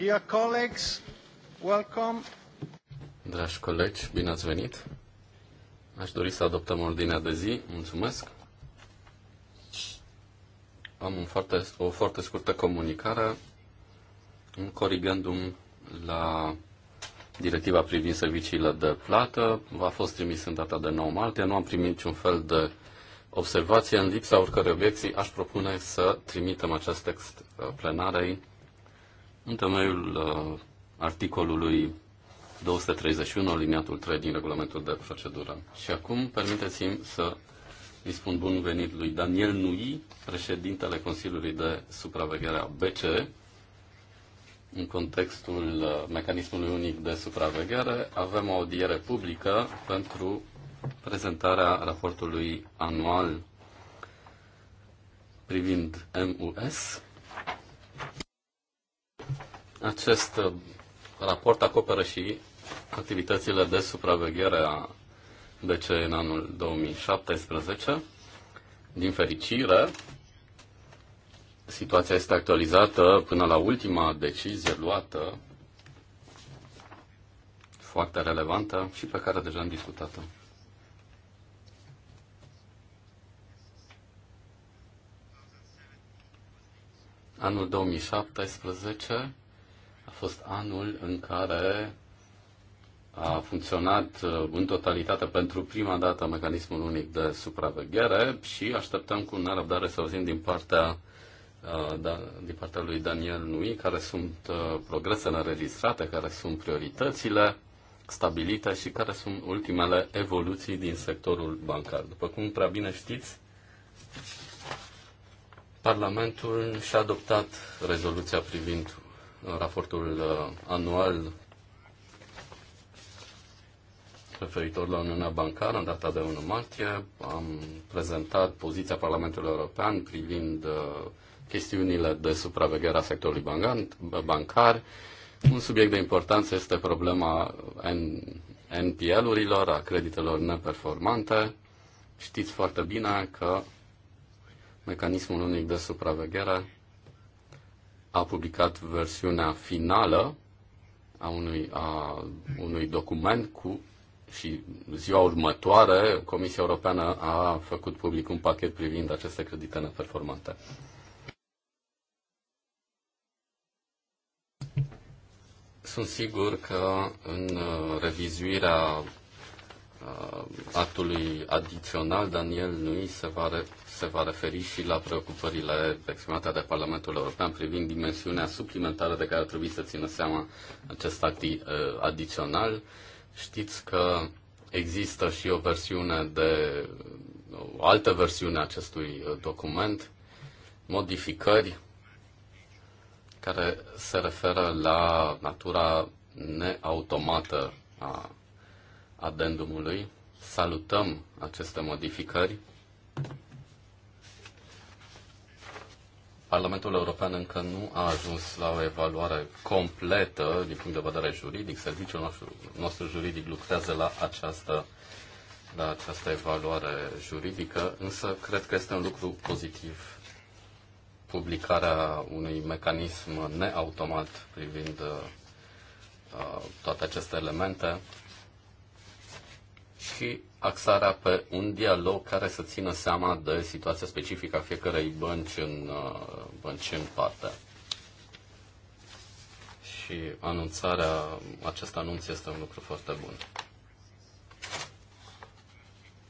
Dear colleagues, welcome. Dragi colegi, bine ați venit. Aș dori să adoptăm ordinea de zi. Mulțumesc. Am un foarte, o foarte scurtă comunicare, corigându corrigendum la directiva privind serviciile de plată. V-a fost trimis în data de 9 martie. Nu am primit niciun fel de observație. În lipsa oricărei obiecții, aș propune să trimitem acest text uh, plenarei în temeiul uh, articolului 231, aliniatul 3 din regulamentul de procedură. Și acum permiteți-mi să îi spun bun venit lui Daniel Nui, președintele Consiliului de Supraveghere a BCE, în contextul uh, mecanismului unic de supraveghere, avem o audiere publică pentru prezentarea raportului anual privind MUS acest uh, raport acoperă și activitățile de supraveghere a DC în anul 2017. Din fericire, situația este actualizată până la ultima decizie luată, foarte relevantă și pe care deja am discutat-o. Anul 2017 fost anul în care a funcționat uh, în totalitate pentru prima dată mecanismul unic de supraveghere și așteptăm cu nerăbdare să auzim din partea uh, da, din partea lui Daniel Nui, care sunt uh, progresele înregistrate, care sunt prioritățile stabilite și care sunt ultimele evoluții din sectorul bancar. După cum prea bine știți, Parlamentul și-a adoptat rezoluția privind raportul uh, anual referitor la Uniunea Bancară, în data de 1 martie, am prezentat poziția Parlamentului European privind uh, chestiunile de supraveghere a sectorului bancar. Un subiect de importanță este problema NPL-urilor, a creditelor neperformante. Știți foarte bine că mecanismul unic de supraveghere a publicat versiunea finală a unui, a unui document cu și ziua următoare Comisia Europeană a făcut public un pachet privind aceste credite neperformante. Sunt sigur că în uh, revizuirea uh, actului adițional Daniel Nui se va, se va referi și la preocupările exprimate de Parlamentul European privind dimensiunea suplimentară de care ar trebui să țină seama acest act eh, adițional. Știți că există și o versiune de o altă versiune a acestui eh, document, modificări care se referă la natura neautomată a adendumului. Salutăm aceste modificări Parlamentul European încă nu a ajuns la o evaluare completă din punct de vedere juridic. Serviciul nostru, nostru juridic lucrează la această, la această evaluare juridică, însă cred că este un lucru pozitiv publicarea unui mecanism neautomat privind uh, toate aceste elemente și axarea pe un dialog care să țină seama de situația specifică a fiecărei bănci în, uh, bănci în parte. Și anunțarea, acest anunț este un lucru foarte bun.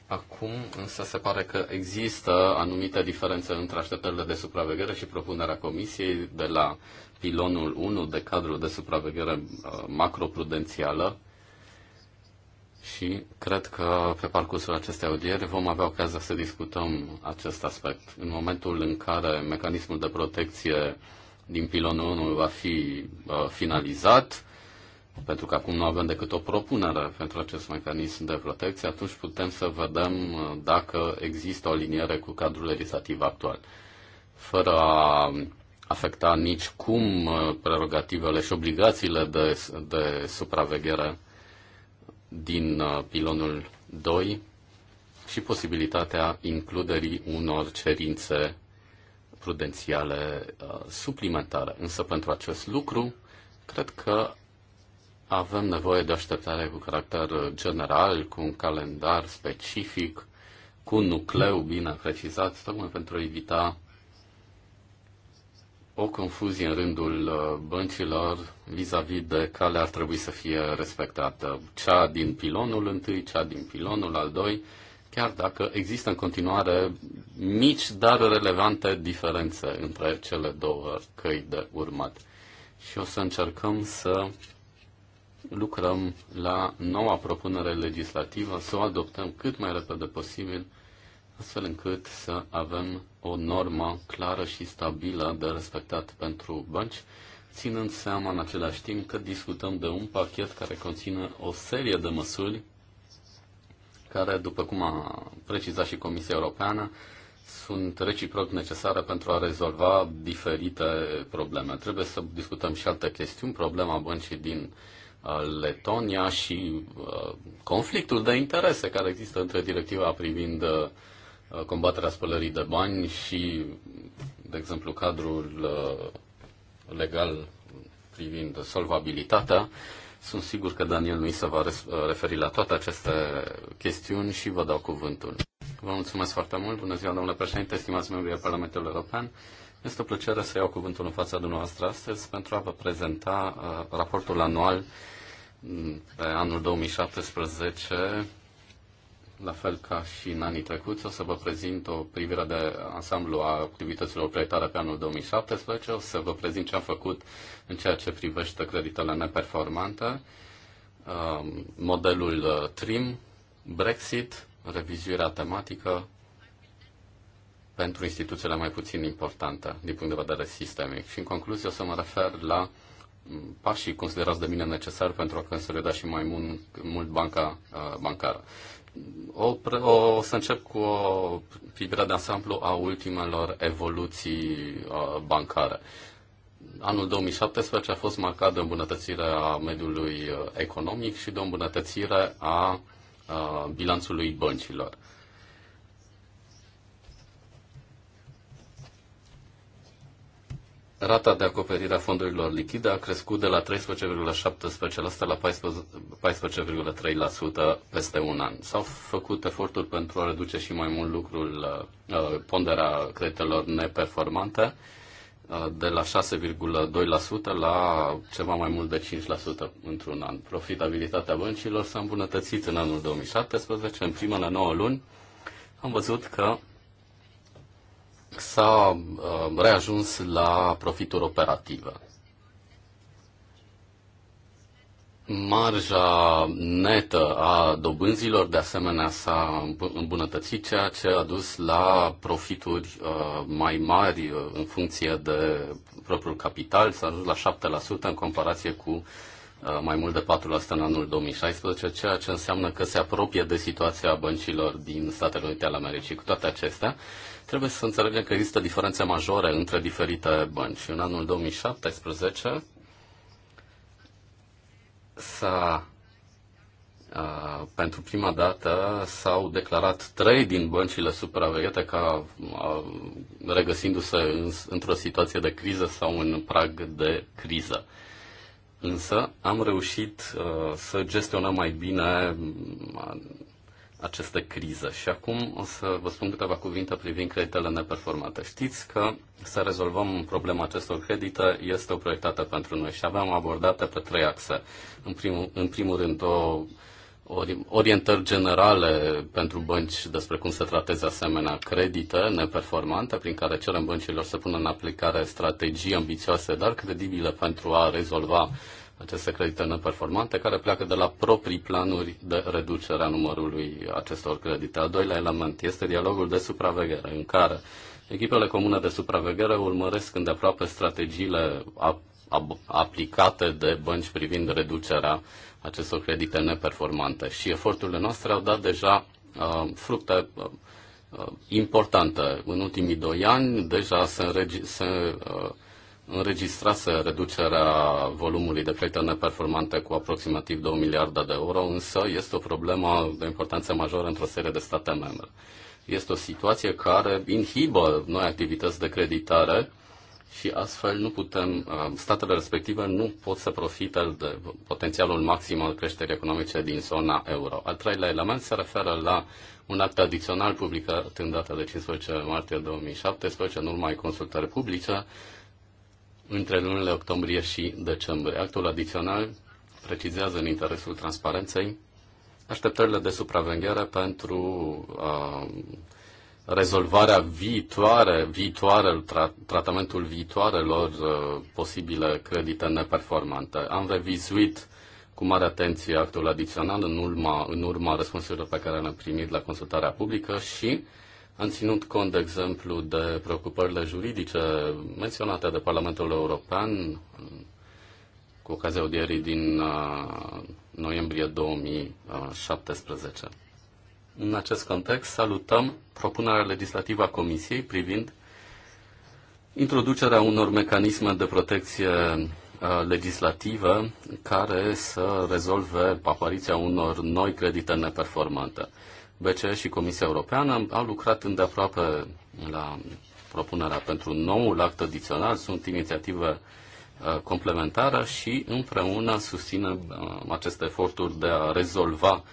Acum însă se pare că există anumite diferențe între așteptările de supraveghere și propunerea Comisiei de la pilonul 1 de cadrul de supraveghere uh, macroprudențială, și cred că pe parcursul acestei audieri vom avea ocazia să discutăm acest aspect. În momentul în care mecanismul de protecție din pilonul 1 va fi uh, finalizat, pentru că acum nu avem decât o propunere pentru acest mecanism de protecție, atunci putem să vedem uh, dacă există o liniere cu cadrul legislativ actual. Fără a afecta nici cum uh, prerogativele și obligațiile de, de supraveghere din uh, pilonul 2 și posibilitatea includerii unor cerințe prudențiale uh, suplimentare. Însă pentru acest lucru, cred că avem nevoie de așteptare cu caracter general, cu un calendar specific, cu un nucleu bine precizat, tocmai pentru a evita o confuzie în rândul uh, băncilor vis-a-vis -vis de care ar trebui să fie respectată. Cea din pilonul întâi, cea din pilonul al doi, chiar dacă există în continuare mici, dar relevante diferențe între cele două căi de urmat. Și o să încercăm să lucrăm la noua propunere legislativă, să o adoptăm cât mai repede posibil astfel încât să avem o normă clară și stabilă de respectat pentru bănci, ținând seama în același timp că discutăm de un pachet care conține o serie de măsuri care, după cum a precizat și Comisia Europeană, sunt reciproc necesare pentru a rezolva diferite probleme. Trebuie să discutăm și alte chestiuni, problema băncii din uh, Letonia și uh, conflictul de interese care există între directiva privind uh, Uh, combaterea spălării de bani și, de exemplu, cadrul uh, legal privind solvabilitatea. Sunt sigur că Daniel nu se va uh, referi la toate aceste chestiuni și vă dau cuvântul. Vă mulțumesc foarte mult. Bună ziua, domnule președinte, stimați membrii Parlamentului European. Este o plăcere să iau cuvântul în fața dumneavoastră astăzi pentru a vă prezenta raportul anual mm, pe anul 2017 la fel ca și în anii trecuți, o să vă prezint o privire de ansamblu a activităților proiectare pe anul 2017, o să vă prezint ce am făcut în ceea ce privește creditele neperformante, um, modelul uh, TRIM, Brexit, revizuirea tematică pentru instituțiile mai puțin importante din punct de vedere sistemic. Și în concluzie o să mă refer la um, pașii considerați de mine necesari pentru a consolida și mai mult, mult banca uh, bancară o, o, o să încep cu o privire de ansamblu a ultimelor evoluții uh, bancare. Anul 2017 a fost marcat de îmbunătățirea mediului uh, economic și de îmbunătățire a uh, bilanțului băncilor. Rata de acoperire a fondurilor lichide a crescut de la 13,17% la 14,3% peste un an. S-au făcut eforturi pentru a reduce și mai mult lucrul uh, ponderea creditelor neperformante uh, de la 6,2% la ceva mai mult de 5% într-un an. Profitabilitatea băncilor s-a îmbunătățit în anul 2017. În primele 9 luni am văzut că s-a uh, reajuns la profituri operative. Marja netă a dobânzilor, de asemenea, s-a îmbunătățit, ceea ce a dus la profituri uh, mai mari uh, în funcție de propriul capital. S-a ajuns la 7% în comparație cu mai mult de 4% în anul 2016, ceea ce înseamnă că se apropie de situația băncilor din Statele Unite ale Americii. Cu toate acestea, Trebuie să înțelegem că există diferențe majore între diferite bănci. În anul 2017 s-a pentru prima dată s-au declarat trei din băncile supraveghete ca regăsindu-se într-o situație de criză sau în prag de criză. Însă am reușit să gestionăm mai bine aceste crize. Și acum o să vă spun câteva cuvinte privind creditele neperformante. Știți că să rezolvăm problema acestor credite este o proiectată pentru noi și avem abordate pe trei axe. În primul, în primul rând, o orientări generale pentru bănci despre cum să trateze asemenea credite neperformante, prin care cerem băncilor să pună în aplicare strategii ambițioase, dar credibile pentru a rezolva aceste credite neperformante, care pleacă de la proprii planuri de reducere a numărului acestor credite. Al doilea element este dialogul de supraveghere, în care echipele comune de supraveghere urmăresc îndeaproape strategiile aplicate de bănci privind reducerea acestor credite neperformante. Și eforturile noastre au dat deja uh, fructe uh, uh importante. În ultimii doi ani deja se, înregi- se uh, înregistrase reducerea volumului de proiecte neperformante cu aproximativ 2 miliarde de euro, însă este o problemă de importanță majoră într-o serie de state membre. Este o situație care inhibă noi activități de creditare și astfel nu putem, uh, statele respective nu pot să profite de potențialul maxim al creșterii economice din zona euro. Al treilea element se referă la un act adițional publicat în data de 15 martie 2017 în urma consultări publice între lunile octombrie și decembrie. Actul adițional precizează în interesul transparenței așteptările de supraveghere pentru uh, rezolvarea viitoare, viitoare tra, tratamentul viitoarelor uh, posibile credite neperformante. Am revizuit cu mare atenție actul adițional în urma, în urma răspunsurilor pe care le-am primit la consultarea publică și uh, am ținut cont, de exemplu, de preocupările juridice menționate de Parlamentul European cu ocazia audierii din uh, noiembrie 2017. În acest context, salutăm propunerea legislativă a Comisiei privind introducerea unor mecanisme de protecție uh, legislativă care să rezolve apariția unor noi credite neperformante. BCE și Comisia Europeană au lucrat îndeaproape la propunerea pentru noul act adițional. Sunt inițiative uh, complementară și împreună susțin uh, aceste eforturi de a rezolva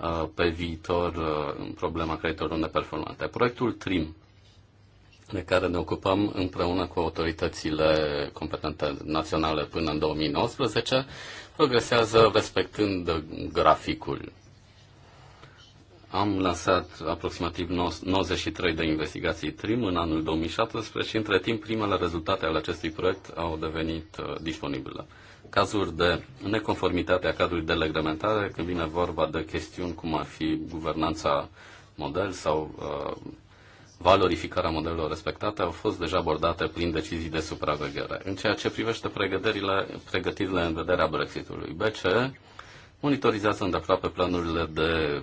uh, pe viitor problema creditorilor neperformante. Proiectul TRIM, de care ne ocupăm împreună cu autoritățile competente naționale până în 2019, progresează respectând graficul am lansat aproximativ 93 de investigații TRIM în anul 2017 și între timp primele rezultate ale acestui proiect au devenit uh, disponibile. Cazuri de neconformitate a cadrului de reglementare, când vine vorba de chestiuni cum ar fi guvernanța model sau uh, valorificarea modelelor respectate, au fost deja abordate prin decizii de supraveghere. În ceea ce privește pregătirile, pregătirile în vederea Brexitului, BCE monitorizează aproape planurile de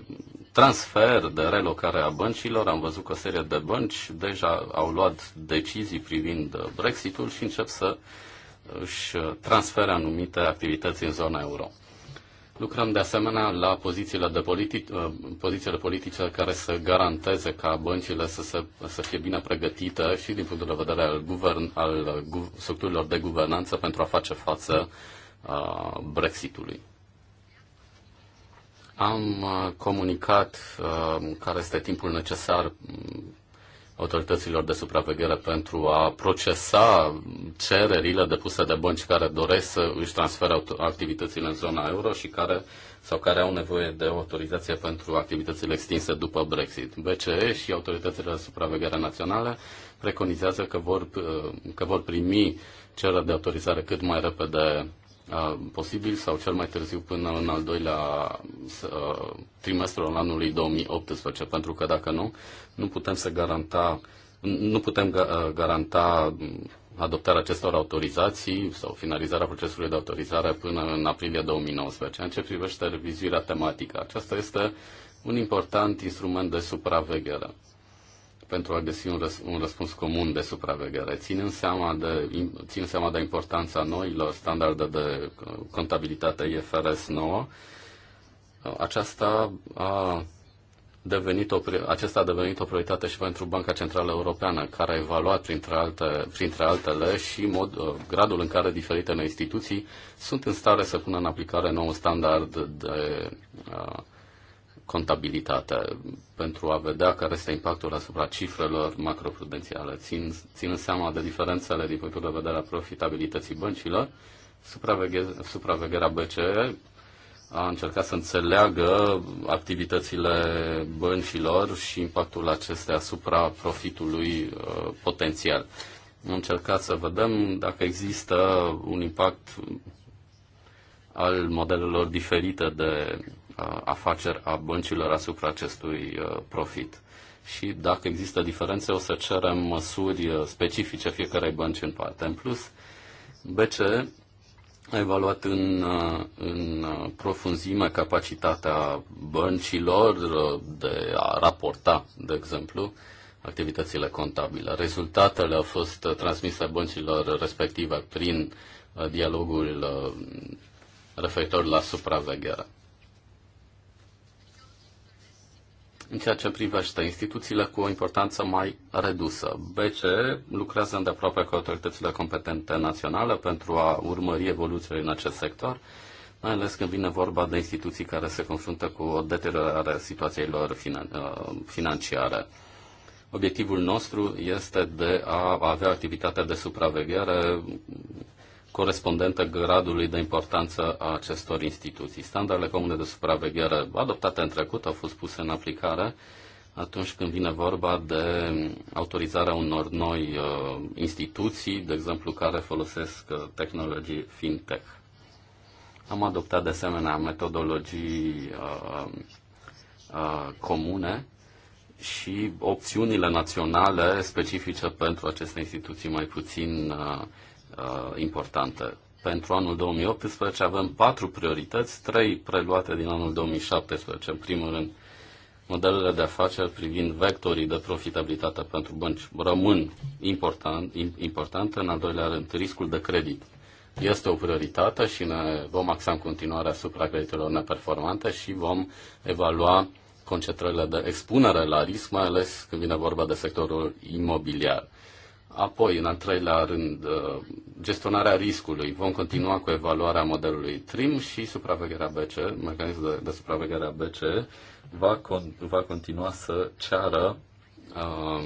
transfer, de relocare a băncilor. Am văzut că o serie de bănci deja au luat decizii privind Brexitul și încep să își transfere anumite activități în zona euro. Lucrăm de asemenea la pozițiile, de politi- uh, pozițiile politice care să garanteze ca băncile să, se, să fie bine pregătite și din punctul de vedere al, guvern, al structurilor de guvernanță pentru a face față uh, Brexitului. Am uh, comunicat uh, care este timpul necesar mm, autorităților de supraveghere pentru a procesa cererile depuse de bănci care doresc să își transfere activitățile în zona euro și care sau care au nevoie de autorizație pentru activitățile extinse după Brexit. BCE și autoritățile de supraveghere naționale preconizează că vor, uh, că vor primi cererea de autorizare cât mai repede Uh, posibil sau cel mai târziu până în al doilea uh, trimestru al anului 2018, pentru că dacă nu, nu putem să garanta nu putem uh, garanta adoptarea acestor autorizații sau finalizarea procesului de autorizare până în aprilie 2019. În ce privește revizuirea tematică, aceasta este un important instrument de supraveghere pentru a găsi un, răs, un răspuns comun de supraveghere, ținând seama de, țin seama de importanța noilor standarde de contabilitate IFRS 9, aceasta a devenit o, acesta a devenit o prioritate și pentru Banca Centrală Europeană, care a evaluat printre, alte, printre altele și mod, gradul în care diferitele instituții sunt în stare să pună în aplicare nou standard de contabilitate pentru a vedea care este impactul asupra cifrelor macroprudențiale, țin, în seama de diferențele din punctul de vedere a profitabilității băncilor, supraveghe, supravegherea BCE a încercat să înțeleagă activitățile băncilor și impactul acestea asupra profitului uh, potențial. Am încercat să vedem dacă există un impact al modelelor diferite de afaceri a băncilor asupra acestui profit. Și dacă există diferențe, o să cerem măsuri specifice fiecarei bănci în parte. În plus, BCE a evaluat în, în profunzime capacitatea băncilor de a raporta, de exemplu, activitățile contabile. Rezultatele au fost transmise băncilor respective prin dialogul referitor la supraveghere. în ceea ce privește instituțiile cu o importanță mai redusă. BCE lucrează îndeaproape cu autoritățile competente naționale pentru a urmări evoluțiile în acest sector, mai ales când vine vorba de instituții care se confruntă cu o deteriorare a situațiilor finan- uh, financiare. Obiectivul nostru este de a avea activitatea de supraveghere corespondentă gradului de importanță a acestor instituții. Standardele comune de supraveghere adoptate în trecut au fost puse în aplicare atunci când vine vorba de autorizarea unor noi uh, instituții, de exemplu, care folosesc uh, tehnologii fintech. Am adoptat de asemenea metodologii uh, uh, comune și opțiunile naționale specifice pentru aceste instituții mai puțin uh, Uh, importantă. Pentru anul 2018 avem patru priorități, trei preluate din anul 2017. În primul rând, modelele de afaceri privind vectorii de profitabilitate pentru bănci rămân important, importante. În al doilea rând, riscul de credit este o prioritate și ne vom axa în continuare asupra creditelor neperformante și vom evalua concentrările de expunere la risc, mai ales când vine vorba de sectorul imobiliar. Apoi, în al treilea rând, uh, gestionarea riscului. Vom continua cu evaluarea modelului TRIM și supravegherea BC, mecanismul de, de supraveghere a BC, va, con, va continua să ceară uh,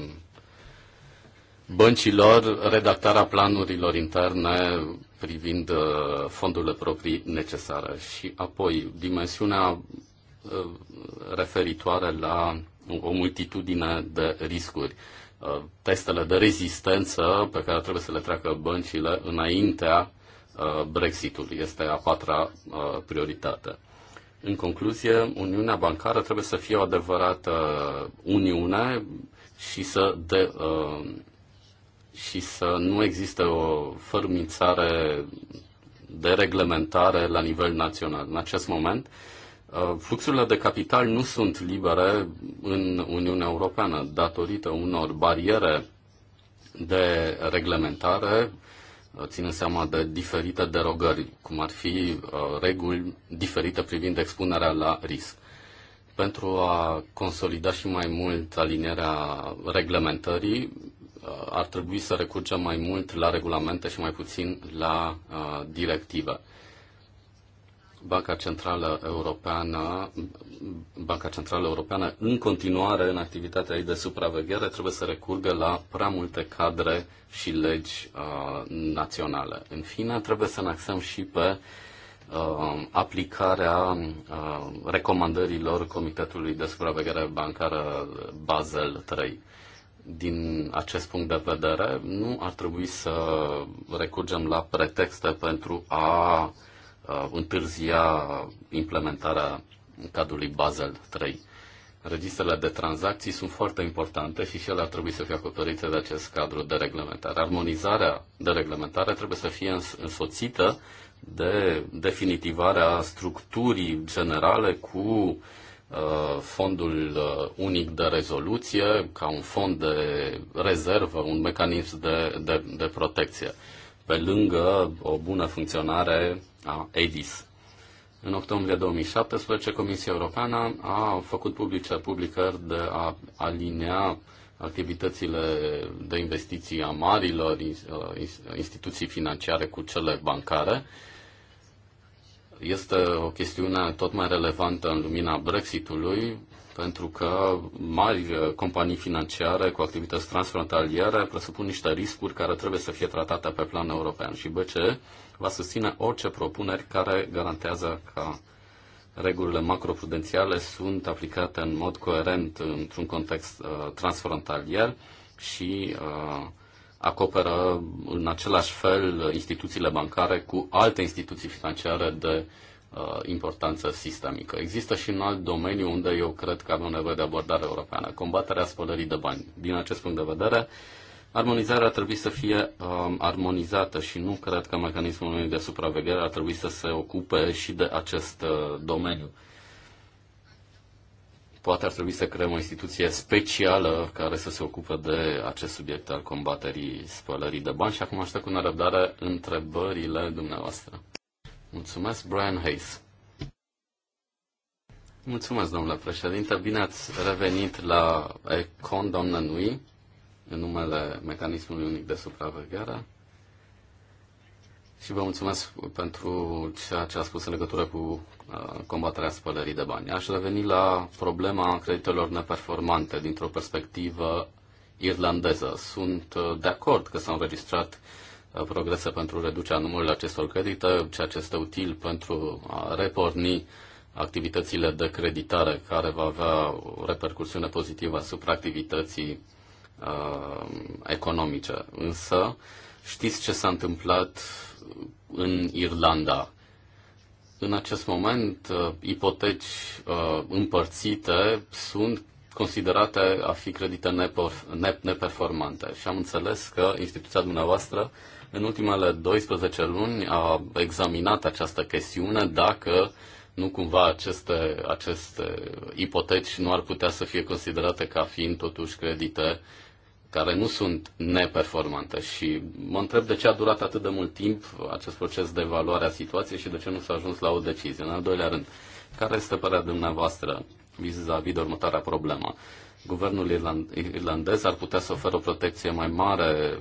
băncilor redactarea planurilor interne privind uh, fondurile proprii necesare. Și apoi, dimensiunea uh, referitoare la o multitudine de riscuri Uh, testele de rezistență pe care trebuie să le treacă băncile înaintea uh, Brexitului. Este a patra uh, prioritate. În concluzie, Uniunea Bancară trebuie să fie o adevărată uniune și să, de, și să nu existe o fărmițare de reglementare la nivel național. În acest moment, Uh, fluxurile de capital nu sunt libere în Uniunea Europeană datorită unor bariere de reglementare, uh, ținând seama de diferite derogări, cum ar fi uh, reguli diferite privind expunerea la risc. Pentru a consolida și mai mult alinierea reglementării, ar trebui să recurgem mai mult la regulamente și mai puțin la directive. Banca Centrală Europeană, Banca Centrală Europeană în continuare în activitatea ei de supraveghere trebuie să recurgă la prea multe cadre și legi uh, naționale. În fine, trebuie să ne axăm și pe uh, aplicarea uh, recomandărilor Comitetului de Supraveghere Bancară Basel III din acest punct de vedere, nu ar trebui să recurgem la pretexte pentru a Uh, întârzia implementarea cadrului Basel 3. Registrele de tranzacții sunt foarte importante și și ele ar trebui să fie acoperite de acest cadru de reglementare. Armonizarea de reglementare trebuie să fie însoțită de definitivarea structurii generale cu uh, fondul uh, unic de rezoluție, ca un fond de rezervă, un mecanism de, de, de protecție, pe lângă o bună funcționare a EDIS. În octombrie 2017, Comisia Europeană a făcut publice publicări de a alinea activitățile de investiții a marilor uh, instituții financiare cu cele bancare. Este o chestiune tot mai relevantă în lumina Brexitului, pentru că mari companii financiare cu activități transfrontaliere presupun niște riscuri care trebuie să fie tratate pe plan european. Și BCE va susține orice propuneri care garantează că regulile macroprudențiale sunt aplicate în mod coerent într-un context uh, transfrontalier și uh, acoperă în același fel instituțiile bancare cu alte instituții financiare de uh, importanță sistemică. Există și un alt domeniu unde eu cred că avem nevoie de abordare europeană, combaterea spălării de bani. Din acest punct de vedere, uh, Armonizarea ar trebui să fie um, armonizată și nu cred că mecanismul de supraveghere ar trebui să se ocupe și de acest uh, domeniu. Poate ar trebui să creăm o instituție specială care să se ocupe de acest subiect al combaterii spălării de bani și acum aștept cu nerăbdare întrebările dumneavoastră. Mulțumesc, Brian Hayes. Mulțumesc, domnule președinte. Bine ați revenit la Econ, doamnă Nui în numele Mecanismului Unic de Supraveghere. Și vă mulțumesc pentru ceea ce a spus în legătură cu uh, combaterea spălării de bani. Aș reveni la problema creditelor neperformante dintr-o perspectivă irlandeză. Sunt uh, de acord că s-au înregistrat uh, progrese pentru reducerea numărului acestor credite, ceea ce este util pentru a reporni activitățile de creditare care va avea o repercursiune pozitivă asupra activității uh, economice. Însă, știți ce s-a întâmplat în Irlanda? În acest moment, uh, ipoteci uh, împărțite sunt considerate a fi credite ne- neperformante. Și am înțeles că instituția dumneavoastră în ultimele 12 luni a examinat această chestiune dacă nu cumva aceste, aceste ipoteci nu ar putea să fie considerate ca fiind totuși credite care nu sunt neperformante și mă întreb de ce a durat atât de mult timp acest proces de evaluare a situației și de ce nu s-a ajuns la o decizie. În al doilea rând, care este părerea dumneavoastră vis-a-vis -vis de următoarea problemă? Guvernul irland- irlandez ar putea să oferă o protecție mai mare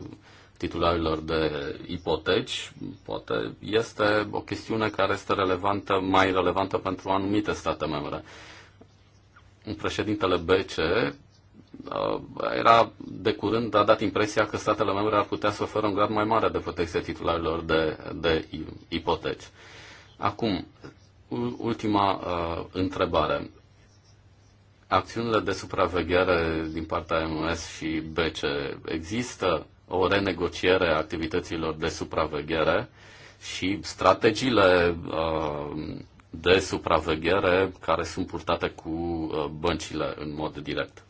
titularilor de ipoteci, poate este o chestiune care este relevantă, mai relevantă pentru anumite state membre. Președintele BCE era de curând a dat impresia că statele membre ar putea să oferă un grad mai mare de protecție titularilor de, de ipoteci. Acum, ultima uh, întrebare. Acțiunile de supraveghere din partea MS și BC există o renegociere a activităților de supraveghere și strategiile uh, de supraveghere care sunt purtate cu uh, băncile în mod direct.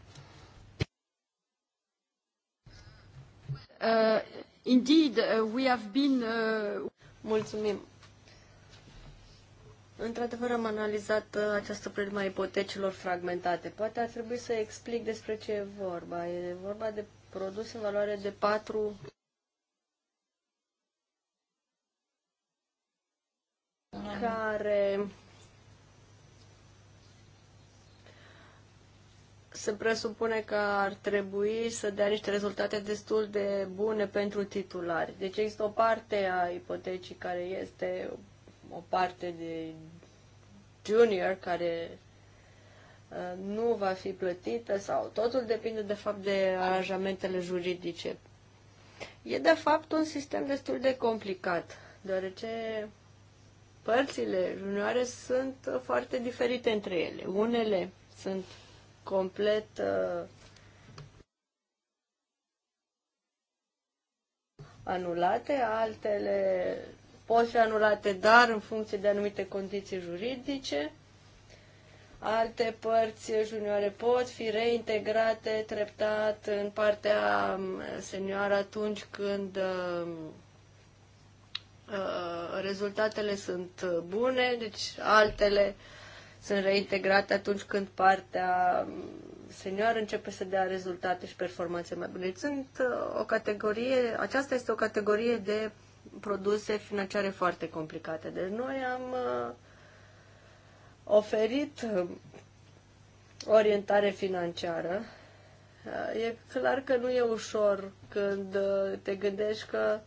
Uh, indeed, uh, we have been... Uh... Mulțumim. Într-adevăr, am analizat uh, această problemă a ipotecilor fragmentate. Poate ar trebui să explic despre ce e vorba. E vorba de produse în valoare de 4... care se presupune că ar trebui să dea niște rezultate destul de bune pentru titulari. Deci există o parte a ipotecii care este o parte de junior care uh, nu va fi plătită sau totul depinde de fapt de aranjamentele juridice. E de fapt un sistem destul de complicat, deoarece părțile junioare sunt foarte diferite între ele. Unele sunt complet uh, anulate, altele pot fi anulate, dar în funcție de anumite condiții juridice. Alte părți junioare pot fi reintegrate treptat în partea um, senioară atunci când uh, uh, rezultatele sunt bune, deci altele uh, sunt reintegrate atunci când partea senioară începe să dea rezultate și performanțe mai bune. Deci sunt uh, o categorie, aceasta este o categorie de produse financiare foarte complicate. Deci noi am uh, oferit uh, orientare financiară. E clar că nu e ușor când te gândești că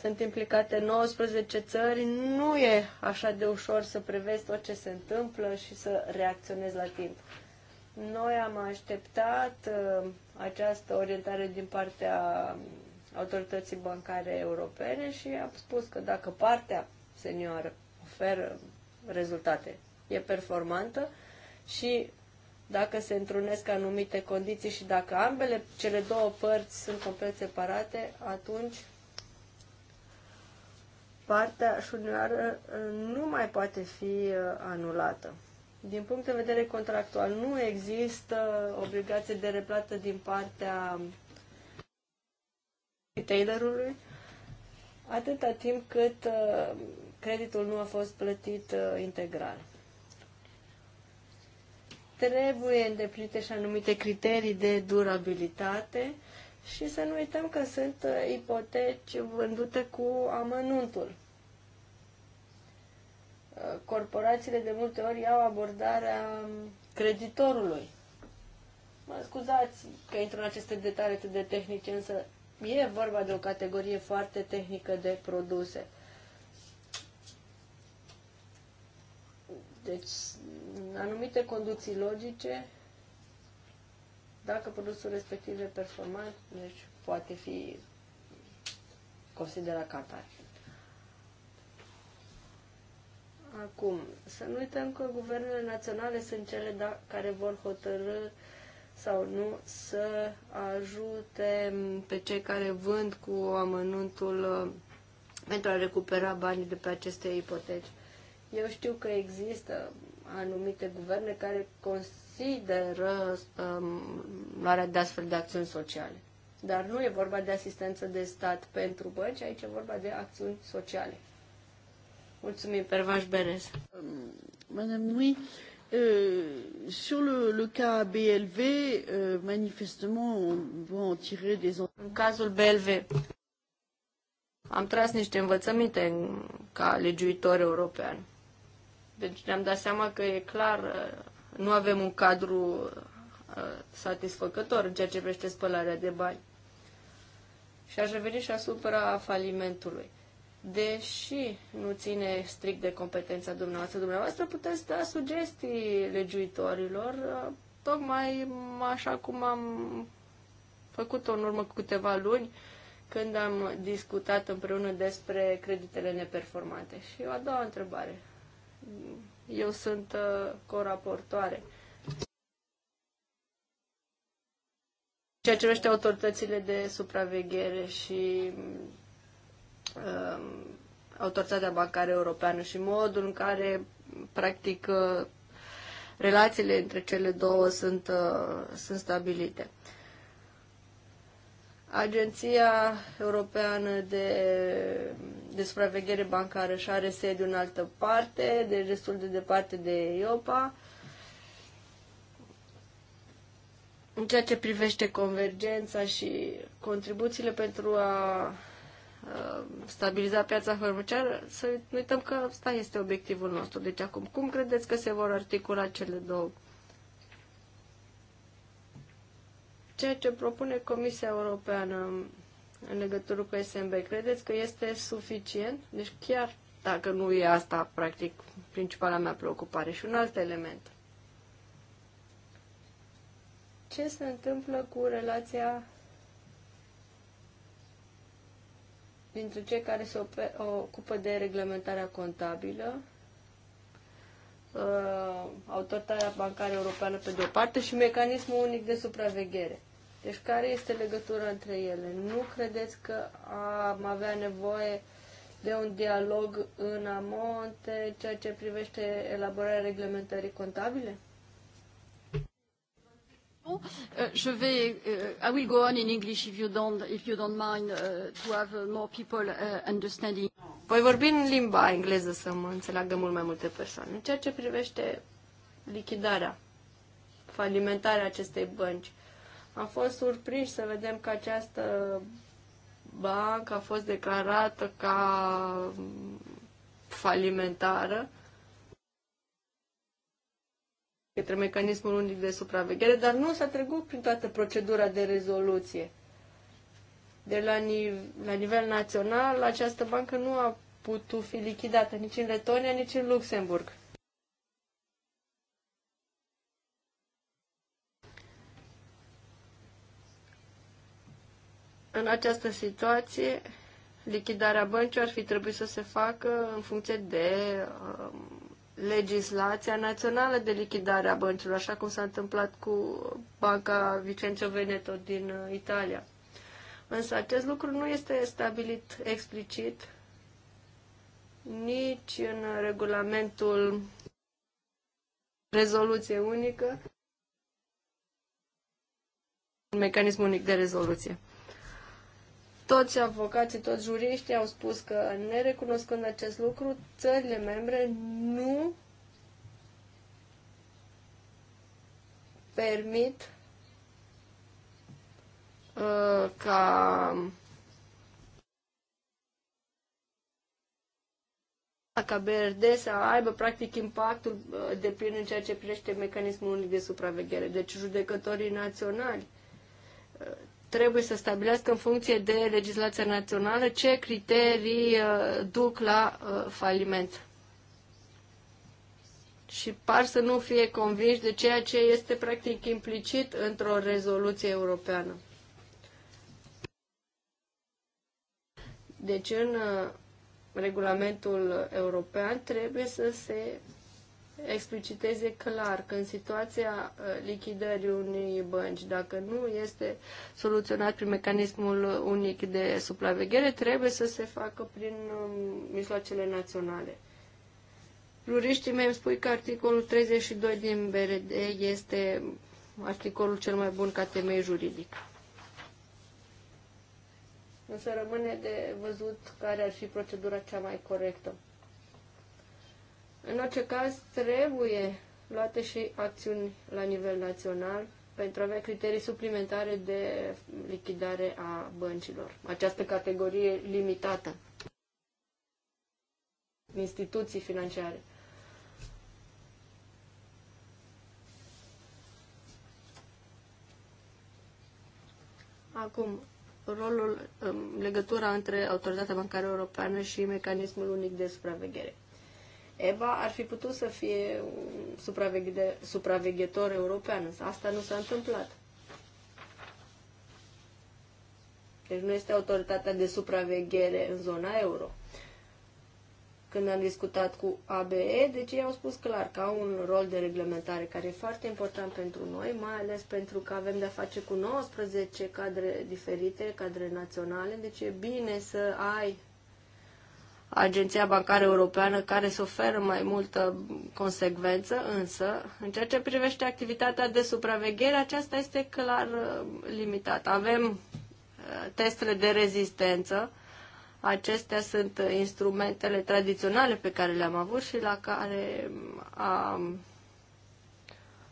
sunt implicate 19 țări, nu e așa de ușor să prevezi tot ce se întâmplă și să reacționezi la timp. Noi am așteptat uh, această orientare din partea um, autorității bancare europene și am spus că dacă partea senioară oferă rezultate, e performantă și dacă se întrunesc anumite condiții și dacă ambele cele două părți sunt complet separate, atunci partea șunioară uh, nu mai poate fi uh, anulată. Din punct de vedere contractual, nu există obligație de replată din partea retailerului atâta timp cât uh, creditul nu a fost plătit integral. Trebuie îndeplinite și anumite criterii de durabilitate și să nu uităm că sunt uh, ipoteci vândute cu amănuntul. Uh, corporațiile de multe ori au abordarea um, creditorului. Mă scuzați că intru în aceste detalii atât de tehnice, însă e vorba de o categorie foarte tehnică de produse. Deci, anumite conduții logice, dacă produsul respectiv e performant, deci poate fi considerat ca atare. Acum, să nu uităm că guvernele naționale sunt cele da- care vor hotărâ sau nu să ajute pe cei care vând cu amănuntul uh, pentru a recupera banii de pe aceste ipoteci. Eu știu că există anumite guverne care cons- consideră um, luarea de astfel de acțiuni sociale. Dar nu e vorba de asistență de stat pentru bănci, aici e vorba de acțiuni sociale. Mulțumim, Pervaș Berez. Um, madame Nui, euh, sur le, le cas BLV, euh, manifestement, on va en tirer des... În cazul BLV, am tras niște învățăminte ca legiuitor european. Deci ne-am dat seama că e clar nu avem un cadru uh, satisfăcător în ceea ce privește spălarea de bani. Și aș reveni și asupra falimentului. Deși nu ține strict de competența dumneavoastră, dumneavoastră puteți da sugestii legiuitorilor, uh, tocmai așa cum am făcut-o în urmă cu câteva luni, când am discutat împreună despre creditele neperformante. Și o a doua întrebare. Eu sunt uh, coraportoare. Ceea ce privește autoritățile de supraveghere și uh, autoritatea bancară europeană și modul în care, practic, uh, relațiile între cele două sunt, uh, sunt stabilite. Uh, Agenția Europeană de, de Supraveghere Bancară și are sediu în altă parte, de destul de departe de IOPA. În ceea ce privește convergența și contribuțiile pentru a stabiliza piața fărmăceară, să nu uităm că asta este obiectivul nostru. Deci acum, cum credeți că se vor articula cele două ceea ce propune Comisia Europeană în legătură cu SMB, credeți că este suficient? Deci chiar dacă nu e asta, practic, principala mea preocupare. Și un alt element. Ce se întâmplă cu relația dintre cei care se ocupă de reglementarea contabilă Uh, Autoritatea Bancară Europeană pe de-o parte și mecanismul unic de supraveghere. Deci care este legătura între ele? Nu credeți că am avea nevoie de un dialog în amonte ceea ce privește elaborarea reglementării contabile? question. Uh, je vais, uh, I will go on in English if you don't, if you don't mind uh, to have uh, more people uh, understanding. Voi vorbi în limba engleză să mă înțeleagă mult mai multe persoane. În ceea ce privește lichidarea, falimentarea acestei bănci, am fost surprins să vedem că această bancă a fost declarată ca falimentară către mecanismul unic de supraveghere, dar nu s-a trecut prin toată procedura de rezoluție. De la, nive- la nivel național, această bancă nu a putut fi lichidată nici în Letonia, nici în Luxemburg. În această situație, lichidarea băncii ar fi trebuit să se facă în funcție de um, legislația națională de lichidare a băncilor, așa cum s-a întâmplat cu Banca Vicencio Veneto din uh, Italia. Însă acest lucru nu este stabilit explicit nici în regulamentul rezoluție unică, un mecanism unic de rezoluție. Toți avocații, toți juriștii au spus că, nerecunoscând acest lucru, țările membre nu permit uh, ca ca BRD să aibă practic impactul uh, de plin în ceea ce privește mecanismul unic de supraveghere. Deci judecătorii naționali uh, trebuie să stabilească în funcție de legislația națională ce criterii uh, duc la uh, faliment. Și par să nu fie convinși de ceea ce este practic implicit într-o rezoluție europeană. Deci în uh, regulamentul european trebuie să se expliciteze clar că în situația uh, lichidării unei bănci, dacă nu este soluționat prin mecanismul unic de supraveghere, trebuie să se facă prin um, mijloacele naționale. Juriștii mei îmi spui că articolul 32 din BRD este articolul cel mai bun ca temei juridic. Însă rămâne de văzut care ar fi procedura cea mai corectă. În orice caz, trebuie luate și acțiuni la nivel național pentru a avea criterii suplimentare de lichidare a băncilor, această categorie limitată, instituții financiare. Acum, rolul, um, legătura între Autoritatea Bancară Europeană și Mecanismul Unic de Supraveghere. EBA ar fi putut să fie un supraveghe, supraveghetor european, însă asta nu s-a întâmplat. Deci nu este autoritatea de supraveghere în zona euro. Când am discutat cu ABE, deci ei au spus clar că au un rol de reglementare care e foarte important pentru noi, mai ales pentru că avem de-a face cu 19 cadre diferite, cadre naționale, deci e bine să ai Agenția Bancară Europeană care să oferă mai multă consecvență, însă, în ceea ce privește activitatea de supraveghere, aceasta este clar uh, limitată. Avem uh, testele de rezistență, acestea sunt uh, instrumentele tradiționale pe care le-am avut și la care um, am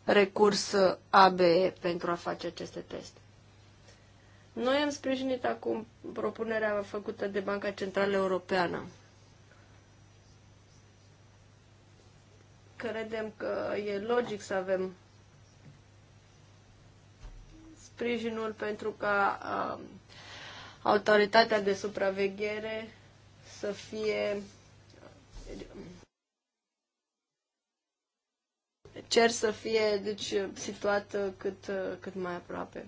recurs ABE pentru a face aceste teste. Noi am sprijinit acum propunerea făcută de Banca Centrală Europeană Credem că e logic să avem sprijinul pentru ca uh, autoritatea de supraveghere să fie cer să fie deci situată cât, cât mai aproape.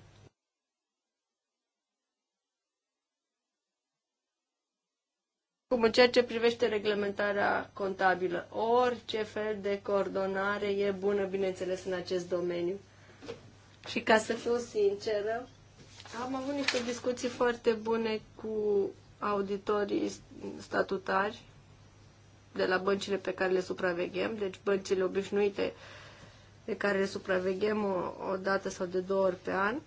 cum în ceea ce privește reglementarea contabilă. Orice fel de coordonare e bună, bineînțeles, în acest domeniu. Și ca să fiu sinceră, am avut niște discuții foarte bune cu auditorii statutari de la băncile pe care le supraveghem, deci băncile obișnuite pe care le supraveghem o, o dată sau de două ori pe an.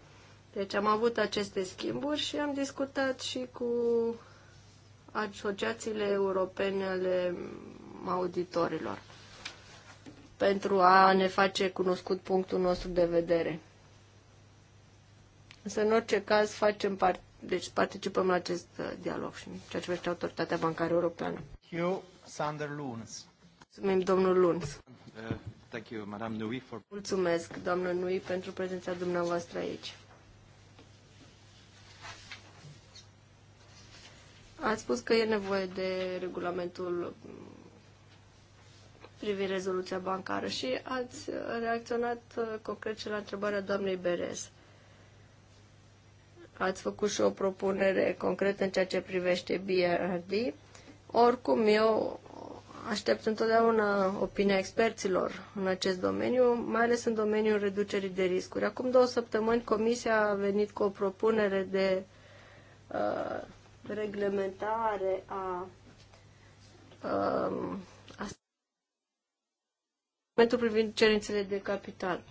Deci am avut aceste schimburi și am discutat și cu asociațiile europene ale auditorilor pentru a ne face cunoscut punctul nostru de vedere. Însă, în orice caz, facem part, deci participăm la acest uh, dialog și ceea ce privește Autoritatea Bancară Europeană. Hugh Sander Lunes. Mulțumim, domnul Luns. Uh, thank you, Madame Nui, for... Mulțumesc, doamnă Nui, pentru prezența dumneavoastră aici. Ați spus că e nevoie de regulamentul privind rezoluția bancară și ați reacționat uh, concret și la întrebarea doamnei Beres. Ați făcut și o propunere concretă în ceea ce privește BRD. Oricum, eu aștept întotdeauna opinia experților în acest domeniu, mai ales în domeniul reducerii de riscuri. Acum două săptămâni Comisia a venit cu o propunere de uh, reglementare a, um, a pentru privind cerințele de capital.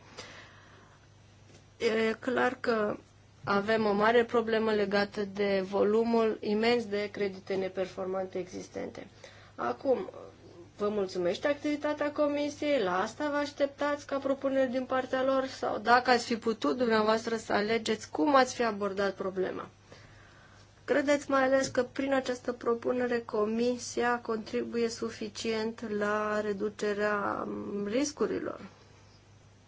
E clar că avem o mare problemă legată de volumul imens de credite neperformante existente. Acum, vă mulțumește activitatea comisiei, la asta vă așteptați ca propuneri din partea lor sau dacă ați fi putut dumneavoastră să alegeți cum ați fi abordat problema. Credeți mai ales că prin această propunere Comisia contribuie suficient la reducerea riscurilor?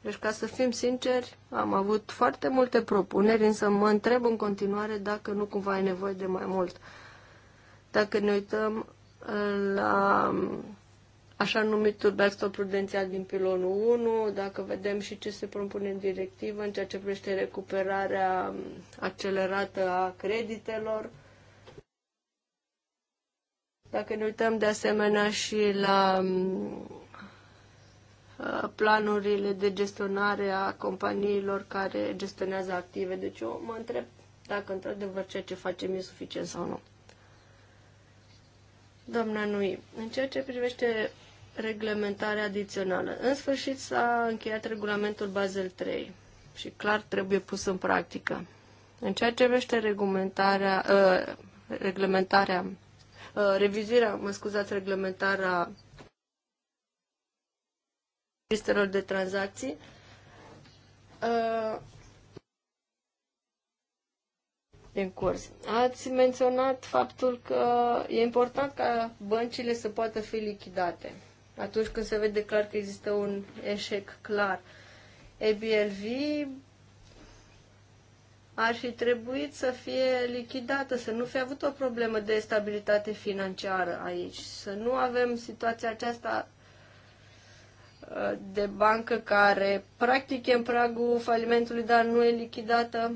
Deci, ca să fim sinceri, am avut foarte multe propuneri, însă mă întreb în continuare dacă nu cumva ai nevoie de mai mult. Dacă ne uităm uh, la așa numitul backstop prudențial din pilonul 1, dacă vedem și ce se propune în directivă în ceea ce privește recuperarea accelerată a creditelor. Dacă ne uităm de asemenea și la planurile de gestionare a companiilor care gestionează active. Deci eu mă întreb dacă într-adevăr ceea ce facem e suficient sau nu. Doamna Nui, în ceea ce privește reglementare adițională. În sfârșit s-a încheiat regulamentul Basel 3 și clar trebuie pus în practică. În ceea ce vește reglementarea, uh, reglementarea uh, revizuirea, mă scuzați, reglementarea listelor de tranzacții, uh, în curs. Ați menționat faptul că e important ca băncile să poată fi lichidate atunci când se vede clar că există un eșec clar. ABLV ar fi trebuit să fie lichidată, să nu fi avut o problemă de stabilitate financiară aici, să nu avem situația aceasta uh, de bancă care practic e în pragul falimentului, dar nu e lichidată.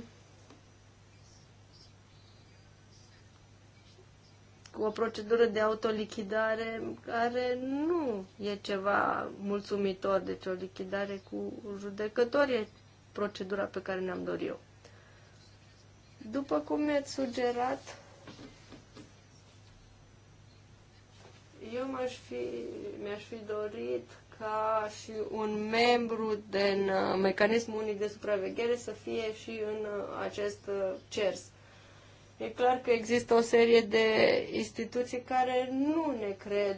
cu o procedură de autolichidare care nu e ceva mulțumitor, deci o lichidare cu judecători e procedura pe care ne-am dorit eu. După cum mi-ați sugerat, eu m-aș fi, mi-aș fi dorit ca și un membru din uh, mecanismul unic de supraveghere să fie și în uh, acest uh, CERS. E clar că există o serie de instituții care nu ne cred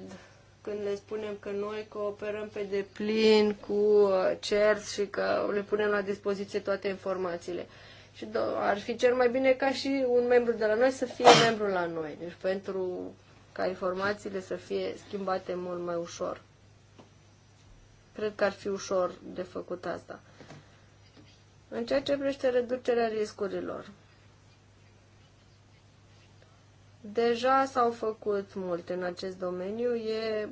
când le spunem că noi cooperăm pe deplin cu uh, CERS și că le punem la dispoziție toate informațiile. Și ar fi cel mai bine ca și un membru de la noi să fie membru la noi. Deci pentru ca informațiile să fie schimbate mult mai ușor. Cred că ar fi ușor de făcut asta. În ceea ce privește reducerea riscurilor, Deja s-au făcut multe în acest domeniu, e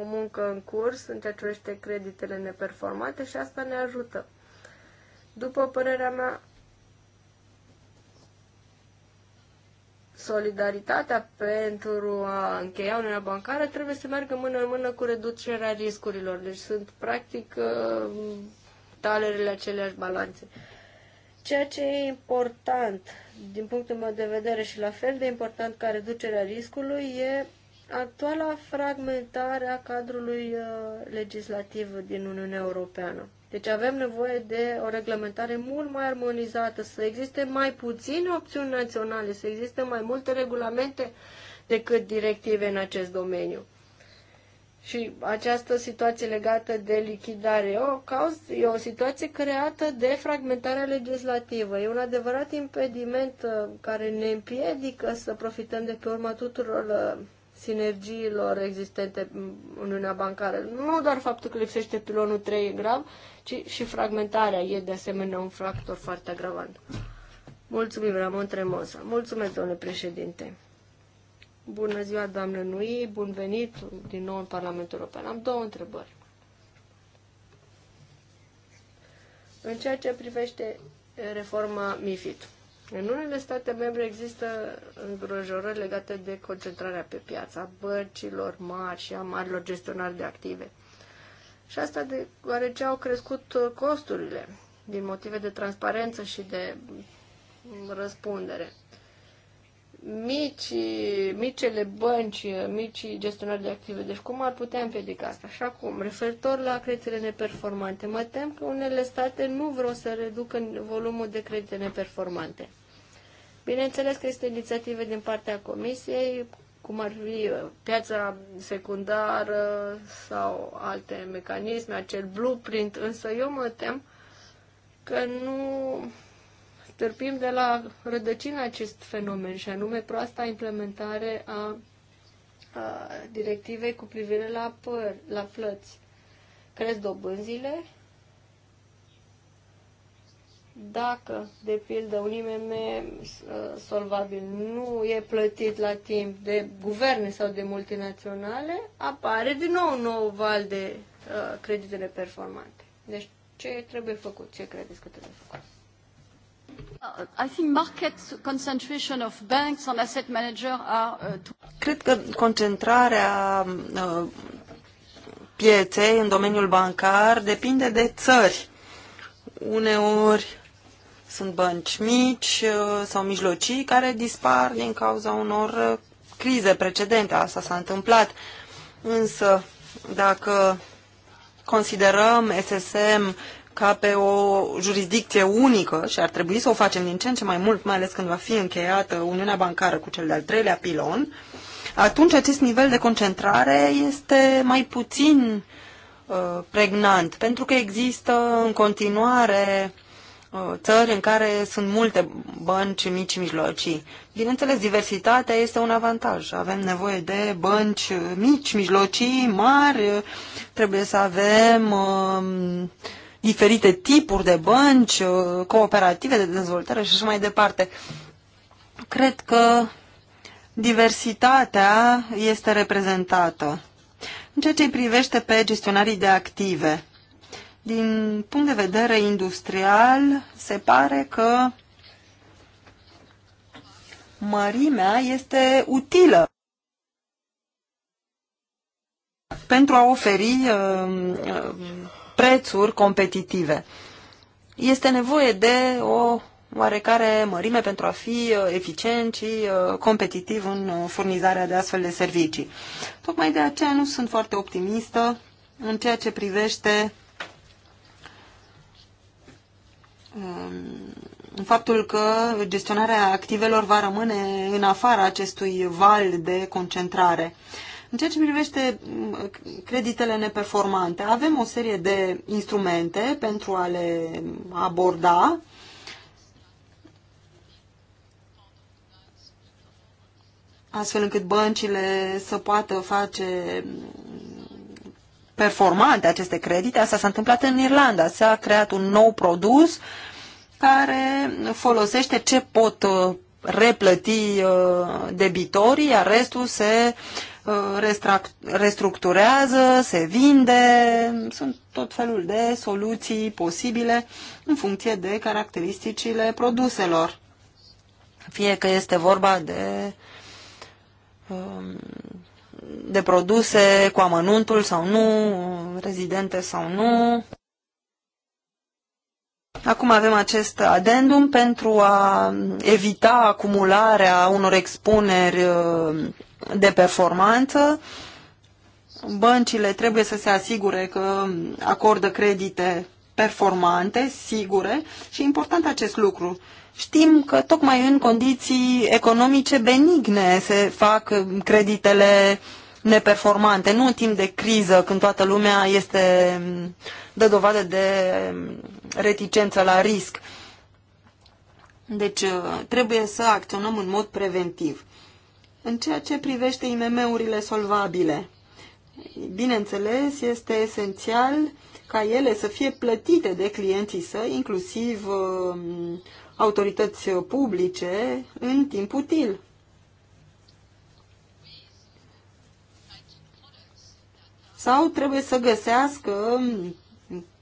o muncă în curs în ceea ce privește creditele neperformate și asta ne ajută. După părerea mea, solidaritatea pentru a încheia uniunea bancară trebuie să meargă mână în mână cu reducerea riscurilor. Deci sunt practic uh, talerele aceleași balanțe. Ceea ce e important, din punctul meu de vedere și la fel de important ca reducerea riscului, e actuala fragmentare a cadrului uh, legislativ din Uniunea Europeană. Deci avem nevoie de o reglementare mult mai armonizată, să existe mai puține opțiuni naționale, să existe mai multe regulamente decât directive în acest domeniu. Și această situație legată de lichidare o, cauz, e o situație creată de fragmentarea legislativă. E un adevărat impediment uh, care ne împiedică să profităm de pe urma tuturor uh, sinergiilor existente în Uniunea Bancară. Nu doar faptul că lipsește pilonul 3 grav, ci și fragmentarea e de asemenea un factor foarte agravant. Mulțumim, Ramon Tremosa. Mulțumesc, domnule președinte. Bună ziua, doamnă Nui, bun venit din nou în Parlamentul European. Am două întrebări. În ceea ce privește reforma MIFID, în unele state membre există îngrojorări legate de concentrarea pe piața băncilor mari și a marilor gestionari de active. Și asta deoarece au crescut costurile din motive de transparență și de răspundere mici, micile bănci, mici gestionari de active. Deci cum ar putea împiedica asta? Așa cum, referitor la creditele neperformante, mă tem că unele state nu vreau să reducă volumul de credite neperformante. Bineînțeles că este inițiative din partea Comisiei, cum ar fi uh, piața secundară sau alte mecanisme, acel blueprint, însă eu mă tem că nu stârpim de la rădăcină acest fenomen și anume proasta implementare a, a directivei cu privire la, păr, la plăți. Cresc dobânzile dacă, de pildă, un IMM uh, solvabil nu e plătit la timp de guverne sau de multinaționale, apare din nou un nou val de uh, credite neperformante. Deci, ce trebuie făcut? Ce credeți că trebuie făcut? Cred că concentrarea uh, pieței în domeniul bancar depinde de țări. Uneori sunt bănci mici uh, sau mijlocii care dispar din cauza unor uh, crize precedente. Asta s-a întâmplat. Însă, dacă considerăm SSM ca pe o jurisdicție unică și ar trebui să o facem din ce în ce mai mult, mai ales când va fi încheiată Uniunea Bancară cu cel de-al treilea pilon, atunci acest nivel de concentrare este mai puțin uh, pregnant, pentru că există în continuare uh, țări în care sunt multe bănci mici și mijlocii. Bineînțeles, diversitatea este un avantaj. Avem nevoie de bănci mici, mijlocii, mari, trebuie să avem uh, diferite tipuri de bănci, uh, cooperative de dezvoltare și așa mai departe. Cred că diversitatea este reprezentată. În ceea ce privește pe gestionarii de active, din punct de vedere industrial, se pare că mărimea este utilă pentru a oferi uh, uh, prețuri competitive. Este nevoie de o oarecare mărime pentru a fi uh, eficient și uh, competitiv în uh, furnizarea de astfel de servicii. Tocmai de aceea nu sunt foarte optimistă în ceea ce privește um, faptul că gestionarea activelor va rămâne în afara acestui val de concentrare. Uh, în ceea ce privește mm, creditele neperformante, avem o serie de instrumente pentru a le aborda. astfel încât băncile să poată face mm, performante aceste credite. Asta s-a întâmplat în Irlanda. S-a creat un nou produs care folosește ce pot uh, replăti uh, debitorii, iar restul se restructurează, se vinde, sunt tot felul de soluții posibile în funcție de caracteristicile produselor. Fie că este vorba de, um, de produse cu amănuntul sau nu, rezidente sau nu. Acum avem acest adendum pentru a evita acumularea unor expuneri uh, de performanță. Băncile trebuie să se asigure că acordă credite performante, sigure și important acest lucru. Știm că tocmai în condiții economice benigne se fac creditele neperformante, nu în timp de criză, când toată lumea este, dă dovadă de reticență la risc. Deci trebuie să acționăm în mod preventiv. În ceea ce privește IMM-urile solvabile, bineînțeles, este esențial ca ele să fie plătite de clienții săi, inclusiv uh, autorități publice, în timp util. Sau trebuie să găsească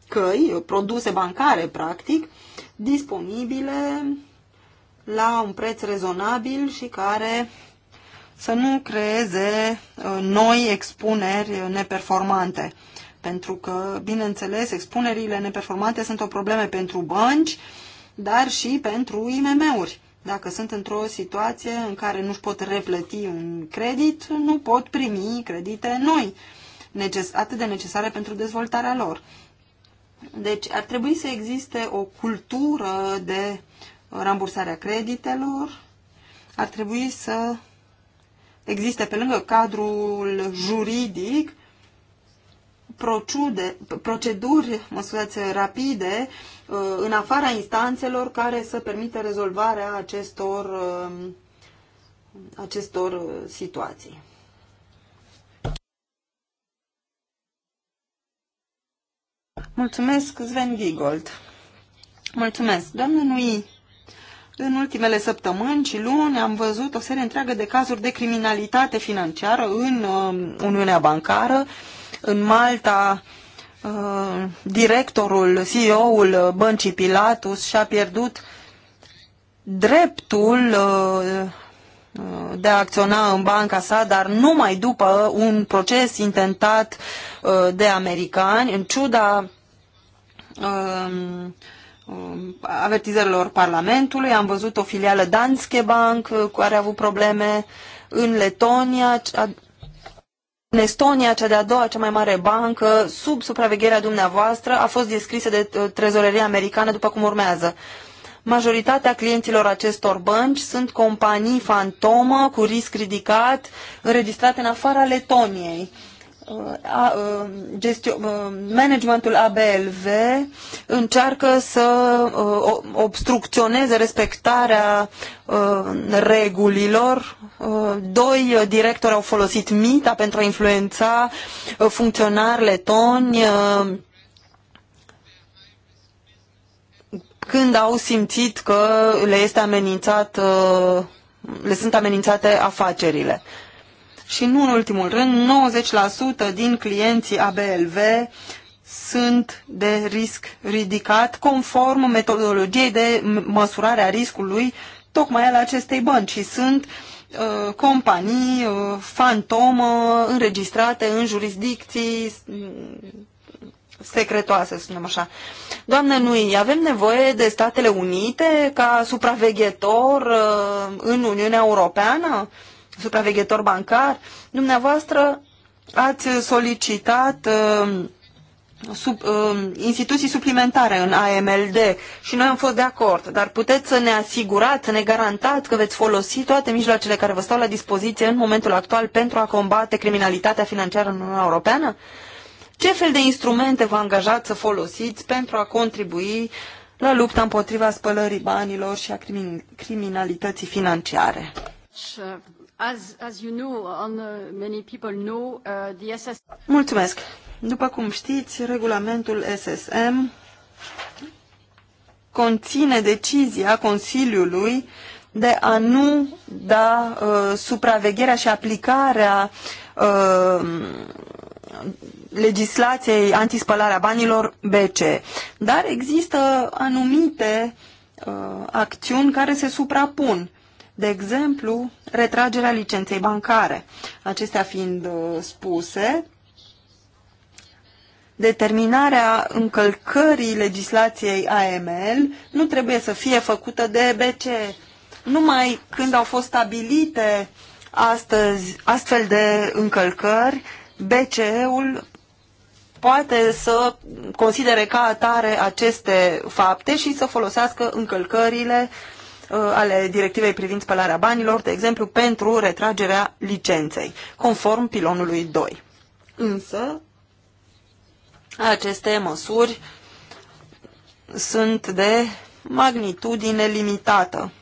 căi, produse bancare, practic, disponibile la un preț rezonabil și care să nu creeze uh, noi expuneri neperformante. Pentru că, bineînțeles, expunerile neperformante sunt o problemă pentru bănci, dar și pentru IMM-uri. Dacă sunt într-o situație în care nu-și pot replăti un credit, nu pot primi credite noi, atât de necesare pentru dezvoltarea lor. Deci ar trebui să existe o cultură de rambursare a creditelor, ar trebui să existe pe lângă cadrul juridic procede, proceduri, mă scuzați, rapide uh, în afara instanțelor care să permită rezolvarea acestor, uh, acestor uh, situații. Mulțumesc, Sven Gigold. Mulțumesc. Doamne Nui, în ultimele săptămâni și luni am văzut o serie întreagă de cazuri de criminalitate financiară în uh, Uniunea Bancară, în Malta, uh, directorul, CEO-ul uh, băncii Pilatus și-a pierdut dreptul uh, uh, de a acționa în banca sa, dar numai după un proces intentat uh, de americani, în ciuda uh, Um, avertizărilor Parlamentului. Am văzut o filială Danske Bank uh, care a avut probleme în Letonia, în Estonia, cea de-a doua, cea mai mare bancă, sub supravegherea dumneavoastră, a fost descrisă de uh, trezoreria americană după cum urmează. Majoritatea clienților acestor bănci sunt companii fantomă cu risc ridicat înregistrate în afara Letoniei. Uh, a, uh, gestio, uh, managementul ABLV încearcă să obstrucționeze respectarea regulilor. Doi directori au folosit mita pentru a influența funcționari letoni când au simțit că le este amenințat, le sunt amenințate afacerile. Și nu în ultimul rând, 90% din clienții ABLV sunt de risc ridicat conform metodologiei de măsurare a riscului tocmai al acestei bănci și sunt uh, companii uh, fantomă înregistrate în jurisdicții mm, secretoase, să spunem așa. Doamne, noi avem nevoie de Statele Unite ca supraveghetor uh, în Uniunea Europeană? Uh, supraveghetor bancar, dumneavoastră ați solicitat uh, sub, uh, instituții suplimentare în AMLD și noi am fost de acord, dar puteți să ne asigurați, să ne garantați că veți folosi toate mijloacele care vă stau la dispoziție în momentul actual pentru a combate criminalitatea financiară în Uniunea Europeană? Ce fel de instrumente vă angajați să folosiți pentru a contribui la lupta împotriva spălării banilor și a criminalității financiare? Sure. Mulțumesc. După cum știți, regulamentul SSM conține decizia Consiliului de a nu da uh, supravegherea și aplicarea uh, legislației antispălarea banilor BC. Dar există anumite uh, acțiuni care se suprapun de exemplu, retragerea licenței bancare. Acestea fiind uh, spuse, determinarea încălcării legislației AML nu trebuie să fie făcută de BCE. Numai când au fost stabilite astăzi astfel de încălcări, BCE-ul poate să considere ca atare aceste fapte și să folosească încălcările uh, Uh, ale directivei privind spălarea banilor, de exemplu, pentru retragerea licenței, conform pilonului 2. Însă, aceste măsuri sunt de magnitudine limitată.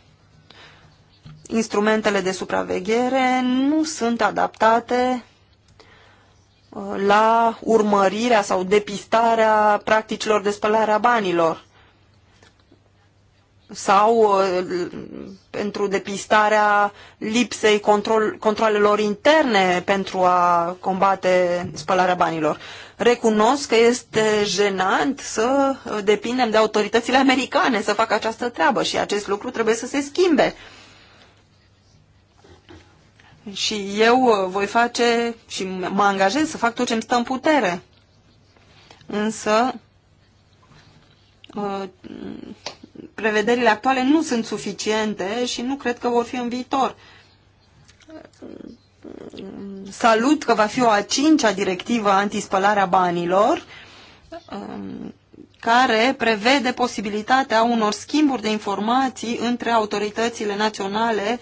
Instrumentele de supraveghere nu sunt adaptate uh, la urmărirea sau depistarea practicilor de spălare a banilor sau uh, pentru depistarea lipsei control, controlelor interne pentru a combate spălarea banilor. Recunosc că este jenant să depindem de autoritățile americane să facă această treabă și acest lucru trebuie să se schimbe. Și eu uh, voi face și mă angajez să fac tot ce îmi stă în putere. Însă uh, prevederile actuale nu sunt suficiente și nu cred că vor fi în viitor. Salut că va fi o a cincea directivă antispălarea banilor um, care prevede posibilitatea unor schimburi de informații între autoritățile naționale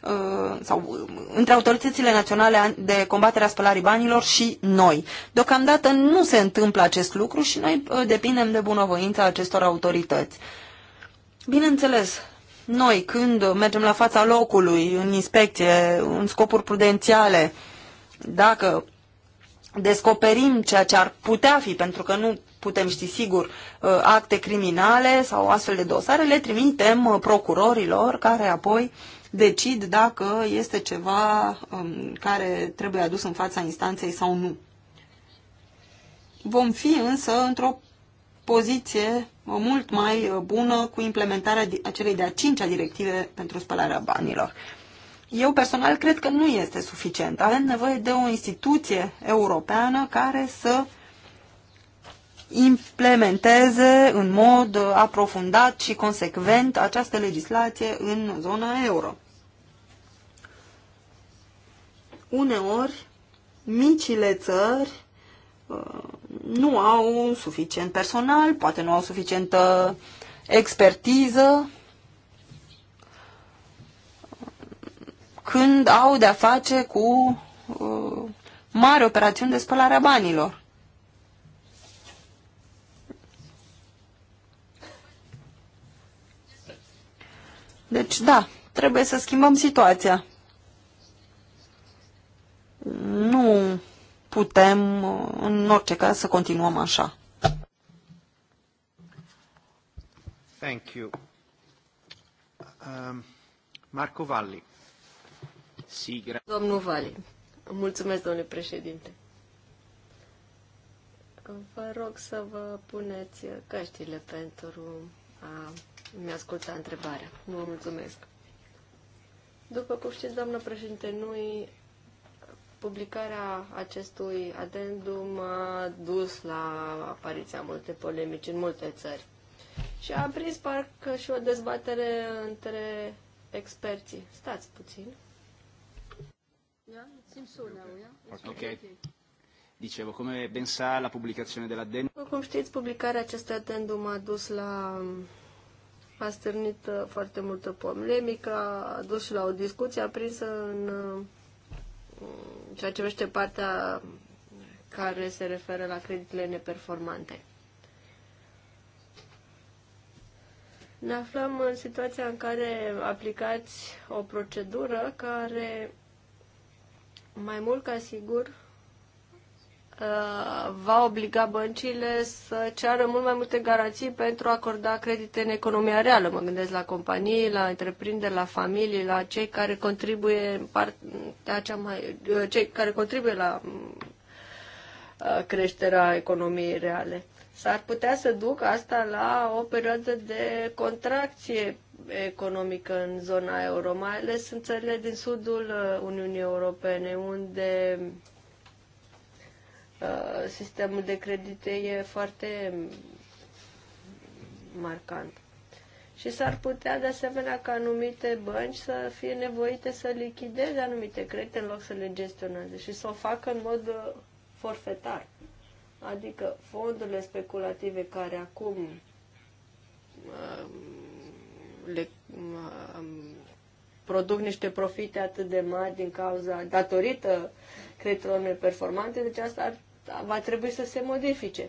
uh, sau între autoritățile naționale de combatere a spălării banilor și noi. Deocamdată nu se întâmplă acest lucru și noi uh, depindem de bunăvoința acestor autorități. Bineînțeles, noi când mergem la fața locului, în inspecție, în scopuri prudențiale, dacă descoperim ceea ce ar putea fi, pentru că nu putem ști sigur, uh, acte criminale sau astfel de dosare, le trimitem uh, procurorilor care apoi decid dacă este ceva um, care trebuie adus în fața instanței sau nu. Vom fi însă într-o poziție uh, mult mai uh, bună cu implementarea acelei de-a cincea directive pentru spălarea banilor. Eu personal cred că nu este suficient. Avem nevoie de o instituție europeană care să implementeze în mod uh, aprofundat și consecvent această legislație în zona euro. Uneori, micile țări nu au suficient personal, poate nu au suficientă expertiză când au de-a face cu uh, mari operațiuni de spălare a banilor. Deci, da, trebuie să schimbăm situația. Nu putem, în orice caz, să continuăm așa. Thank you. Um, Marco Valli. Sigra. Domnul Valli. Mulțumesc, domnule președinte. Vă rog să vă puneți căștile pentru a mi-asculta întrebarea. Vă mulțumesc. După cum știți, doamnă președinte, noi publicarea acestui adendum a dus la apariția multe polemici în multe țări și a prins parcă și o dezbatere între experții. Stați puțin. Da? Ok. Dicevo, come ben sa, la pubblicazione dell'addendum... Cum știți, publicarea acestui addendum a dus la a stârnit foarte multă polemică, a dus și la o discuție aprinsă în ceea ce vește partea care se referă la creditele neperformante. Ne aflăm în situația în care aplicați o procedură care, mai mult ca sigur, Uh, va obliga băncile să ceară mult mai multe garanții pentru a acorda credite în economia reală. Mă gândesc la companii, la întreprinderi, la familii, la cei care contribuie în partea cea mai, uh, cei care contribuie la mm, uh, creșterea economiei reale. S-ar putea să duc asta la o perioadă de contracție economică în zona euro, mai ales în țările din sudul Uniunii Europene, unde Uh, sistemul de credite e foarte marcant. Și s-ar putea de asemenea ca anumite bănci să fie nevoite să lichideze anumite credite în loc să le gestioneze și să o facă în mod uh, forfetar. Adică fondurile speculative care acum um, le um, produc niște profite atât de mari din cauza, datorită creditelor neperformante, deci asta ar asta va trebui să se modifice.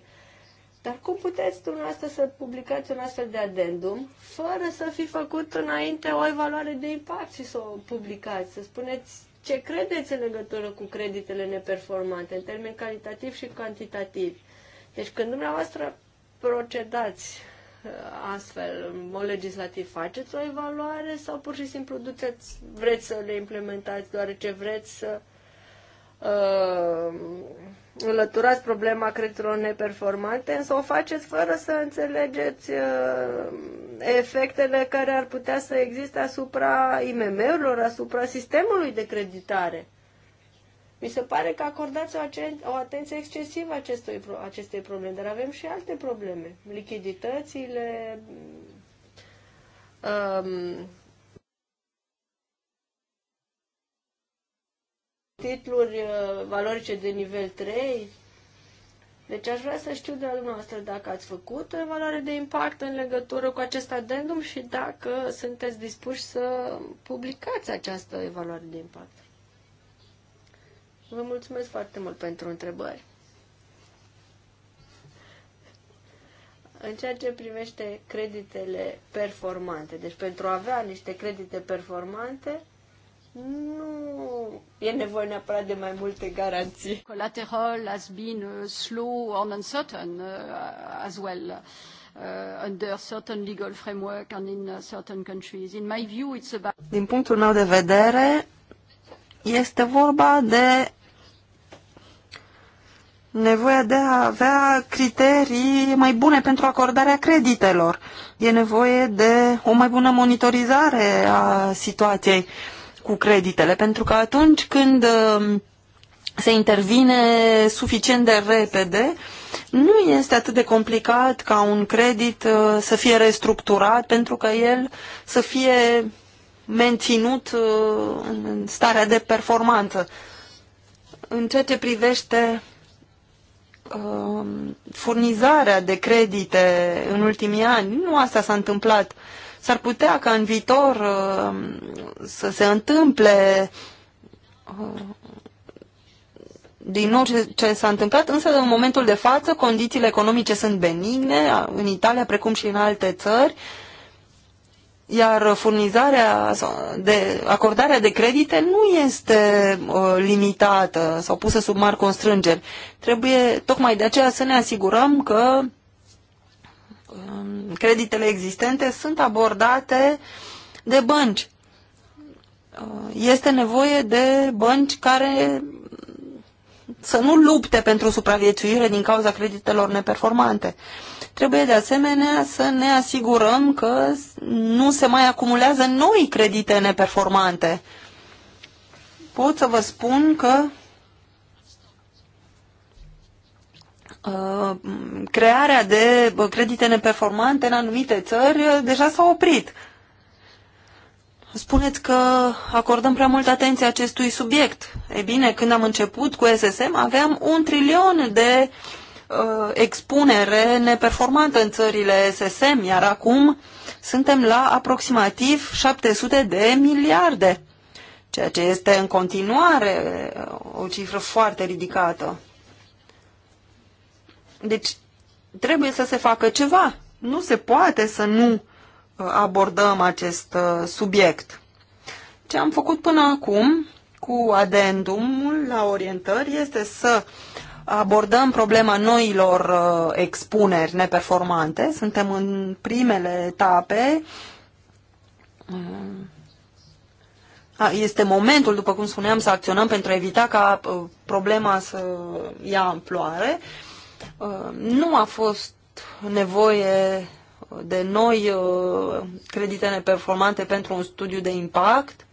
Dar cum puteți dumneavoastră să publicați un astfel de adendum fără să fi făcut înainte o evaluare de impact și să o publicați, să spuneți ce credeți în legătură cu creditele neperformante, în termeni calitativ și cantitativ. Deci când dumneavoastră procedați uh, astfel, în mod legislativ, faceți o evaluare sau pur și simplu duceți, vreți să le implementați deoarece vreți să uh, înlăturați problema creditelor neperformante, însă o faceți fără să înțelegeți uh, efectele care ar putea să existe asupra IMM-urilor, asupra sistemului de creditare. Mi se pare că acordați o, o atenție excesivă acestui, acestei probleme, dar avem și alte probleme. Lichiditățile, um, titluri uh, valorice de nivel 3. Deci aș vrea să știu de la dumneavoastră dacă ați făcut o uh, evaluare de impact în legătură cu acest adendum și dacă sunteți dispuși să publicați această evaluare de impact. Vă mulțumesc foarte mult pentru întrebări. În ceea ce privește creditele performante, deci pentru a avea niște credite performante, nu e nevoie neapărat de mai multe garanții. Collateral has been uh, slow and uncertain uh, as well. Uh, under certain legal framework and in uh, certain countries. In my view, it's about... Din punctul meu de vedere, este vorba de nevoia de a avea criterii mai bune pentru acordarea creditelor. E nevoie de o mai bună monitorizare a situației. Uh, cu creditele, pentru că atunci când um, se intervine suficient de repede, nu este atât de complicat ca un credit uh, să fie restructurat pentru că el să fie menținut uh, în starea de performanță. În ceea ce privește um, furnizarea de credite în ultimii ani, nu asta s-a întâmplat. S-ar putea ca în viitor uh, să se întâmple uh, din nou ce, ce s-a întâmplat, însă în momentul de față condițiile economice sunt benigne în Italia precum și în alte țări, iar furnizarea de acordarea de credite nu este uh, limitată sau pusă sub mari constrângeri. Trebuie tocmai de aceea să ne asigurăm că Um, creditele existente sunt abordate de bănci. Uh, este nevoie de bănci care să nu lupte pentru supraviețuire din cauza creditelor neperformante. Trebuie de asemenea să ne asigurăm că nu se mai acumulează noi credite neperformante. Pot să vă spun că Uh, crearea de credite neperformante în anumite țări uh, deja s-a oprit. Spuneți că acordăm prea multă atenție acestui subiect. Ei bine, când am început cu SSM, aveam un trilion de uh, expunere neperformantă în țările SSM, iar acum suntem la aproximativ 700 de miliarde, ceea ce este în continuare uh, o cifră foarte ridicată. Deci trebuie să se facă ceva. Nu se poate să nu uh, abordăm acest uh, subiect. Ce am făcut până acum cu adendumul la orientări este să abordăm problema noilor uh, expuneri neperformante. Suntem în primele etape. Este momentul, după cum spuneam, să acționăm pentru a evita ca problema să ia amploare. Uh, nu a fost nevoie de noi uh, credite neperformante pentru un studiu de impact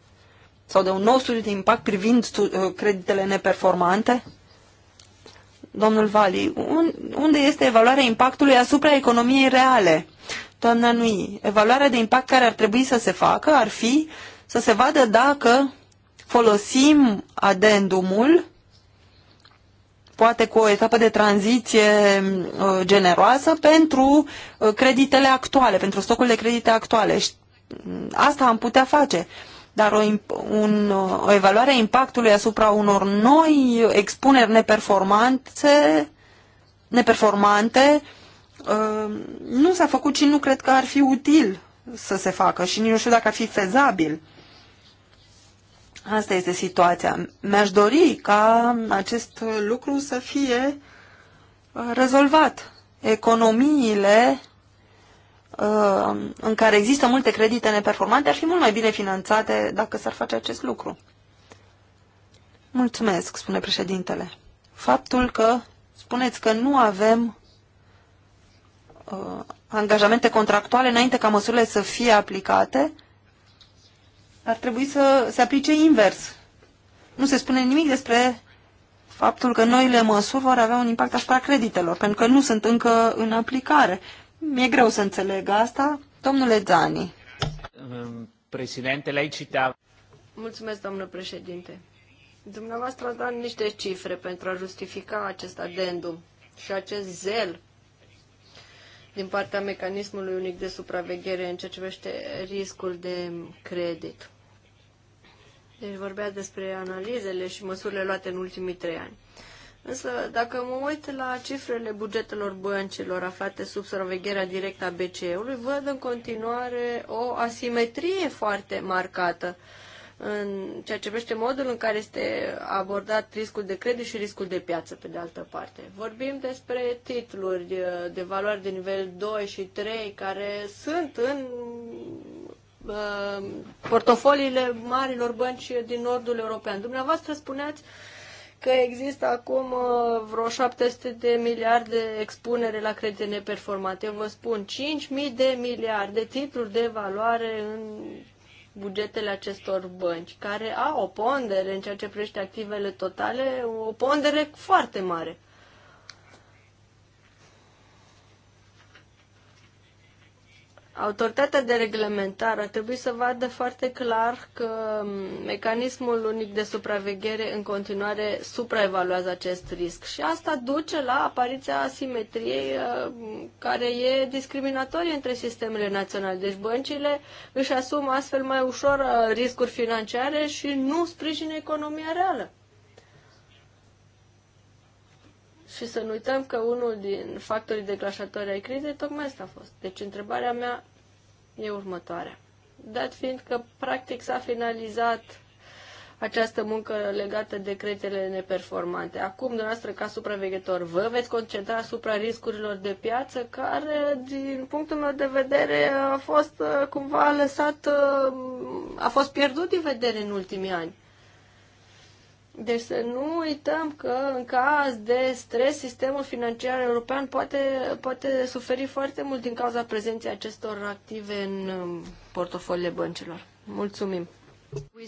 sau de un nou studiu de impact privind uh, creditele neperformante? Domnul Vali, unde este evaluarea impactului asupra economiei reale? Doamna Nui, evaluarea de impact care ar trebui să se facă ar fi să se vadă dacă folosim adendumul poate cu o etapă de tranziție uh, generoasă pentru uh, creditele actuale, pentru stocul de credite actuale. Mm, asta am putea face dar o, un, uh, o evaluare a impactului asupra unor noi expuneri neperformante, neperformante nu s-a făcut și nu cred că ar fi util să se facă și nici nu știu dacă ar fi fezabil. Asta este situația. Mi-aș dori ca acest lucru să fie uh, rezolvat. Economiile uh, în care există multe credite neperformante ar fi mult mai bine finanțate dacă s-ar face acest lucru. Mulțumesc, spune președintele. Faptul că spuneți că nu avem uh, angajamente contractuale înainte ca măsurile să fie aplicate ar trebui să se aplice invers. Nu se spune nimic despre faptul că noile măsuri vor avea un impact asupra creditelor, pentru că nu sunt încă în aplicare. Mi-e greu să înțeleg asta. Domnule Zani. Ehm, președinte, le-ai citat. Mulțumesc, domnule președinte. Dumneavoastră a dat niște cifre pentru a justifica acest adendum și acest zel din partea mecanismului unic de supraveghere în ceea ce privește riscul de credit. Deci vorbea despre analizele și măsurile luate în ultimii trei ani. Însă, dacă mă uit la cifrele bugetelor băncilor aflate sub supravegherea directă a BCE-ului, văd în continuare o asimetrie foarte marcată în ceea ce privește modul în care este abordat riscul de credit și riscul de piață, pe de altă parte. Vorbim despre titluri de, de valoare de nivel 2 și 3 care sunt în Uh, portofoliile marilor bănci din nordul european. Dumneavoastră spuneați că există acum uh, vreo 700 de miliarde de expunere la credite neperformante. Eu vă spun 5.000 de miliarde de titluri de valoare în bugetele acestor bănci, care au o pondere în ceea ce privește activele totale, o pondere foarte mare. Autoritatea de reglementare ar trebui să vadă foarte clar că mecanismul unic de supraveghere în continuare supraevaluează acest risc și asta duce la apariția asimetriei uh, care e discriminatorie între sistemele naționale. Deci băncile își asumă astfel mai ușor uh, riscuri financiare și nu sprijină economia reală. Și să nu uităm că unul din factorii declanșatori ai crizei tocmai asta a fost. Deci întrebarea mea e următoarea. Dat fiind că practic s-a finalizat această muncă legată de creditele neperformante. Acum, dumneavoastră, ca supraveghetor, vă veți concentra asupra riscurilor de piață, care, din punctul meu de vedere, a fost uh, cumva lăsat, uh, a fost pierdut din vedere în ultimii ani. Deci să nu uităm că în caz de stres, sistemul financiar european poate, poate suferi foarte mult din cauza prezenței acestor active în um, portofoliile băncilor. Mulțumim! We...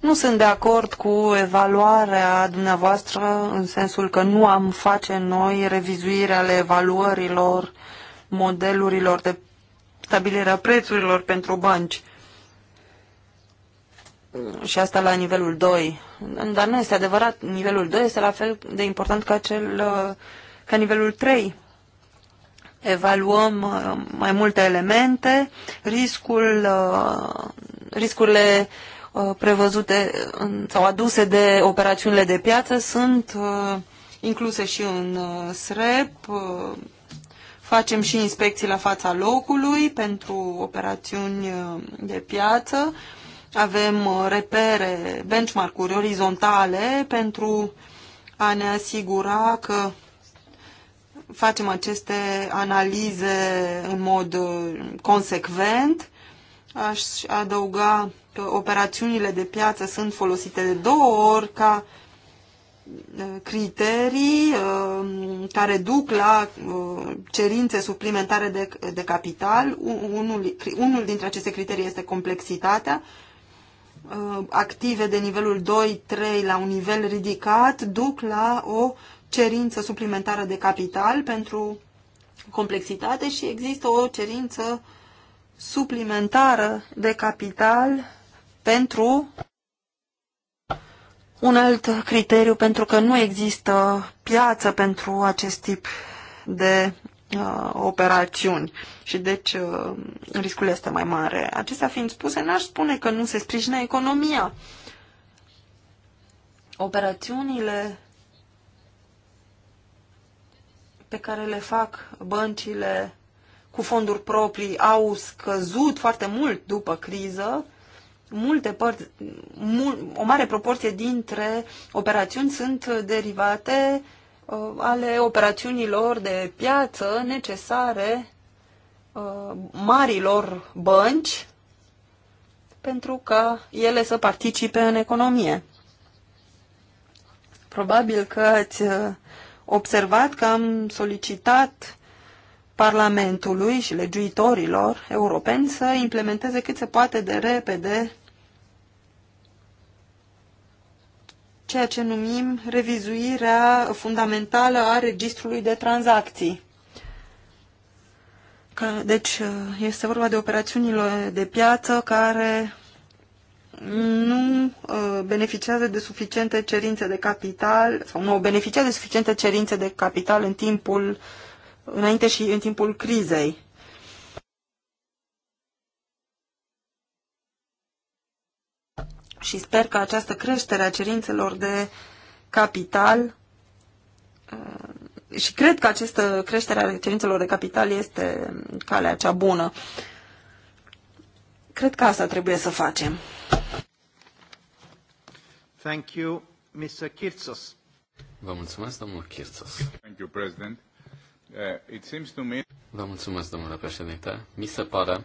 Nu sunt de acord cu evaluarea dumneavoastră în sensul că nu am face noi revizuirea ale evaluărilor modelurilor de stabilire a prețurilor pentru bănci și asta la nivelul 2. Dar nu este adevărat, nivelul 2 este la fel de important ca, cel, uh, ca nivelul 3. Evaluăm uh, mai multe elemente, riscul, uh, riscurile prevăzute sau aduse de operațiunile de piață sunt incluse și în SREP, facem și inspecții la fața locului pentru operațiuni de piață, avem uh, repere, benchmark-uri orizontale pentru a ne asigura că facem aceste analize în mod uh, consecvent. Aș adăuga că operațiunile de piață sunt folosite de două ori ca uh, criterii care duc la cerințe suplimentare de, capital. unul dintre aceste criterii este complexitatea Uh, active de nivelul 2-3 la un nivel ridicat duc la o cerință suplimentară de capital pentru complexitate și există o cerință suplimentară de capital pentru un alt criteriu, pentru că nu există piață pentru acest tip de uh, operațiuni și deci uh, riscul este mai mare. Acestea fiind spuse, n-aș spune că nu se sprijină economia. Operațiunile pe care le fac băncile cu fonduri proprii au scăzut foarte mult după criză. Multe părți, mul, o mare proporție dintre operațiuni sunt derivate uh, Uh, ale operațiunilor de piață necesare uh, marilor bănci pentru ca ele să participe în economie. Probabil că ați uh, observat că am solicitat Parlamentului și legiuitorilor europeni să implementeze cât se poate de repede ceea ce numim revizuirea fundamentală a registrului de tranzacții. Deci este vorba de operațiunile de piață care nu uh, beneficiază de suficiente cerințe de capital sau nu beneficiază de suficiente cerințe de capital în timpul înainte și în timpul crizei. și sper că această creștere a cerințelor de capital uh, și cred că această creștere a cerințelor de capital este calea cea bună. Cred că asta trebuie să facem. Thank you, Mr. Kirtsos. Vă mulțumesc, domnul Kirtsos. Thank you, President. Uh, it seems to me... Vă mulțumesc, domnule președinte. Mi se pare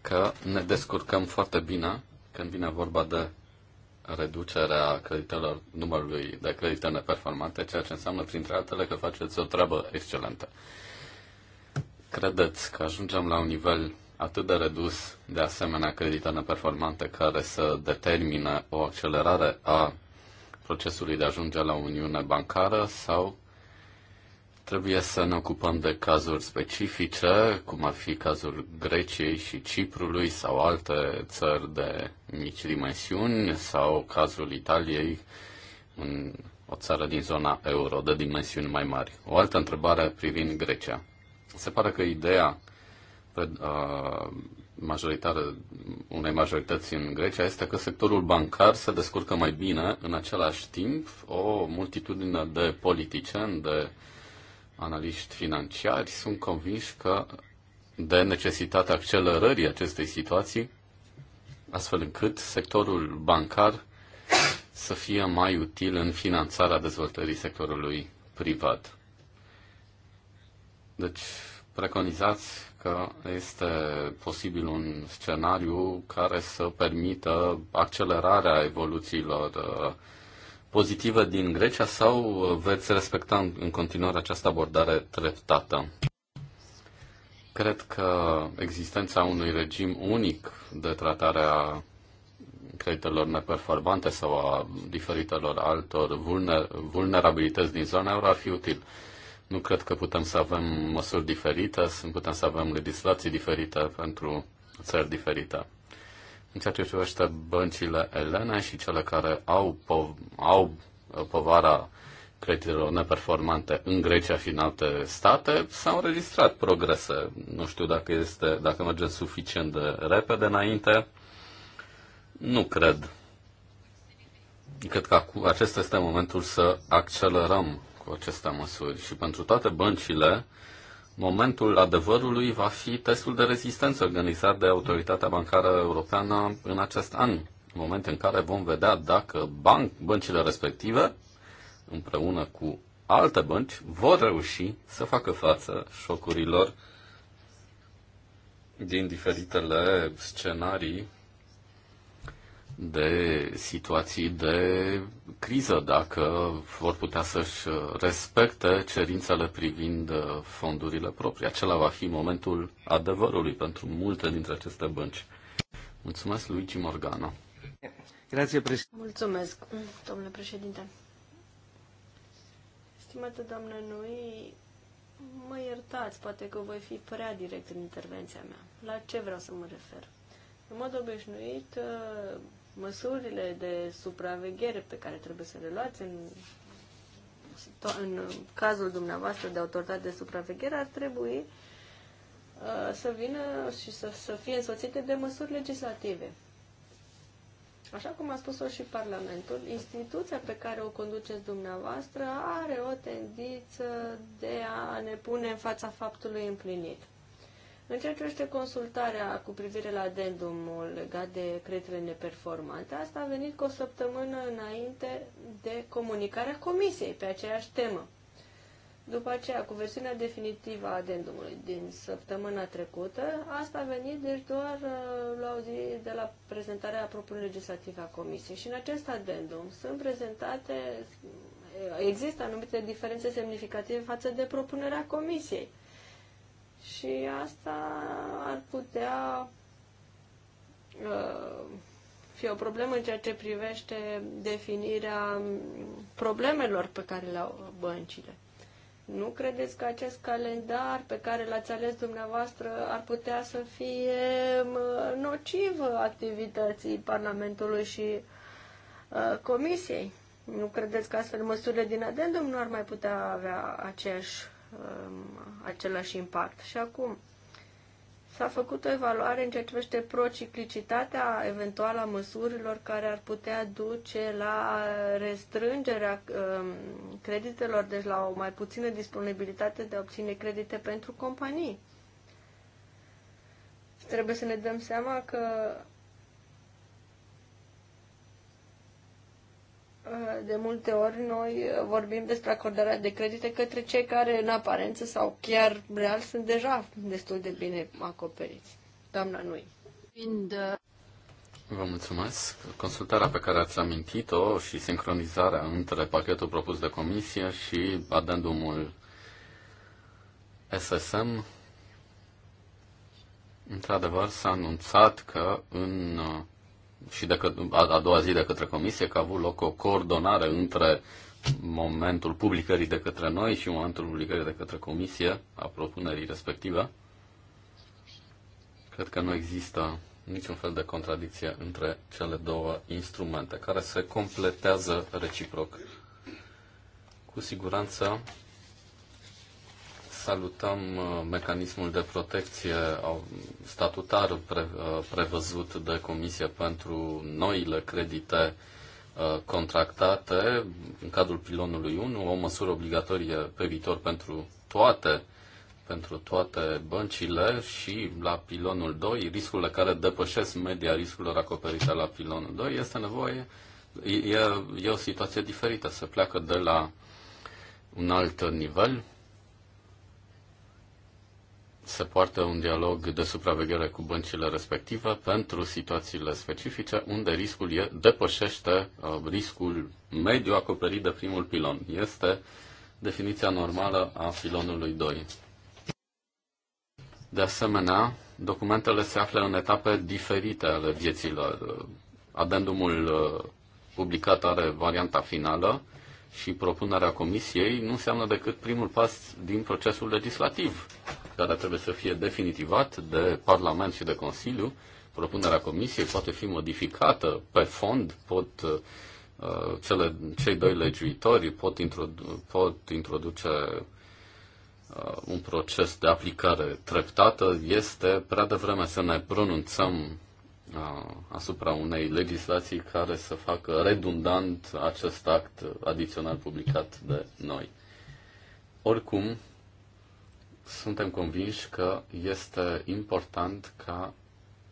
că ne descurcăm foarte bine când vine vorba de reducerea creditelor, numărului de credite neperformante, ceea ce înseamnă, printre altele, că faceți o treabă excelentă. Credeți că ajungem la un nivel atât de redus de asemenea credite neperformante care să determine o accelerare a procesului de a ajunge la Uniune Bancară sau trebuie să ne ocupăm de cazuri specifice, cum ar fi cazul Greciei și Ciprului sau alte țări de mici dimensiuni sau cazul Italiei în o țară din zona euro de dimensiuni mai mari. O altă întrebare privind Grecia. Se pare că ideea majoritară, unei majorități în Grecia este că sectorul bancar se descurcă mai bine în același timp o multitudine de politicieni, de analiști financiari sunt convinși că de necesitatea accelerării acestei situații astfel încât sectorul bancar să fie mai util în finanțarea dezvoltării sectorului privat. Deci, preconizați că este posibil un scenariu care să permită accelerarea evoluțiilor uh, pozitive din Grecia sau uh, veți respecta în continuare această abordare treptată? Cred că existența unui regim unic de tratare a creditelor neperformante sau a diferitelor altor vulner- vulnerabilități din zona euro ar fi util. Nu cred că putem să avem măsuri diferite, putem să avem legislații diferite pentru țări diferite. În ceea ce privește băncile elene și cele care au, po- au povara creditelor neperformante în Grecia și în alte state, s-au înregistrat progrese. Nu știu dacă, este, dacă mergem suficient de repede înainte. Nu cred. Cred că acesta este momentul să accelerăm cu aceste măsuri și pentru toate băncile, momentul adevărului va fi testul de rezistență organizat de Autoritatea Bancară Europeană în acest an, moment în care vom vedea dacă banc, băncile respective împreună cu alte bănci vor reuși să facă față șocurilor din diferitele scenarii de situații de criză, dacă vor putea să-și respecte cerințele privind fondurile proprii. Acela va fi momentul adevărului pentru multe dintre aceste bănci. Mulțumesc, Luigi Morgano. Grazie, președinte. Mulțumesc, domnule președinte. Stimată doamnă Nui, mă iertați, poate că voi fi prea direct în intervenția mea. La ce vreau să mă refer? În mod obișnuit, uh, măsurile de supraveghere pe care trebuie să le luați în, în cazul dumneavoastră de autoritate de supraveghere ar trebui uh, să vină și să, să fie însoțite de măsuri legislative. Așa cum a spus-o și Parlamentul, instituția pe care o conduceți dumneavoastră are o tendință de a ne pune în fața faptului împlinit. În ceea ce privește consultarea cu privire la adendumul legat de creditele neperformante, asta a venit cu o săptămână înainte de comunicarea comisiei pe aceeași temă. După aceea, cu versiunea definitivă a adendumului din săptămâna trecută, asta a venit deci doar uh, la o zi de la prezentarea propunerii legislative a Comisiei. Și în acest adendum sunt prezentate, uh, există anumite diferențe semnificative față de propunerea Comisiei. Și asta ar putea uh, fi o problemă în ceea ce privește definirea problemelor pe care le au băncile. Nu credeți că acest calendar pe care l-ați ales dumneavoastră ar putea să fie nociv activității Parlamentului și ă, Comisiei? Nu credeți că astfel măsurile din adendum nu ar mai putea avea aceeași, ă, același impact? Și acum, S-a făcut o evaluare în ceea ce privește prociclicitatea eventuală a măsurilor care ar putea duce la restrângerea um, creditelor, deci la o mai puțină disponibilitate de a obține credite pentru companii. Trebuie să ne dăm seama că Eh, de multe ori noi eh, vorbim despre acordarea de credite către cei care în aparență sau chiar real sunt deja destul de bine acoperiți. Doamna Nui. Fiind eh, Vă mulțumesc. Consultarea pe care ați amintit-o și sincronizarea între pachetul propus de comisie și adendumul SSM, într-adevăr s-a anunțat că în și de că, a, a doua zi de către comisie că a avut loc o coordonare între momentul publicării de către noi și momentul publicării de către comisie a propunerii respective. Cred că nu există niciun fel de contradicție între cele două instrumente care se completează reciproc. Cu siguranță salutăm uh, mecanismul de protecție statutar uh, prevăzut de Comisie pentru noile credite uh, contractate în cadrul pilonului 1, o măsură obligatorie pe viitor pentru toate pentru toate băncile și la pilonul 2, riscurile care depășesc media riscurilor acoperite la pilonul 2, este nevoie, e, e o situație diferită, se pleacă de la un alt nivel se poartă un dialog de supraveghere cu băncile respective pentru situațiile specifice unde riscul e, depășește uh, riscul mediu acoperit de primul pilon. Este definiția normală a pilonului 2. De asemenea, documentele se află în etape diferite ale vieților. Uh, adendumul uh, publicat are varianta finală și propunerea comisiei nu înseamnă decât primul pas din procesul legislativ care trebuie să fie definitivat de Parlament și de Consiliu. Propunerea Comisiei poate fi modificată pe fond, pot uh, cele, cei doi legiuitori pot, introdu- pot introduce uh, un proces de aplicare treptată. Este prea devreme să ne pronunțăm uh, asupra unei legislații care să facă redundant acest act adițional publicat de noi. Oricum, suntem convinși că este important ca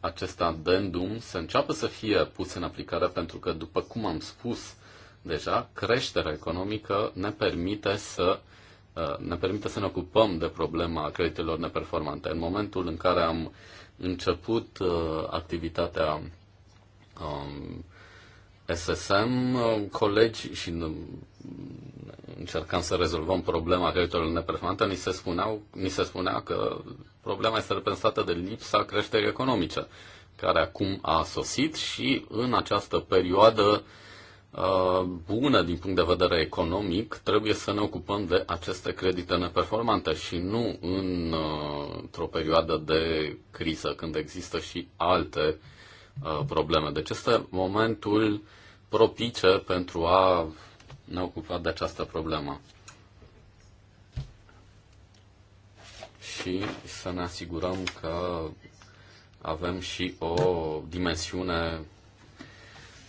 acest addendum să înceapă să fie pus în aplicare, pentru că, după cum am spus deja, creșterea economică ne permite să uh, ne permite să ne ocupăm de problema creditelor neperformante. În momentul în care am început uh, activitatea SSM, um, uh, colegi și încercăm să rezolvăm problema creditelor neperformante, ni se, spuneau, ni se spunea că problema este reprezentată de lipsa creșterii economice, care acum a sosit și în această perioadă uh, bună din punct de vedere economic, trebuie să ne ocupăm de aceste credite neperformante și nu uh, într-o perioadă de criză, când există și alte uh, probleme. Deci este momentul propice pentru a ne ocupat de această problemă. Și să ne asigurăm că avem și o dimensiune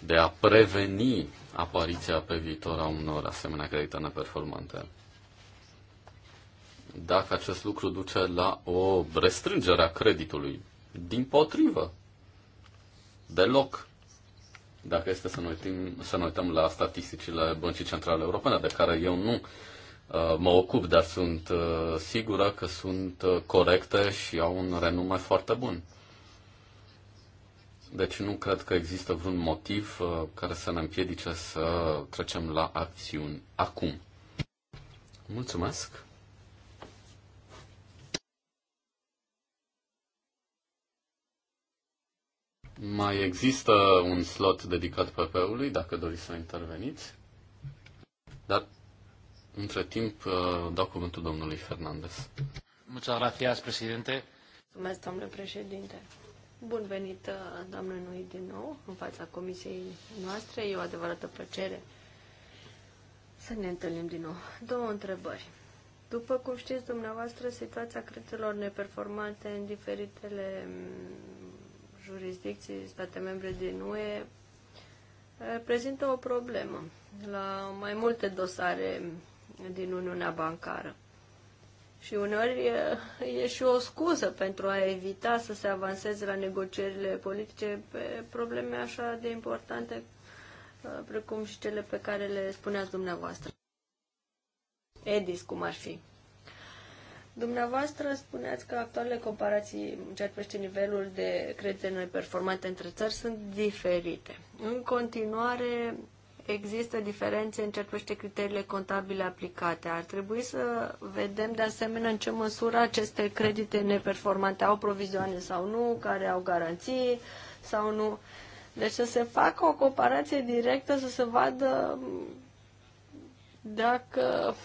de a preveni apariția pe viitor a unor asemenea credite neperformante. Dacă acest lucru duce la o restrângere a creditului, din potrivă, deloc dacă este să ne uităm, să ne uităm la statisticile Băncii Centrale Europene, de care eu nu uh, mă ocup, dar sunt uh, sigură că sunt uh, corecte și au un renume foarte bun. Deci nu cred că există vreun motiv care să ne împiedice să trecem la acțiuni acum. Mulțumesc! Mai există un slot dedicat PP-ului, dacă doriți să interveniți. Dar, între timp, uh, dau cuvântul domnului Fernandez. Mulțumesc, gracias, președinte. Mulțumesc, domnule președinte. Bun venit, uh, domnule noi din nou, în fața comisiei noastre. E o adevărată plăcere să ne întâlnim din nou. Două întrebări. După cum știți dumneavoastră, situația creditelor neperformante în diferitele mm, jurisdicții, state membre din UE, eh, prezintă o problemă la mai multe dosare din Uniunea Bancară. Și uneori e, eh, e și o scuză pentru a evita să se avanseze la negocierile politice pe probleme așa de importante eh, precum și cele pe care le spuneați dumneavoastră. Edis, cum ar fi. Dumneavoastră spuneați că actualele comparații în ceea ce privește nivelul de credite noi performante între țări sunt diferite. În continuare, există diferențe în ceea ce privește criteriile contabile aplicate. Ar trebui să vedem de asemenea în ce măsură aceste credite neperformante au provizioane sau nu, care au garanții sau nu. Deci să se facă o comparație directă, să se vadă dacă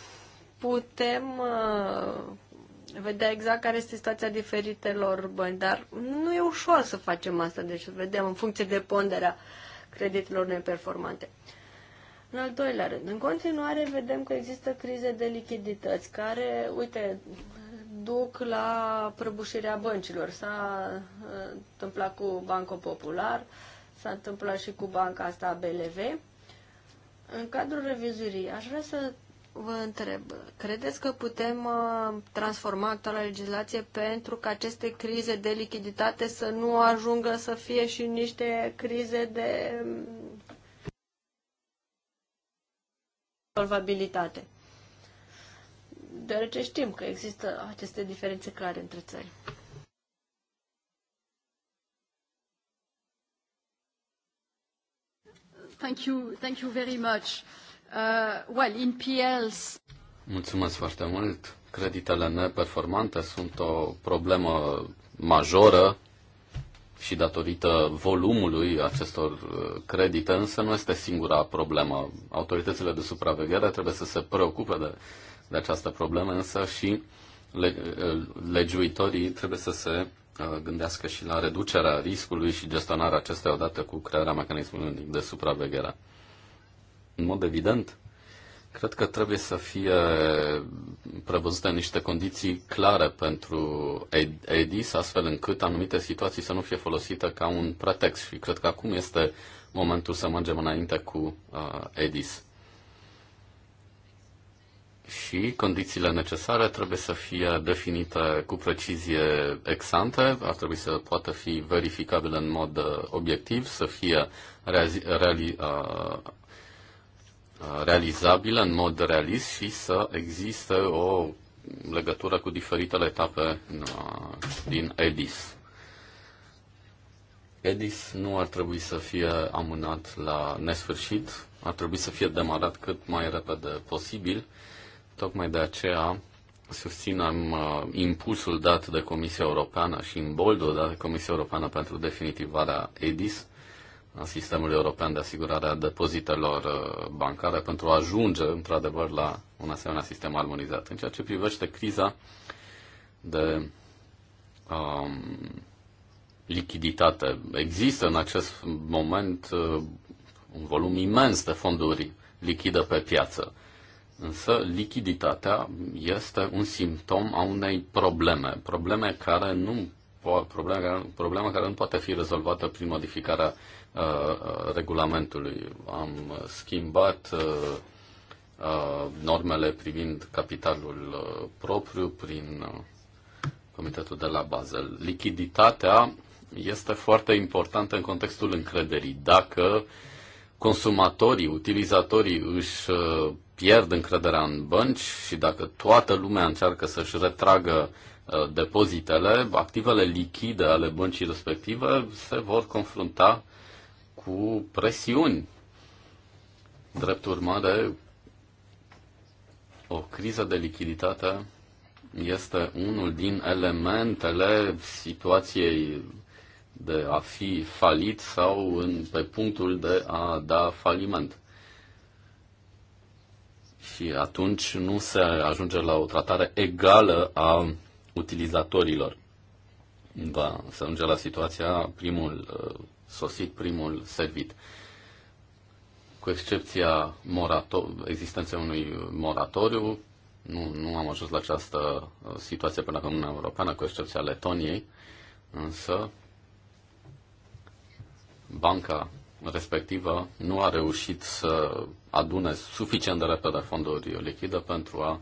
putem uh, vedea exact care este situația diferitelor bănci, dar nu e ușor să facem asta, deci să vedem în funcție de ponderea creditelor neperformante. În al doilea rând, în continuare vedem că există crize de lichidități care, uite, duc la prăbușirea băncilor. S-a uh, întâmplat cu Banco Popular, s-a întâmplat și cu banca asta BLV. În cadrul revizuirii, aș vrea să vă întreb, credeți că putem uh, transforma actuala legislație pentru că aceste crize de lichiditate să nu ajungă să fie și niște crize de mm, solvabilitate? Deoarece știm că există aceste diferențe clare între țări. Thank you, thank you very much. Uh, well, in PLs... Mulțumesc foarte mult. Creditele neperformante sunt o problemă majoră și datorită volumului acestor uh, credite, însă nu este singura problemă. Autoritățile de supraveghere trebuie să se preocupe de, de această problemă, însă și le, uh, legiuitorii trebuie să se uh, gândească și la reducerea riscului și gestionarea acestei odată cu crearea mecanismului de supraveghere. În mod evident, cred că trebuie să fie prevăzute niște condiții clare pentru EDIS, astfel încât anumite situații să nu fie folosite ca un pretext. Și cred că acum este momentul să mergem înainte cu uh, EDIS. Și condițiile necesare trebuie să fie definite cu precizie exante, ar trebui să poată fi verificabile în mod uh, obiectiv, să fie reali, reali, uh, realizabilă în mod realist și să existe o legătură cu diferitele etape uh, din EDIS. EDIS nu ar trebui să fie amânat la nesfârșit, ar trebui să fie demarat cât mai repede posibil. Tocmai de aceea susținem uh, impulsul dat de Comisia Europeană și boldul dat de Comisia Europeană pentru definitivarea EDIS sistemul european de asigurare a depozitelor uh, bancare pentru a ajunge, într-adevăr, la un asemenea sistem armonizat. În ceea ce privește criza de um, lichiditate, există în acest moment uh, un volum imens de fonduri lichidă pe piață. Însă lichiditatea este un simptom a unei probleme, probleme care nu care, problema care nu poate fi rezolvată prin modificarea Uh, regulamentului. Am schimbat uh, uh, normele privind capitalul propriu prin Comitetul de la Basel. Lichiditatea este foarte importantă în contextul încrederii. Dacă consumatorii, utilizatorii își pierd încrederea în bănci și dacă toată lumea încearcă să-și retragă depozitele, activele lichide ale băncii respective se vor confrunta cu presiuni. Drept urmare, o criză de lichiditate este unul din elementele situației de a fi falit sau în, pe punctul de a da faliment. Și atunci nu se ajunge la o tratare egală a utilizatorilor. Da, se ajunge la situația primul uh, sosit primul servit. Cu excepția morato- existenței unui moratoriu, nu, nu am ajuns la această uh, situație până acum în Uniunea Europeană, cu excepția Letoniei, însă banca respectivă nu a reușit să adune suficient de repede fonduri lichide pentru a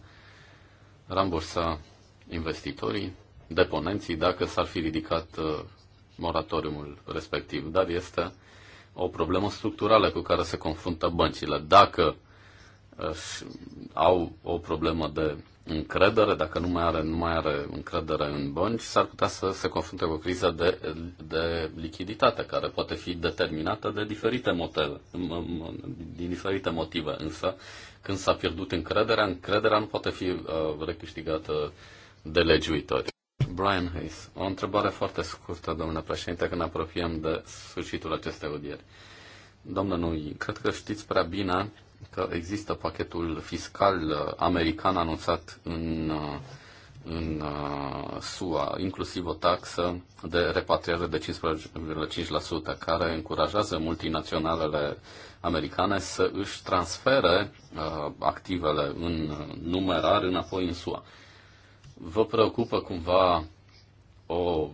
rambursa investitorii, deponenții, dacă s-ar fi ridicat uh, moratoriumul respectiv, dar este o problemă structurală cu care se confruntă băncile. Dacă uh, au o problemă de încredere, dacă nu mai are, nu mai are încredere în bănci, s-ar putea să se confrunte cu o criză de, de lichiditate, care poate fi determinată de diferite motive, din diferite motive. Însă, când s-a pierdut încrederea, încrederea nu poate fi uh, recâștigată de legiuitori. Brian Hayes, o întrebare foarte scurtă, domnule președinte, când ne apropiem de sfârșitul acestei audieri. Domnule Nui, cred că știți prea bine că există pachetul fiscal uh, american anunțat în, uh, în uh, SUA, inclusiv o taxă de repatriere de 15,5%, care încurajează multinaționalele americane să își transfere uh, activele în numerar înapoi în SUA. Vă preocupă cumva o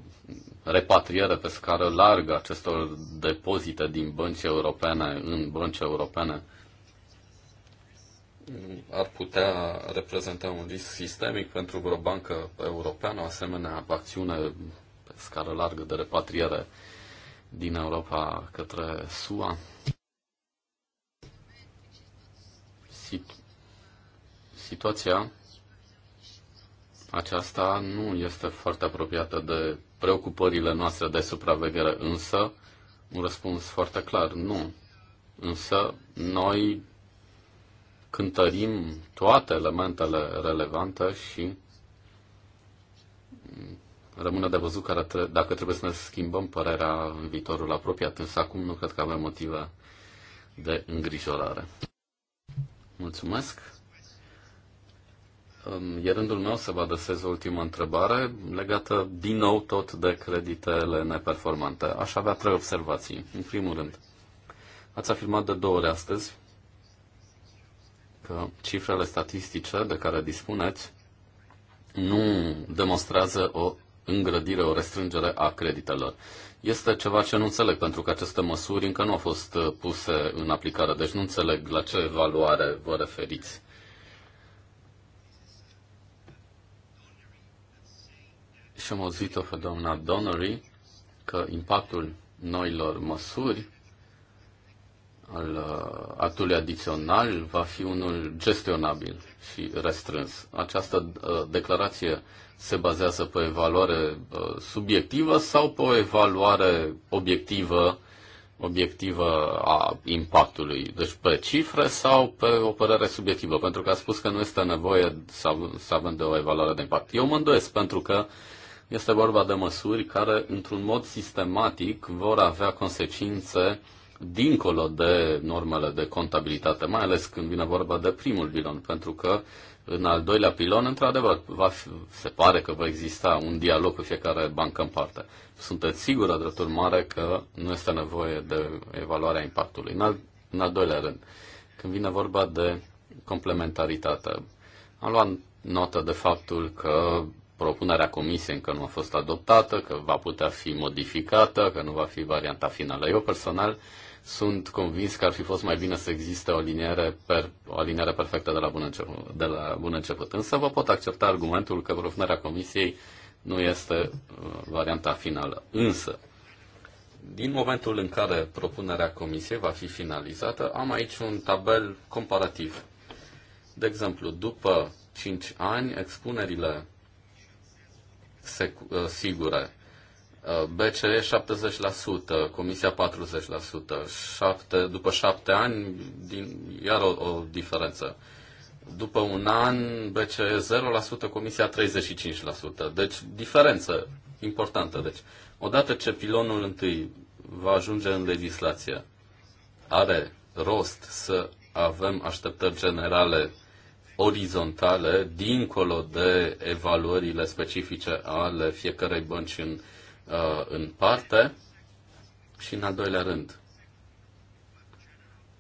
repatriere pe scară largă acestor depozite din bănci europene în bănci europene? ar putea reprezenta un risc sistemic pentru vreo bancă europeană, o asemenea acțiune pe scară largă de repatriere din Europa către SUA? Situ- situația aceasta nu este foarte apropiată de preocupările noastre de supraveghere, însă un răspuns foarte clar, nu. Însă noi cântărim toate elementele relevante și rămâne de văzut care tre- dacă trebuie să ne schimbăm părerea în viitorul apropiat, însă acum nu cred că avem motive de îngrijorare. Mulțumesc! E rândul meu să vă adresez o ultimă întrebare legată din nou tot de creditele neperformante. Aș avea trei observații. În primul rând, ați afirmat de două ori astăzi că cifrele statistice de care dispuneți nu demonstrează o îngrădire, o restrângere a creditelor. Este ceva ce nu înțeleg, pentru că aceste măsuri încă nu au fost puse în aplicare, deci nu înțeleg la ce evaluare vă referiți. și am auzit-o doamna Donnery că impactul noilor măsuri al uh, actului adițional va fi unul gestionabil și restrâns. Această uh, declarație se bazează pe o evaluare uh, subiectivă sau pe o evaluare obiectivă obiectivă a impactului, deci pe cifre sau pe o părere subiectivă, pentru că a spus că nu este nevoie să, avem de o evaluare de impact. Eu mă îndoiesc, pentru că este vorba de măsuri care, într-un mod sistematic, vor avea consecințe dincolo de normele de contabilitate, mai ales când vine vorba de primul pilon, pentru că în al doilea pilon, într-adevăr, va fi, se pare că va exista un dialog cu fiecare bancă în parte. Sunteți sigură, drept urmare, că nu este nevoie de evaluarea impactului. În al, în al doilea rând, când vine vorba de complementaritate, am luat notă de faptul că propunerea comisiei încă nu a fost adoptată, că va putea fi modificată, că nu va fi varianta finală. Eu personal sunt convins că ar fi fost mai bine să existe o aliniere, per, o aliniere perfectă de la, bun început, de la bun început. Însă vă pot accepta argumentul că propunerea comisiei nu este uh, varianta finală. Însă, din momentul în care propunerea comisiei va fi finalizată, am aici un tabel comparativ. De exemplu, după 5 ani, expunerile Uh, sigure. Uh, BCE 70%, Comisia 40%, șapte, după șapte ani, din, iar o, o diferență. După un an, BCE 0%, Comisia 35%. Deci, diferență importantă. Deci, odată ce pilonul întâi va ajunge în legislație, are rost să avem așteptări generale orizontale, dincolo de evaluările specifice ale fiecărei bănci în, uh, în parte. Și în al doilea rând,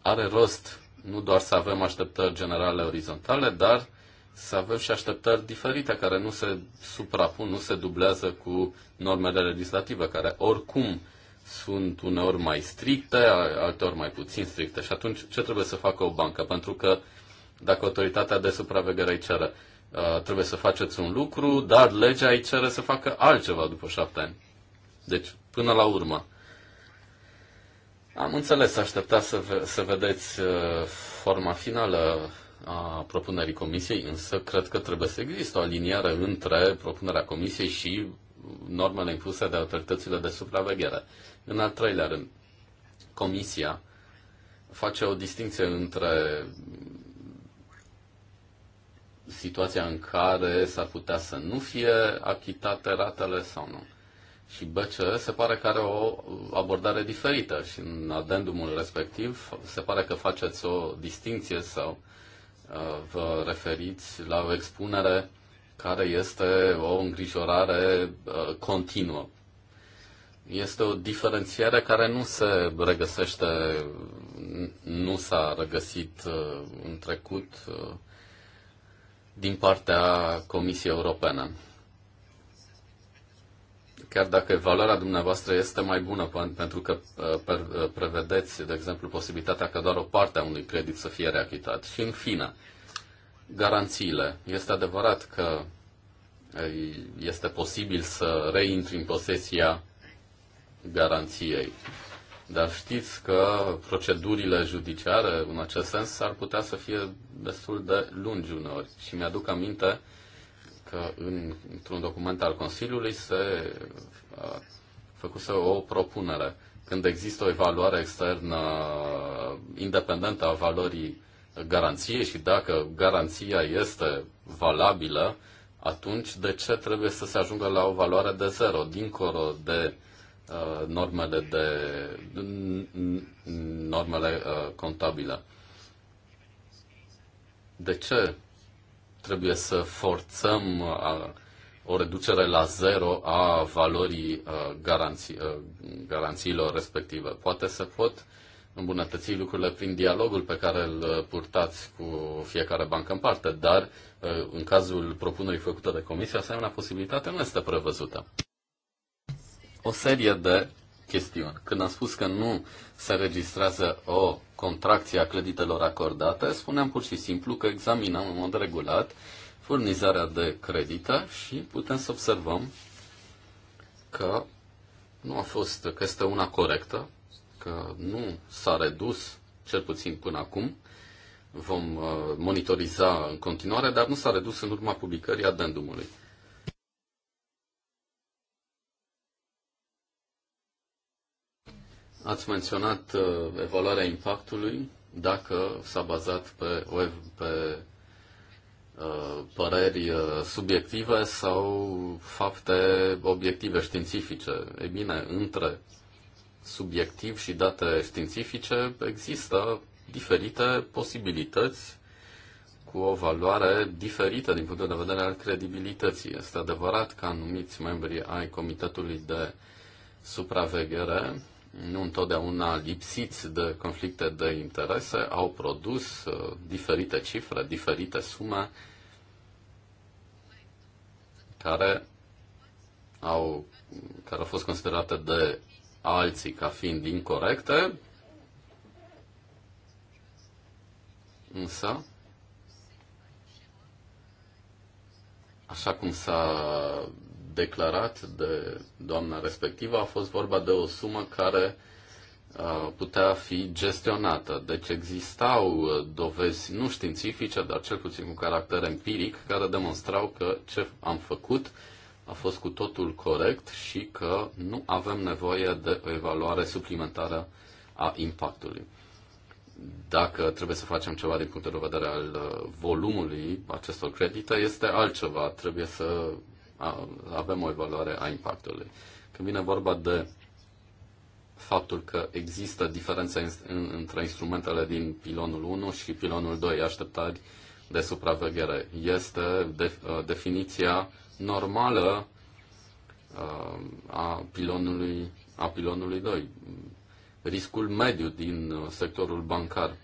are rost nu doar să avem așteptări generale orizontale, dar să avem și așteptări diferite care nu se suprapun, nu se dublează cu normele legislative, care oricum sunt uneori mai stricte, alteori mai puțin stricte. Și atunci ce trebuie să facă o bancă? Pentru că uh, dacă autoritatea de supraveghere îi cere. Uh, trebuie să faceți un lucru, dar legea îi cere să facă altceva după șapte ani. Deci, până la urmă. Am înțeles, aștepta să, ve- să vedeți uh, forma finală a propunerii comisiei, însă cred că trebuie să există o aliniere între propunerea comisiei și normele impuse de autoritățile de supraveghere. În al treilea rând, comisia face o distinție între situația în care s-ar putea să nu fie achitate ratele sau nu. Și BCE se pare că are o abordare diferită și în adendumul respectiv se pare că faceți o distinție sau uh, vă referiți la o expunere care este o îngrijorare uh, continuă. Este o diferențiere care nu se regăsește, nu s-a regăsit uh, în trecut din partea Comisiei Europene. Chiar dacă evaluarea dumneavoastră este mai bună, pentru că uh, uh, prevedeți, de exemplu, posibilitatea ca doar o parte a unui credit să fie reachitat. Și, în fine, garanțiile. Este adevărat că uh, este posibil să reintri în posesia garanției. Dar știți că procedurile judiciare, în acest sens, ar putea să fie destul de lungi uneori. Și mi-aduc aminte că în, într-un document al Consiliului se a, făcuse o propunere. Când există o evaluare externă independentă a valorii garanției și dacă garanția este valabilă, atunci de ce trebuie să se ajungă la o valoare de zero, dincolo de Uh, normele, de, normele uh, contabile. De ce trebuie să forțăm uh, o reducere la zero a valorii garanții, garanțiilor respective? Poate să pot îmbunătăți lucrurile prin dialogul pe care îl purtați cu fiecare bancă în parte, dar în cazul propunerii făcute de comisie, asemenea posibilitate nu este prevăzută o serie de chestiuni. Când am spus că nu se registrează o contracție a creditelor acordate, spuneam pur și simplu că examinăm în mod regulat furnizarea de credită și putem să observăm că nu a fost, că este una corectă, că nu s-a redus, cel puțin până acum, vom uh, monitoriza în continuare, dar nu s-a redus în urma publicării adendumului. Ați menționat uh, evaluarea impactului, dacă s-a bazat pe, pe uh, păreri uh, subiective sau fapte obiective științifice. E bine, între subiectiv și date științifice există diferite posibilități cu o valoare diferită din punctul de vedere al credibilității. Este adevărat că anumiți membri ai Comitetului de Supraveghere nu întotdeauna lipsiți de conflicte de interese, au produs uh, diferite cifre, diferite sume care au, care au fost considerate de alții ca fiind incorrecte, însă, așa cum s-a declarat de doamna respectivă a fost vorba de o sumă care uh, putea fi gestionată. Deci existau uh, dovezi nu științifice, dar cel puțin cu caracter empiric, care demonstrau că ce am făcut a fost cu totul corect și că nu avem nevoie de o evaluare suplimentară a impactului. Dacă trebuie să facem ceva din punctul de vedere al uh, volumului acestor credite, este altceva. Trebuie să avem o evaluare a impactului. Când vine vorba de faptul că există diferențe între instrumentele din pilonul 1 și pilonul 2, așteptări de supraveghere. Este de, definiția normală a pilonului, a pilonului 2. Riscul mediu din sectorul bancar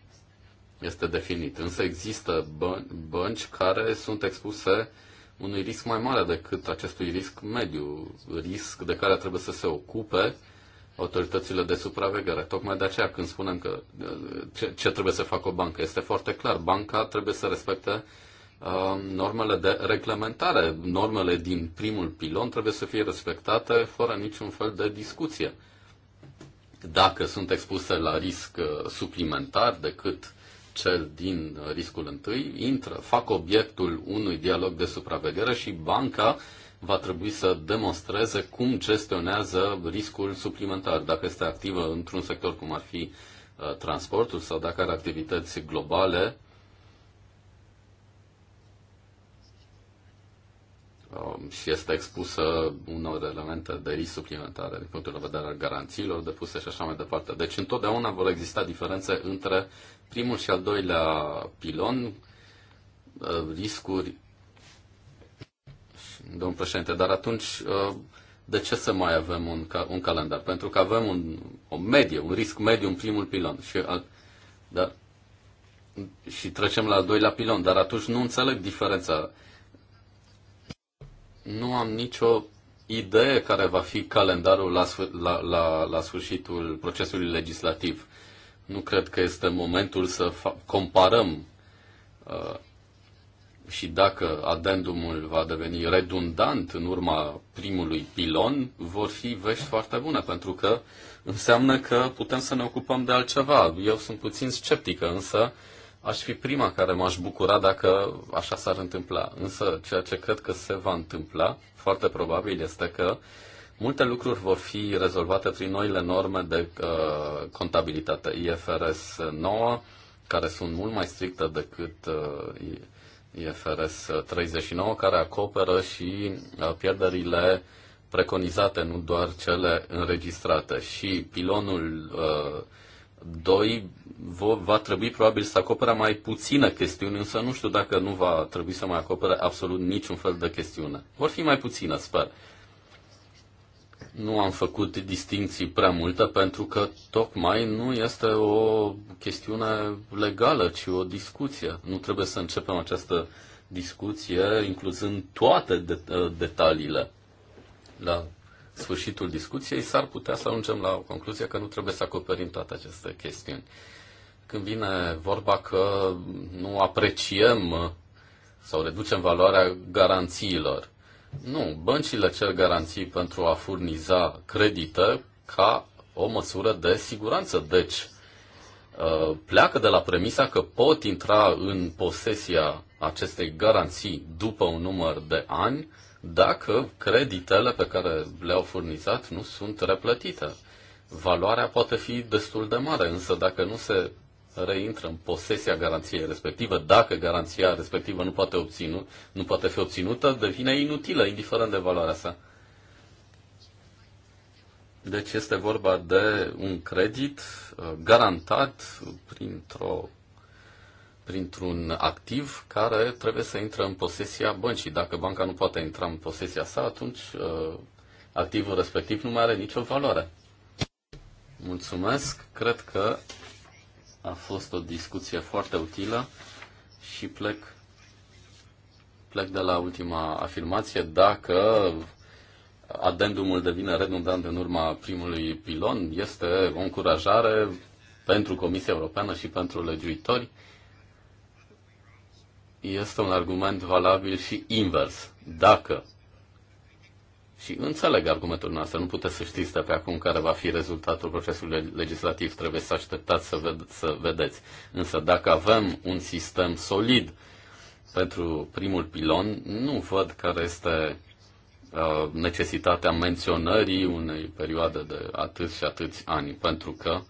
este definit, însă există bănci care sunt expuse uh, unui risc mai mare decât acestui risc mediu, risc de care trebuie să se ocupe autoritățile de supraveghere. Tocmai de aceea când spunem că ce, ce trebuie să facă o bancă, este foarte clar. Banca trebuie să respecte uh, normele de reglementare. Normele din primul pilon trebuie să fie respectate fără niciun fel de discuție. Dacă sunt expuse la risc uh, suplimentar decât cel din uh, riscul întâi, intră, fac obiectul unui dialog de supraveghere și banca va trebui să demonstreze cum gestionează riscul suplimentar, dacă este activă într-un sector cum ar fi uh, transportul sau dacă are activități globale um, și este expusă unor elemente de risc suplimentare din punctul de vedere al garanțiilor depuse și așa mai departe. Deci întotdeauna vor exista diferențe între primul și al doilea pilon, uh, riscuri, domnul președinte, dar atunci uh, de ce să mai avem un, un calendar? Pentru că avem un, o medie, un risc mediu în primul pilon și, al, dar, și trecem la al doilea pilon, dar atunci nu înțeleg diferența. Nu am nicio idee care va fi calendarul la, la, la, la sfârșitul procesului legislativ. Nu cred că este momentul să comparăm uh, și dacă adendumul va deveni redundant în urma primului pilon, vor fi vești foarte bune, pentru că înseamnă că putem să ne ocupăm de altceva. Eu sunt puțin sceptică, însă aș fi prima care m-aș bucura dacă așa s-ar întâmpla. Însă ceea ce cred că se va întâmpla, foarte probabil, este că uh, Multe lucruri vor fi rezolvate prin noile norme de uh, contabilitate IFRS 9, care sunt mult mai stricte decât uh, IFRS 39, care acoperă și uh, pierderile preconizate, nu doar cele înregistrate. Și pilonul uh, 2 va trebui probabil să acopere mai puține chestiuni, însă nu știu dacă nu va trebui să mai acopere absolut niciun fel de chestiune. Vor fi mai puține, sper. Nu am făcut distinții prea multe pentru că tocmai nu este o chestiune legală, ci o discuție. Nu trebuie să începem această discuție incluzând toate de- ă, detaliile. La sfârșitul discuției s-ar putea să ajungem la o concluzie că nu trebuie să acoperim toate aceste chestiuni. Când vine vorba că nu apreciem sau reducem valoarea garanțiilor, nu, băncile cer garanții pentru a furniza credită, ca o măsură de siguranță. Deci, uh, pleacă de la premisa că pot intra în posesia acestei garanții după un număr de ani dacă creditele pe care le-au furnizat nu sunt replătite. Valoarea poate fi destul de mare, însă dacă nu se reintră în posesia garanției respectivă, dacă garanția respectivă nu poate, obținu, nu poate fi obținută, devine inutilă, indiferent de valoarea sa. Deci este vorba de un credit uh, garantat printr-o, printr-un activ care trebuie să intre în posesia băncii. Dacă banca nu poate intra în posesia sa, atunci uh, activul respectiv nu mai are nicio valoare. Mulțumesc. Cred că a fost o discuție foarte utilă și plec, plec de la ultima afirmație. Dacă adendumul devine redundant în urma primului pilon, este o încurajare pentru Comisia Europeană și pentru legiuitori. Este un argument valabil și invers. Dacă și înțeleg argumentul noastră, nu puteți să știți de pe acum care va fi rezultatul procesului legislativ, trebuie să așteptați să, ved- să vedeți. Însă dacă avem un sistem solid pentru primul pilon, nu văd care este uh, necesitatea menționării unei perioade de atât și atâți ani, pentru că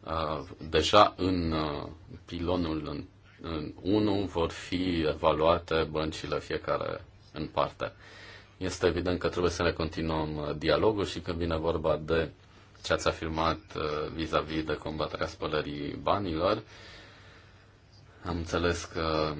uh, deja în uh, pilonul în, în 1 vor fi evaluate băncile fiecare în parte. Este evident că trebuie să ne continuăm uh, dialogul și când vine vorba de ce ați afirmat uh, vis-a-vis -vis de combaterea spălării banilor, am înțeles că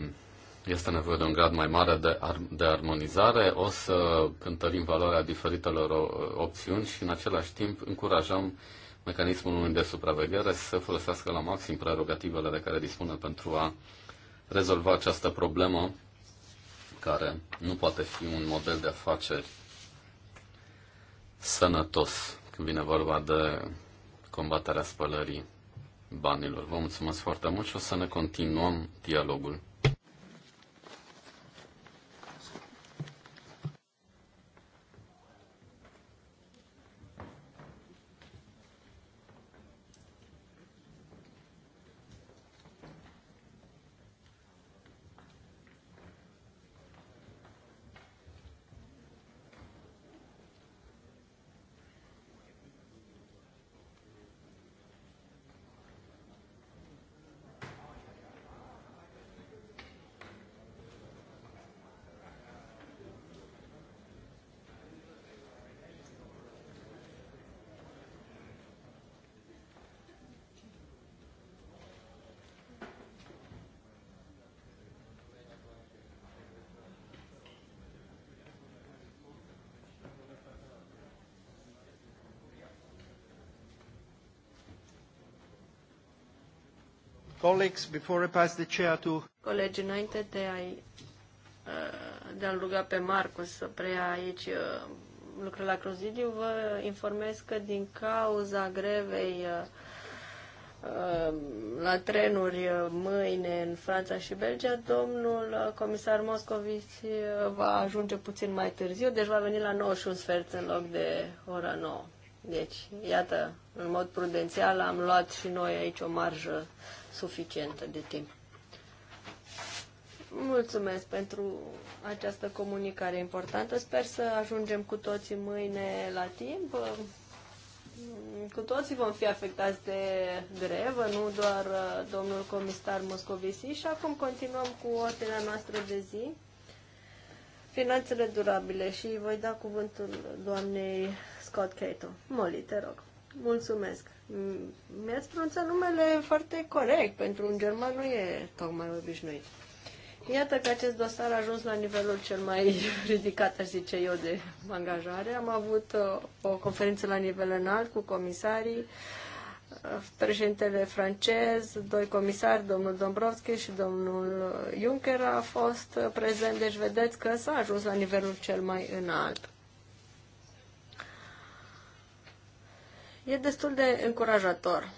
este nevoie de un grad mai mare de, ar- de armonizare, o să cântărim valoarea diferitelor uh, opțiuni și în același timp încurajăm mecanismul de supraveghere să folosească la maxim prerogativele de care dispune pentru a rezolva această problemă care nu poate fi un model de afaceri sănătos când vine vorba de combaterea spălării banilor. Vă mulțumesc foarte mult și o să ne continuăm dialogul. Colleagues, before I pass the chair to... Colegi, înainte de a uh, de a ruga pe Marcus să preia aici uh, lucrul la Crozidiu, vă informez că din cauza grevei uh, la trenuri mâine în Franța și Belgia, domnul comisar Moscovici va ajunge puțin mai târziu, deci va veni la 91 sfert în loc de ora 9. Deci, iată, în mod prudențial am luat și noi aici o marjă suficientă de timp. Mulțumesc pentru această comunicare importantă. Sper să ajungem cu toții mâine la timp. Cu toții vom fi afectați de grevă, nu doar uh, domnul comisar Moscovici. Și acum continuăm cu ordinea noastră de zi. Finanțele durabile și voi da cuvântul doamnei Scott Cato. Molly, te rog. Mulțumesc. Mm, mi-ați pronunțat numele foarte corect, pentru un german nu e tocmai obișnuit. Iată că acest dosar a ajuns la nivelul cel mai ridicat, aș zice eu, de angajare. Am avut uh, o conferință la nivel înalt cu comisarii, uh, președintele francez, doi comisari, domnul Dombrovski și domnul Juncker a fost prezent, deci vedeți că s-a ajuns la nivelul cel mai înalt. E destul de încurajator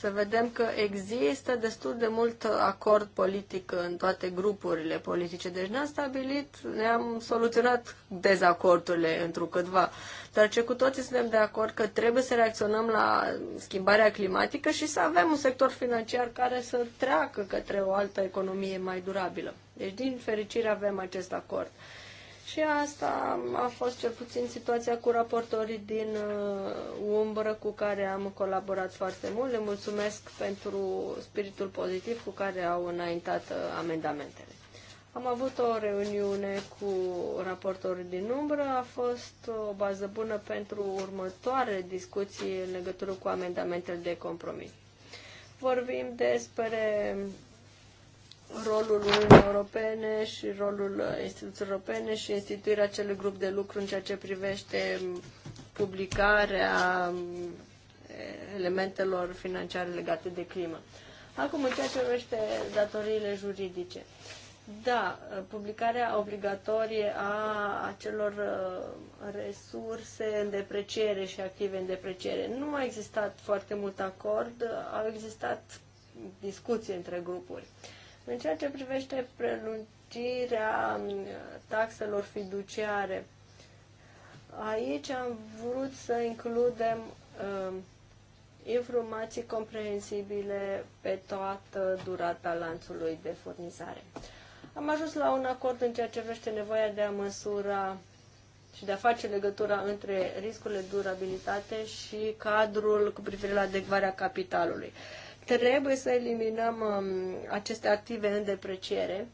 să vedem că există destul de mult acord politic în toate grupurile politice. Deci ne-am stabilit, ne-am soluționat dezacordurile câtva. Dar ce cu toții suntem de acord că trebuie să reacționăm la schimbarea climatică și să avem un sector financiar care să treacă către o altă economie mai durabilă. Deci, din fericire, avem acest acord. Și asta a fost cel puțin situația cu raportorii din uh, umbră cu care am colaborat foarte mult. Le mulțumesc pentru spiritul pozitiv cu care au înaintat uh, amendamentele. Am avut o reuniune cu raportorii din umbră, a fost o bază bună pentru următoare discuții în legătură cu amendamentele de compromis. Vorbim despre rolul Uniunii Europene și rolul uh, instituțiilor europene și instituirea acelui grup de lucru în ceea ce privește um, publicarea um, elementelor financiare legate de climă. Acum, în ceea ce privește datoriile juridice. Da, uh, publicarea obligatorie a acelor uh, resurse în depreciere și active în depreciere. Nu a existat foarte mult acord, au existat discuții între grupuri. Uh, în ceea ce privește prelungirea um, taxelor fiduciare, aici am vrut să includem uh, informații comprehensibile pe toată durata lanțului de furnizare. Am ajuns la un acord în ceea ce vește nevoia de a măsura și de a face legătura între riscurile durabilitate și cadrul cu privire la adecvarea capitalului. Trebuie să eliminăm um, aceste active în depreciere,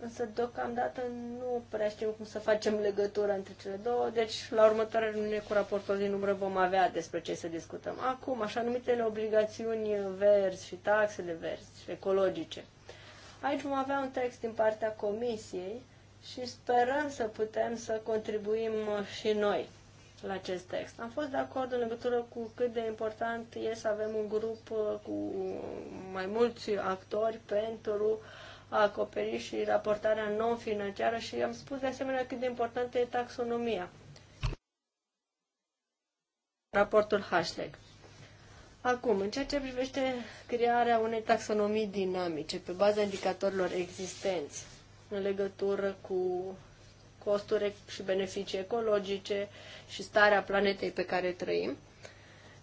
însă deocamdată nu prea știm cum să facem legătura între cele două, deci la următoarea reuniune cu raportul din umbră vom avea despre ce să discutăm. Acum, așa numitele obligațiuni verzi și taxele verzi, ecologice. Aici vom avea un text din partea comisiei și sperăm să putem să contribuim uh, și noi la acest text. Am fost de acord în legătură cu cât de important e să avem un grup uh, cu mai mulți actori pentru a acoperi și raportarea non-financiară și am spus de asemenea cât de importantă e taxonomia. Raportul hashtag. Acum, în ceea ce privește crearea unei taxonomii dinamice pe baza indicatorilor existenți în legătură cu costuri și beneficii ecologice și starea planetei pe care trăim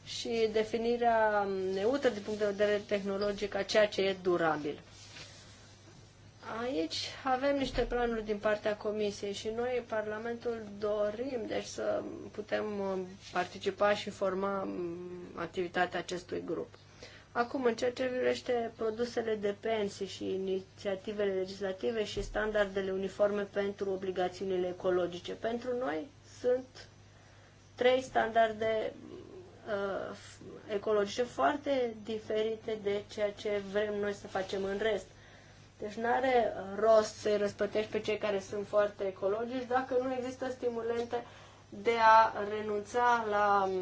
și definirea neutră din punct de vedere tehnologic a ceea ce e durabil. Aici avem niște planuri din partea Comisiei și noi, Parlamentul, dorim deci să putem uh, participa și forma um, activitatea acestui grup. Acum, în ceea ce privește produsele de pensii și inițiativele legislative și standardele uniforme pentru obligațiunile ecologice, pentru noi sunt trei standarde uh, ecologice foarte diferite de ceea ce vrem noi să facem în rest. Deci nu are rost să-i răspătești pe cei care sunt foarte ecologici dacă nu există stimulente de a renunța la um,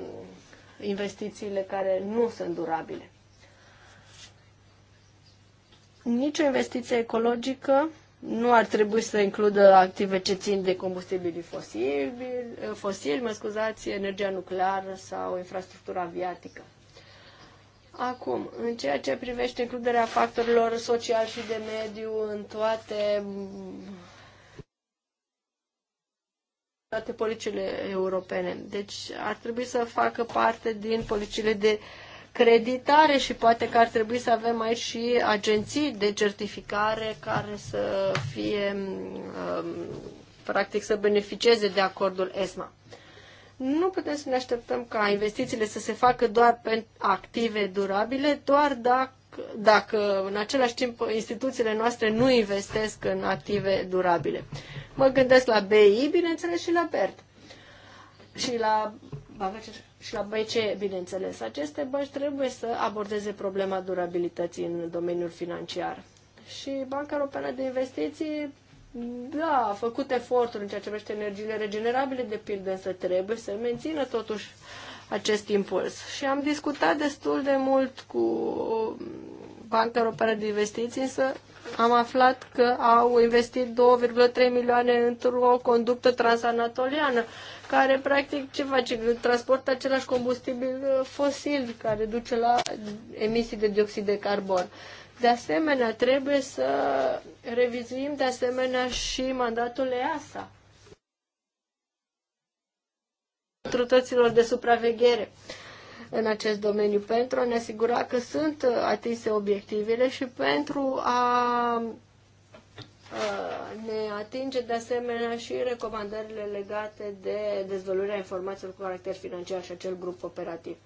investițiile care nu sunt durabile. Nicio investiție ecologică nu ar trebui să includă active ce țin de combustibili fosili, fosili mă scuzați, energia nucleară sau infrastructura aviatică. Acum, în ceea ce privește includerea factorilor social și de mediu în toate toate politicile europene. Deci ar trebui să facă parte din politicile de uh, creditare și poate că ar trebui să avem aici și agenții de certificare care să fie, um, practic, să beneficieze de acordul ESMA. Nu putem să ne așteptăm ca investițiile să se facă doar pentru active durabile, doar dacă, dacă în același timp instituțiile noastre nu investesc în active durabile. Mă gândesc la BI, bineînțeles, și la BERT. Și la și la BCE, bineînțeles. Aceste bănci trebuie să abordeze problema durabilității în domeniul financiar. Și Banca Europeană de Investiții, da, a făcut eforturi în ceea ce privește energiile regenerabile, de pildă, însă trebuie să mențină totuși acest impuls. Și am discutat destul de mult cu Banca Europeană de Investiții, însă am aflat că au investit 2,3 milioane într-o conductă transanatoliană care practic ce face? Transportă același combustibil uh, fosil care duce la emisii de dioxid de carbon. De asemenea, trebuie să revizuim de asemenea și mandatul EASA autorităților de supraveghere în acest domeniu pentru a ne asigura că sunt atinse obiectivele și pentru a Uh, ne atinge de asemenea și recomandările legate de dezvăluirea informațiilor cu caracter financiar și acel grup operativ.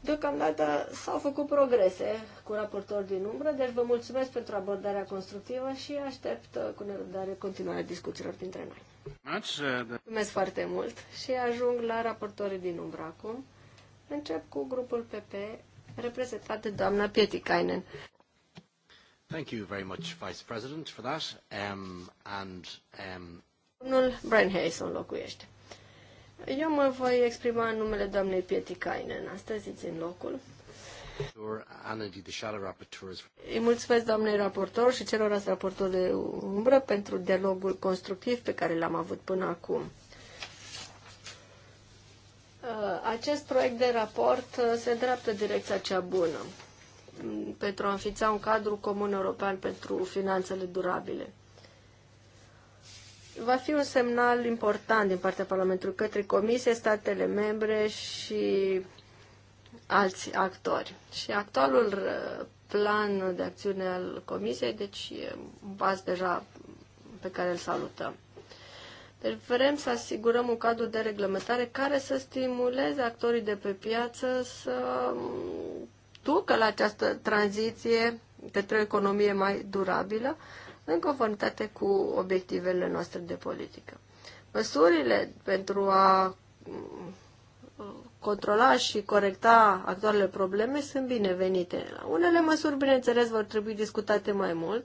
Deocamdată s-au făcut progrese cu raportori din umbră, deci vă mulțumesc pentru abordarea constructivă și aștept uh, cu nerăbdare continuarea discuțiilor dintre noi. Uh, mulțumesc foarte mult și ajung la raportorii din umbră acum. Încep cu grupul PP, reprezentat de doamna Pietikainen. Thank you very much, Vice President, for that. Um, and, um... Domnul Brian Hayes înlocuiește. Eu mă voi exprima în numele doamnei Pietikainen. Astăzi îți în locul. Îi mulțumesc doamnei raportor și celorlalți raportori de umbră pentru dialogul constructiv pe care l-am avut până acum. Uh, acest proiect de raport uh, se îndreaptă direcția cea bună pentru a înființa un cadru comun european pentru finanțele durabile. Va fi un semnal important din partea Parlamentului către Comisie, statele membre și alți actori. Și actualul uh, plan de acțiune al Comisiei, deci e un pas deja pe care îl salutăm. Deci vrem să asigurăm un cadru de reglementare care să stimuleze actorii de pe piață să că la această tranziție către o economie mai durabilă, în conformitate cu obiectivele noastre de politică. Măsurile pentru a mm, controla și corecta actualele probleme sunt binevenite. Unele măsuri, bineînțeles, vor trebui discutate mai mult.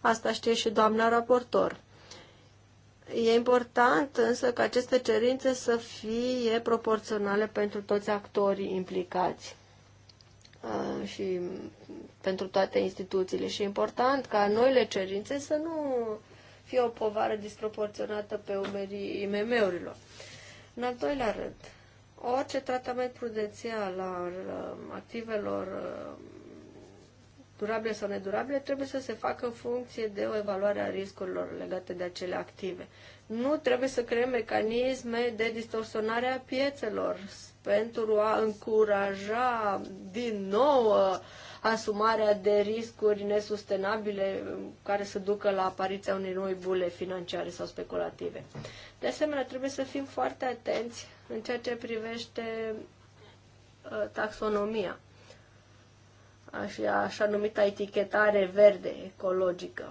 Asta știe și doamna raportor. E important însă că aceste cerințe să fie proporționale pentru toți actorii implicați și pentru toate instituțiile. Și e important ca noile cerințe să nu fie o povară disproporționată pe umerii IMM-urilor. În al doilea rând, orice tratament prudențial al um, activelor um, durabile sau nedurabile trebuie să se facă în funcție de o evaluare a riscurilor legate de acele active. Nu trebuie să creăm mecanisme de distorsionare a piețelor pentru a încuraja din nou uh, asumarea de riscuri nesustenabile um, care să ducă la apariția unei noi bule financiare sau speculative. De asemenea, trebuie să fim foarte atenți în ceea ce privește uh, taxonomia și așa numită etichetare verde ecologică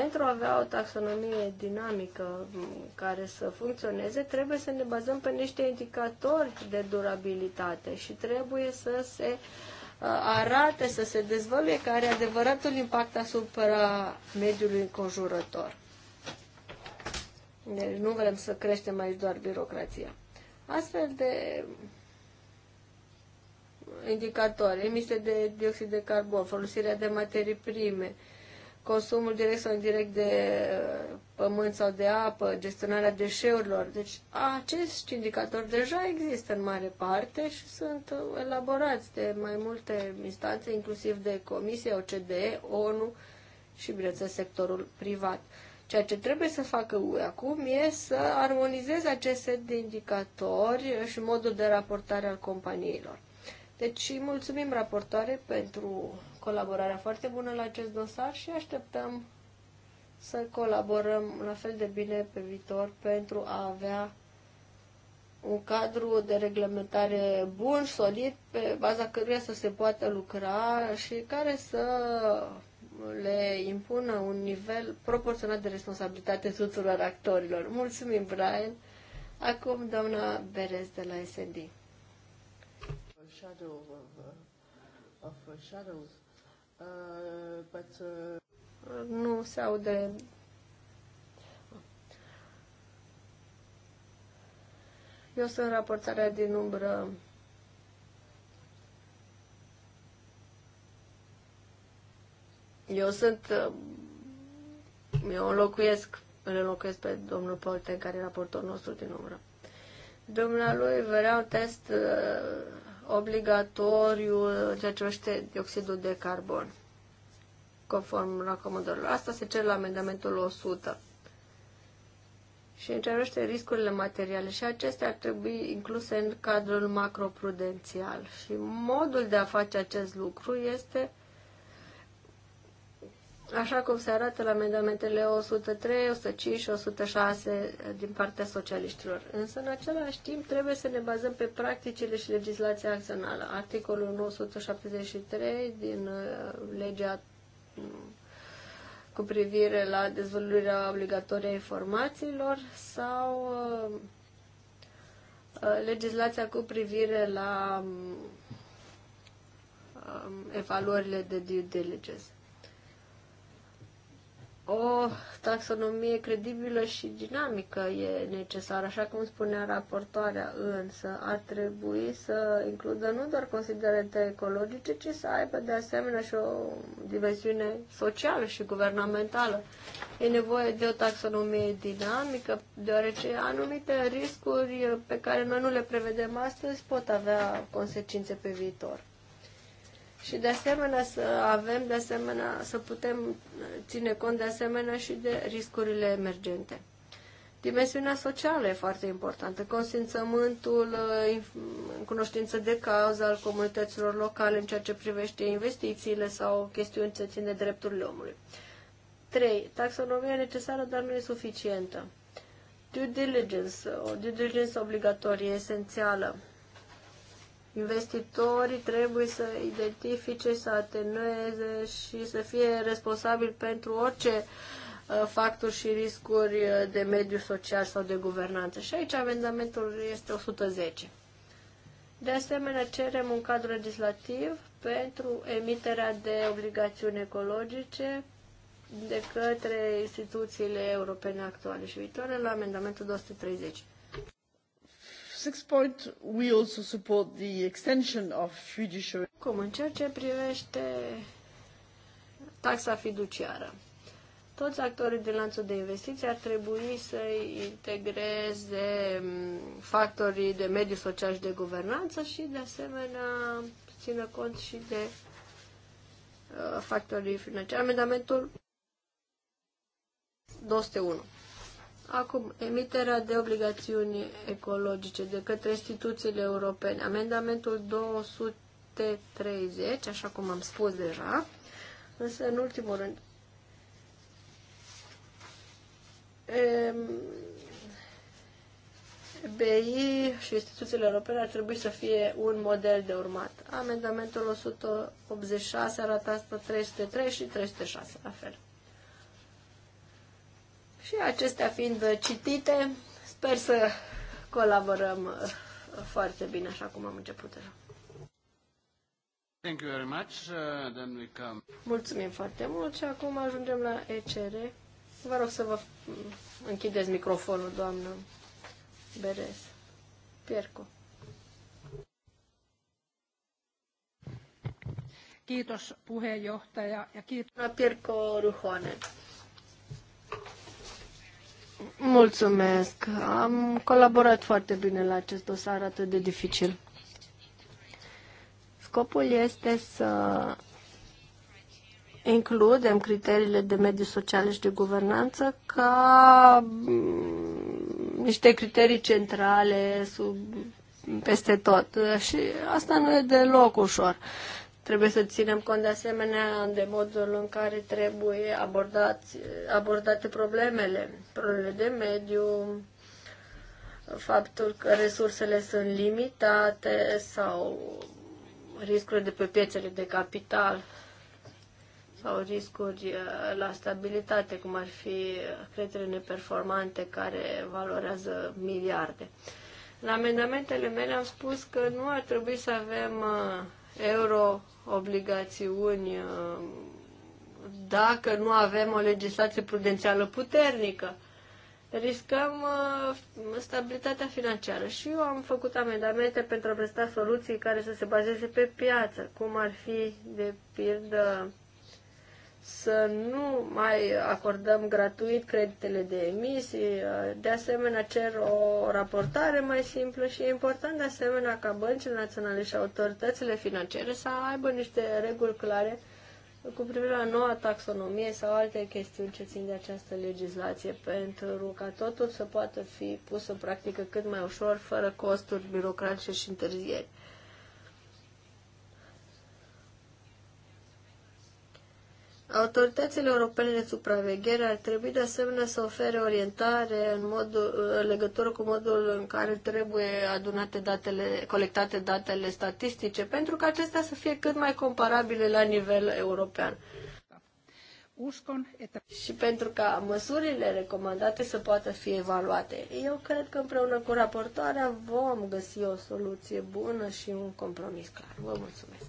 pentru a avea o taxonomie dinamică care să funcționeze, trebuie să ne bazăm pe niște indicatori de durabilitate și trebuie să se arate, să se dezvăluie care e adevăratul impact asupra mediului înconjurător. Deci nu vrem să creștem aici doar birocrația. Astfel de indicatori, emisie de dioxid de carbon, folosirea de materii prime, uh, consumul direct sau indirect de uh, pământ sau de apă, gestionarea deșeurilor. Deci acești indicatori deja există în mare parte și sunt uh, elaborați de mai multe instanțe, inclusiv de Comisie, OCDE, ONU și, bineînțeles, sectorul privat. Ceea ce trebuie să facă UE acum e să armonizeze acest set de indicatori și modul de raportare al companiilor. Deci mulțumim raportoare pentru colaborarea foarte bună la acest dosar și așteptăm să colaborăm la fel de bine pe viitor pentru a avea un cadru de reglementare bun, solid, pe baza căruia să se poată lucra și care să le impună un nivel proporționat de responsabilitate tuturor actorilor. Mulțumim, Brian! Acum, doamna Berez de la SND. Shadow of, uh, of uh, shadows but, uh... Nu se aude. Eu sunt raportarea din umbră Eu sunt... Um, eu înlocuiesc, îl înlocuiesc pe domnul Polten, care e raportorul nostru din umbră. Domnul lui vrea un test uh, obligatoriu în ceea ce privește dioxidul de carbon. Conform recomandărilor. Asta se cere la amendamentul 100. Și în ce riscurile materiale și acestea ar trebui incluse în cadrul macroprudențial. Și modul de a face acest lucru este așa cum se arată la amendamentele 103, 105 și 106 din partea socialiștilor. Însă, în același timp, trebuie să ne bazăm pe practicile și legislația acțională. Articolul 973 din uh, legea mm, cu privire la dezvoltarea obligatorie a informațiilor sau uh, uh, legislația cu privire la mm, um, evaluările de due diligence o oh, taxonomie credibilă și dinamică e necesară, așa cum spunea raportoarea, însă ar trebui să includă nu doar considerente ecologice, ci să aibă de asemenea și o dimensiune socială și guvernamentală. E nevoie de o taxonomie dinamică, deoarece anumite riscuri pe care noi nu le prevedem astăzi pot avea consecințe pe viitor și de asemenea să avem de asemenea, să putem ține cont de asemenea și de riscurile emergente. Dimensiunea socială e foarte importantă. Consimțământul uh, cunoștință de cauză al comunităților locale în ceea ce privește investițiile sau chestiuni ce țin de drepturile omului. 3. Taxonomia necesară, dar nu e suficientă. Due diligence, uh, o due diligence obligatorie, esențială. Investitorii trebuie să identifice, să atenueze și să fie responsabili pentru orice uh, factori și riscuri uh, de mediu social sau de guvernanță. Și aici amendamentul este 110. De asemenea, cerem un cadru legislativ pentru emiterea de obligațiuni ecologice de către instituțiile europene actuale și viitoare la amendamentul 230 six point, we also support the extension of fiduciary. Cum în ceea ce privește taxa fiduciară. Toți actorii din lanțul de investiții ar trebui să integreze mm, factorii de mediu social și de guvernanță și, de asemenea, țină cont și de uh, factorii financiari. Amendamentul 201. Acum, emiterea de obligațiuni ecologice de către instituțiile europene. Amendamentul 230, așa cum am spus deja, însă în ultimul rând, BI și instituțiile europene ar trebui să fie un model de urmat. Amendamentul 186 arată asta 303 și 306, la fel. Și acestea fiind citite, sper să colaborăm uh, foarte bine așa cum am început deja. Thank you very much. Uh, Mulțumim foarte mult și acum ajungem la ECR. Vă rog să vă mm, închideți microfonul, doamnă Beres. Pierco. Kiitos puheenjohtaja ja kiitos. Pierco Ruhonen. Mulțumesc. Am colaborat foarte bine la acest dosar atât de dificil. Scopul este să includem criteriile de mediu social și de guvernanță ca mm, niște criterii centrale sub, peste tot. Și asta nu e deloc ușor. Trebuie să ținem cont de asemenea de modul în care trebuie abordați, abordate problemele, problemele de mediu, faptul că resursele sunt limitate sau riscurile de pe piețele de capital sau riscuri uh, la stabilitate, cum ar fi uh, creditele neperformante care valorează miliarde. În amendamentele mele am spus că nu ar trebui să avem uh, euro-obligațiuni uh, dacă nu avem o legislație prudențială puternică. Riscăm uh, stabilitatea financiară și eu am făcut amendamente pentru a presta soluții care să se bazeze pe piață, cum ar fi, de pildă, să nu mai acordăm gratuit creditele de emisii. De asemenea, cer o raportare mai simplă și e important de asemenea ca băncile naționale și autoritățile financiare să aibă niște reguli clare cu privire la noua taxonomie sau alte chestiuni ce țin de această legislație pentru ca totul să poată fi pus în practică cât mai ușor, fără costuri birocratice și întârzieri. Autoritățile europene de supraveghere ar trebui de asemenea să ofere orientare în, modul, în legătură cu modul în care trebuie adunate datele, colectate datele statistice, pentru că acestea să fie cât mai comparabile la nivel european. Și pentru ca măsurile recomandate să poată fi evaluate. Eu cred că împreună cu raportoarea vom găsi o soluție bună și un compromis clar. Vă mulțumesc!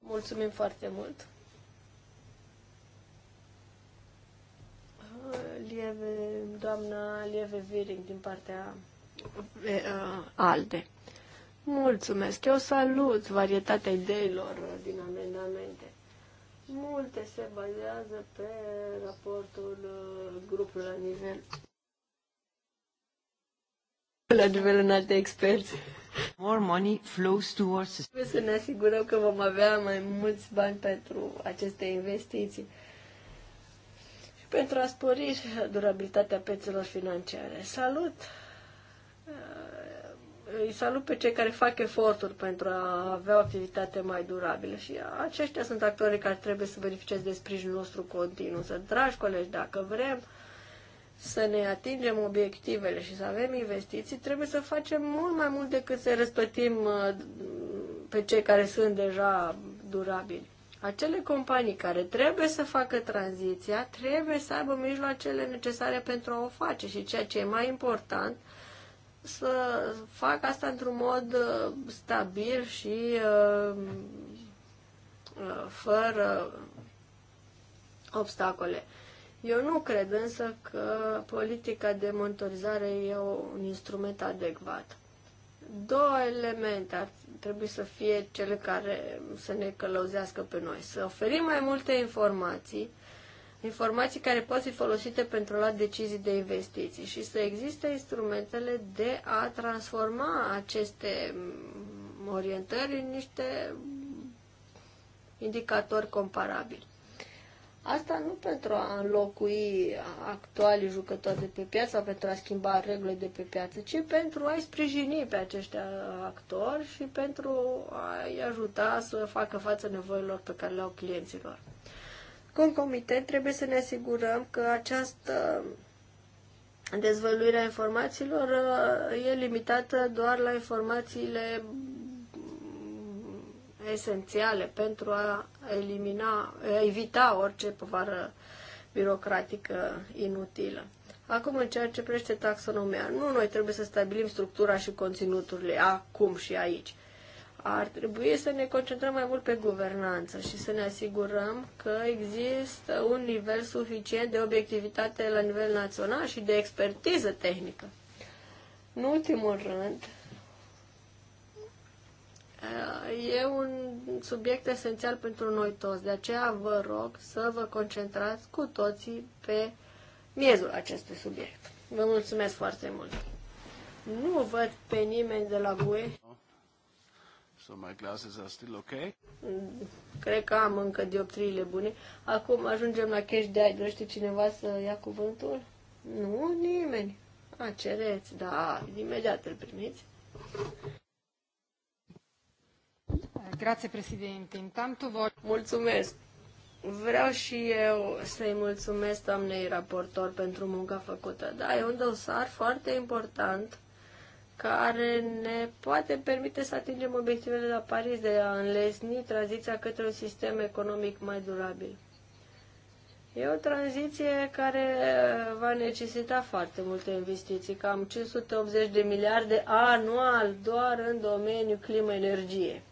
Mulțumim foarte mult! Lieve, doamna Lieve Viring din partea ALDE. Mulțumesc! Eu salut varietatea ideilor din amendamente. Multe se bazează pe raportul uh, grupului la nivel la nivel în alte experți. More money flows towards... Trebuie să ne asigurăm că vom avea mai mulți bani pentru aceste investiții pentru a spori durabilitatea piețelor financiare. Salut! Uh, îi salut pe cei care fac eforturi pentru a avea o activitate mai durabilă și aceștia sunt actorii care trebuie să beneficieze de sprijinul nostru continuu. Să, dragi colegi, dacă vrem să ne atingem obiectivele și să avem investiții, trebuie să facem mult mai mult decât să răspătim uh, pe cei care sunt deja durabili acele companii care trebuie să facă tranziția, trebuie să aibă mijloacele necesare pentru a o face și ceea ce e mai important, să facă asta într-un mod uh, stabil și uh, uh, fără obstacole. Eu nu cred însă că politica de monitorizare e un instrument adecvat. Două elemente ar trebuie să fie cele care să ne călăuzească pe noi. Să oferim mai multe informații, informații care pot fi folosite pentru a lua decizii de investiții și să existe instrumentele de a transforma aceste mm, orientări în niște indicatori comparabili. Asta nu pentru a înlocui actualii jucători de pe piață sau pentru a schimba regulile de pe piață, ci pentru a-i sprijini pe aceștia actori și pentru a-i ajuta să facă față nevoilor pe care le au clienților. Concomitent, trebuie să ne asigurăm că această dezvăluirea informațiilor uh, e limitată doar la informațiile esențiale pentru a elimina, a evita orice povară birocratică inutilă. Acum, în ceea ce privește taxonomia, nu noi trebuie să stabilim structura și conținuturile acum și aici. Ar trebui să ne concentrăm mai mult pe guvernanță și să ne asigurăm că există un nivel suficient de obiectivitate la nivel național și de expertiză tehnică. În ultimul rând, e un subiect esențial pentru noi toți. De aceea vă rog să vă concentrați cu toții pe miezul acestui subiect. Vă mulțumesc foarte mult. Nu văd pe nimeni de la GUE. So my glasses are still okay? Cred că am încă dioptriile bune. Acum ajungem la cash de Dorește cineva să ia cuvântul? Nu, nimeni. A, cereți, da, imediat îl primiți. Grazie, Intanto Mulțumesc. Vreau și eu să-i mulțumesc doamnei raportor pentru munca făcută. Da, e un dosar foarte important care ne poate permite să atingem obiectivele de la Paris de a înlesni tranziția către un sistem economic mai durabil. E o tranziție care va necesita foarte multe investiții, cam 580 de miliarde anual doar în domeniul climă-energie.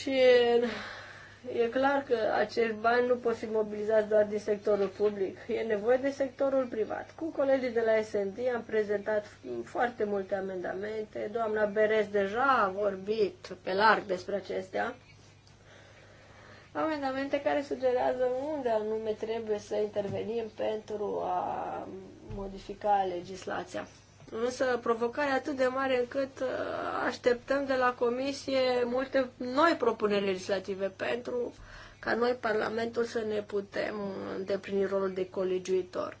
Și e clar că acești bani nu pot fi mobilizați doar din sectorul public. E nevoie de sectorul privat. Cu colegii de la SND am prezentat foarte multe amendamente. Doamna Beres deja a vorbit pe larg despre acestea. Amendamente care sugerează unde anume trebuie să intervenim pentru a modifica legislația. Însă provocarea atât de mare încât uh, așteptăm de la Comisie multe noi propuneri legislative pentru ca noi, Parlamentul, să ne putem îndeplini rolul de colegiuitor.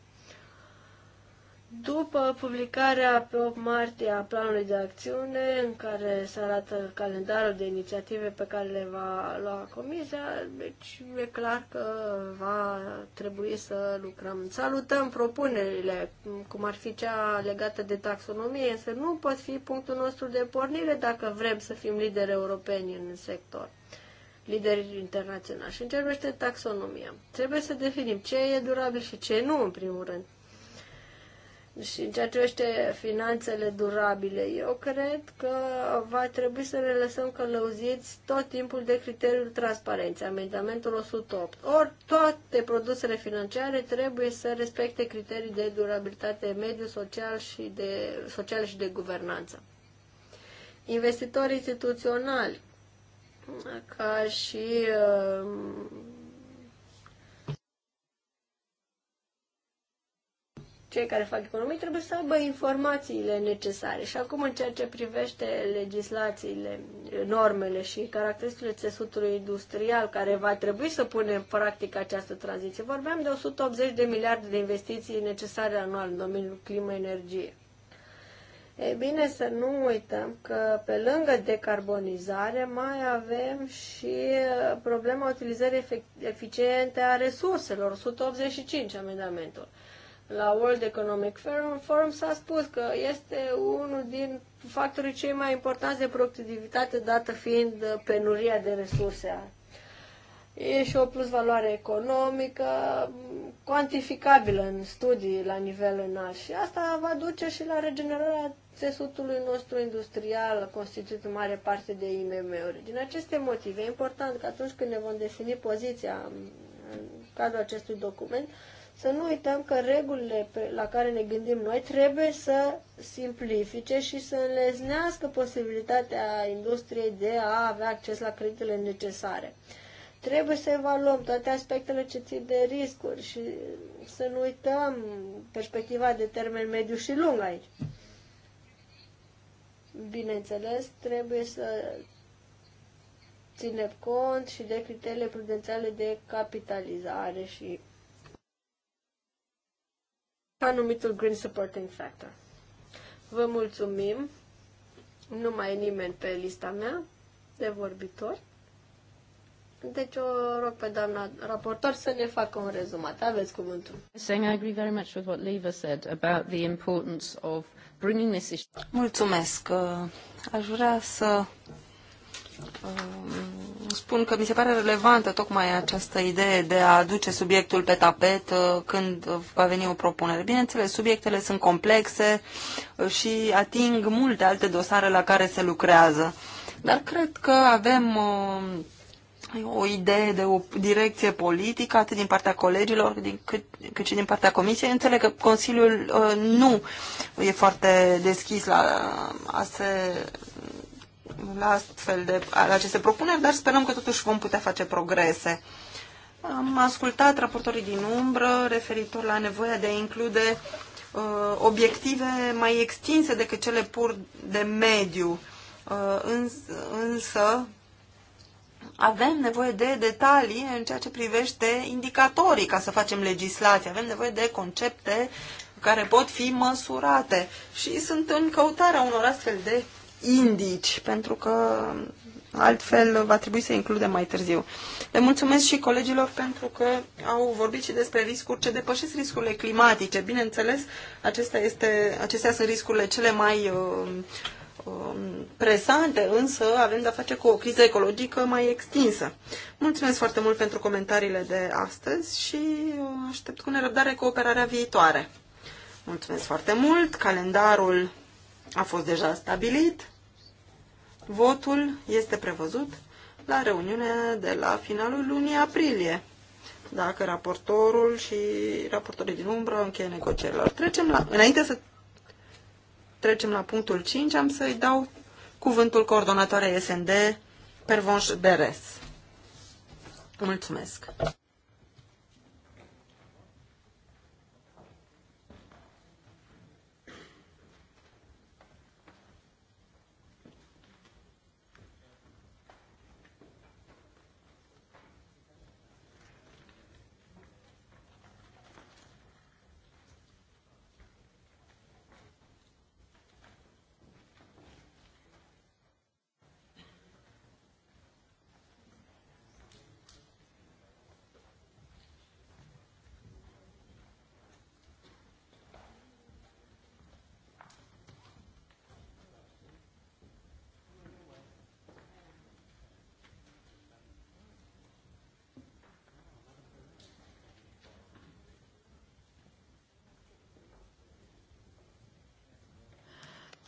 După publicarea pe 8 martie a planului de acțiune, în care se arată calendarul de inițiative pe care le va lua Comisia, deci e clar că va trebui să lucrăm. Salutăm propunerile, cum ar fi cea legată de taxonomie, însă nu pot fi punctul nostru de pornire dacă vrem să fim lideri europeni în sector lideri internaționali. Și în ce taxonomia, trebuie să definim ce e durabil și ce nu, în primul rând. Și în ceea ce este finanțele durabile, eu cred că va trebui să le lăsăm călăuziți tot timpul de criteriul transparenței, amendamentul 108. Ori toate produsele financiare trebuie să respecte criterii de durabilitate mediu, social și de, social și de guvernanță. Investitori instituționali, ca și uh, cei care fac economii trebuie să aibă informațiile necesare. Și acum, în ceea ce privește legislațiile, normele și caracteristicile țesutului industrial care va trebui să pune în practică această tranziție, vorbeam de 180 de miliarde de investiții necesare anual în domeniul climă-energie. E bine să nu uităm că pe lângă decarbonizare mai avem și uh, problema utilizării eficiente a resurselor, 185 amendamentul la World Economic Forum s-a spus că este unul din factorii cei mai importanți de productivitate, dată fiind penuria de resurse. E și o plusvaloare economică cuantificabilă în studii la nivel înalt și asta va duce și la regenerarea țesutului nostru industrial constituit în mare parte de IMM-uri. Din aceste motive e important că atunci când ne vom defini poziția în cadrul acestui document, să nu uităm că regulile pe, la care ne gândim noi trebuie să simplifice și să înleznească posibilitatea industriei de a avea acces la creditele necesare. Trebuie să evaluăm toate aspectele ce țin de riscuri și să nu uităm perspectiva de termen mediu și lung aici. Bineînțeles, trebuie să ținem cont și de criteriile prudențiale de capitalizare și anumitul numitul Green Supporting Factor. Vă mulțumim. Nu mai e nimeni pe lista mea de vorbitori. Deci o rog pe doamna raportor să ne facă un rezumat. Aveți cuvântul. Saying I agree very much with what Leva said about the importance of bringing this issue. Mulțumesc. Aș vrea să um, spun că mi se pare relevantă tocmai această idee de a aduce subiectul pe tapet uh, când va veni o propunere. Bineînțeles, subiectele sunt complexe uh, și ating multe alte dosare la care se lucrează. Dar cred că avem uh, o idee de o direcție politică, atât din partea colegilor, din, cât, cât și din partea comisiei. Înțeleg că Consiliul uh, nu e foarte deschis la a se la, astfel de, la aceste propuneri, dar sperăm că totuși vom putea face progrese. Am ascultat raportorii din umbră referitor la nevoia de a include uh, obiective mai extinse decât cele pur de mediu. Uh, însă avem nevoie de detalii în ceea ce privește indicatorii ca să facem legislație. Avem nevoie de concepte care pot fi măsurate și sunt în căutarea unor astfel de indici, pentru că altfel va trebui să includem mai târziu. Le mulțumesc și colegilor pentru că au vorbit și despre riscuri ce depășesc riscurile climatice. Bineînțeles, acestea, este, acestea sunt riscurile cele mai uh, uh, presante, însă avem de-a face cu o criză ecologică mai extinsă. Mulțumesc foarte mult pentru comentariile de astăzi și uh, aștept cu nerăbdare cooperarea viitoare. Mulțumesc foarte mult, calendarul a fost deja stabilit. Votul este prevăzut la reuniunea de la finalul lunii aprilie. Dacă raportorul și raportorii din umbră încheie negocierilor. Trecem la, înainte să trecem la punctul 5, am să-i dau cuvântul coordonatoarei SND, Pervonș Beres. Mulțumesc!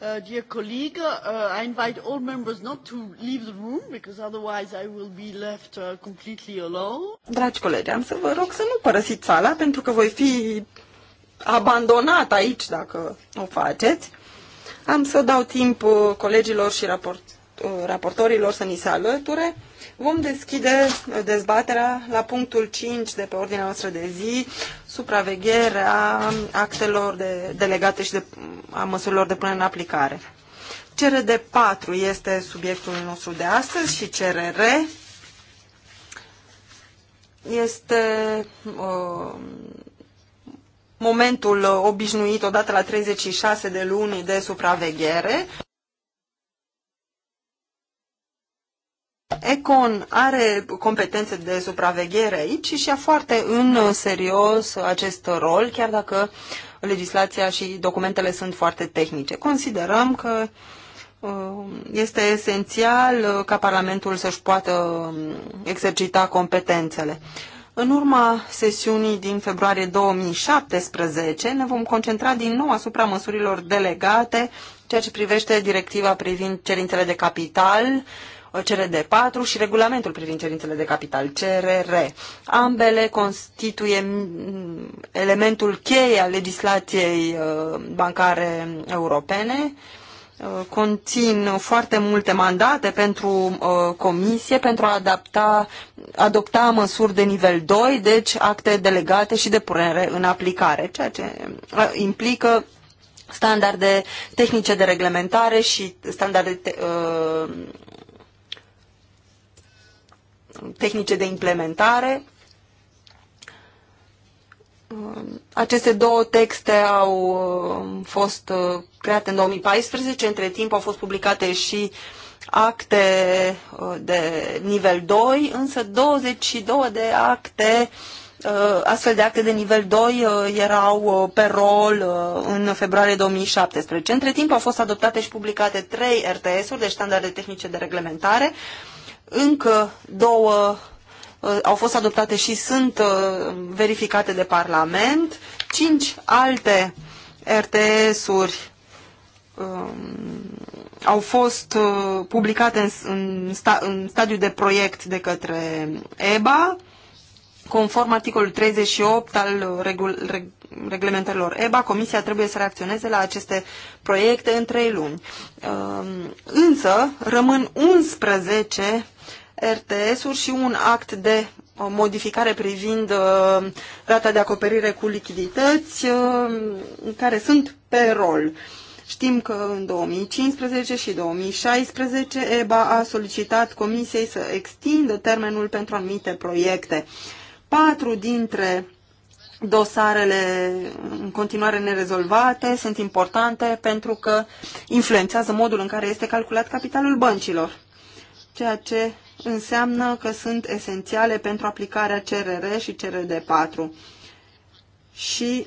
Uh, dear colleague, uh, I invite all members not to leave the room because otherwise I will be left uh, completely alone. Dragi colegi, am să vă rog să nu părăsiți sala pentru că voi fi abandonat aici dacă o faceți. Am să dau timp uh, colegilor și raport, uh, raportorilor să ni se alăture. Vom deschide dezbaterea la punctul 5 de pe ordinea noastră de zi, supravegherea actelor de delegate și de a măsurilor de până în aplicare. CRD 4 este subiectul nostru de astăzi și CRR este uh, momentul obișnuit odată la 36 de luni de supraveghere. Econ are competențe de supraveghere aici și ia foarte în serios acest rol, chiar dacă legislația și documentele sunt foarte tehnice. Considerăm că uh, este esențial uh, ca Parlamentul să-și poată um, exercita competențele. În urma sesiunii din februarie 2017 ne vom concentra din nou asupra măsurilor delegate ceea ce privește directiva privind cerințele de capital CRD4 și regulamentul privind cerințele de capital, CRR. Ambele constituie elementul cheie al legislației uh, bancare europene, uh, conțin foarte multe mandate pentru uh, comisie pentru a adapta, adopta măsuri de nivel 2, deci acte delegate și de punere în aplicare, ceea ce implică standarde tehnice de reglementare și standarde te, uh, tehnice de implementare. Aceste două texte au um, fost uh, create în 2014, între timp au fost publicate și acte uh, de nivel 2, însă 22 de acte, uh, astfel de acte de nivel 2 erau pe rol în februarie 2017. Între timp au fost adoptate și publicate 3 RTS-uri, de standarde tehnice de reglementare, încă două uh, au fost adoptate și sunt uh, verificate de Parlament, cinci alte RTS-uri um, au fost uh, publicate în, în, în stadiu de proiect de către EBA, conform articolul 38 al regul, reglementărilor EBA, Comisia trebuie să reacționeze la aceste proiecte în trei luni. Um, însă rămân 11 RTS-uri și un act de modificare privind uh, rata de acoperire cu lichidități um, care sunt pe rol. Știm că în 2015 și 2016 EBA a solicitat Comisiei să extindă termenul pentru anumite proiecte. Patru dintre dosarele în continuare nerezolvate sunt importante pentru că influențează modul în care este calculat capitalul băncilor, ceea ce înseamnă că sunt esențiale pentru aplicarea CRR și CRD4 și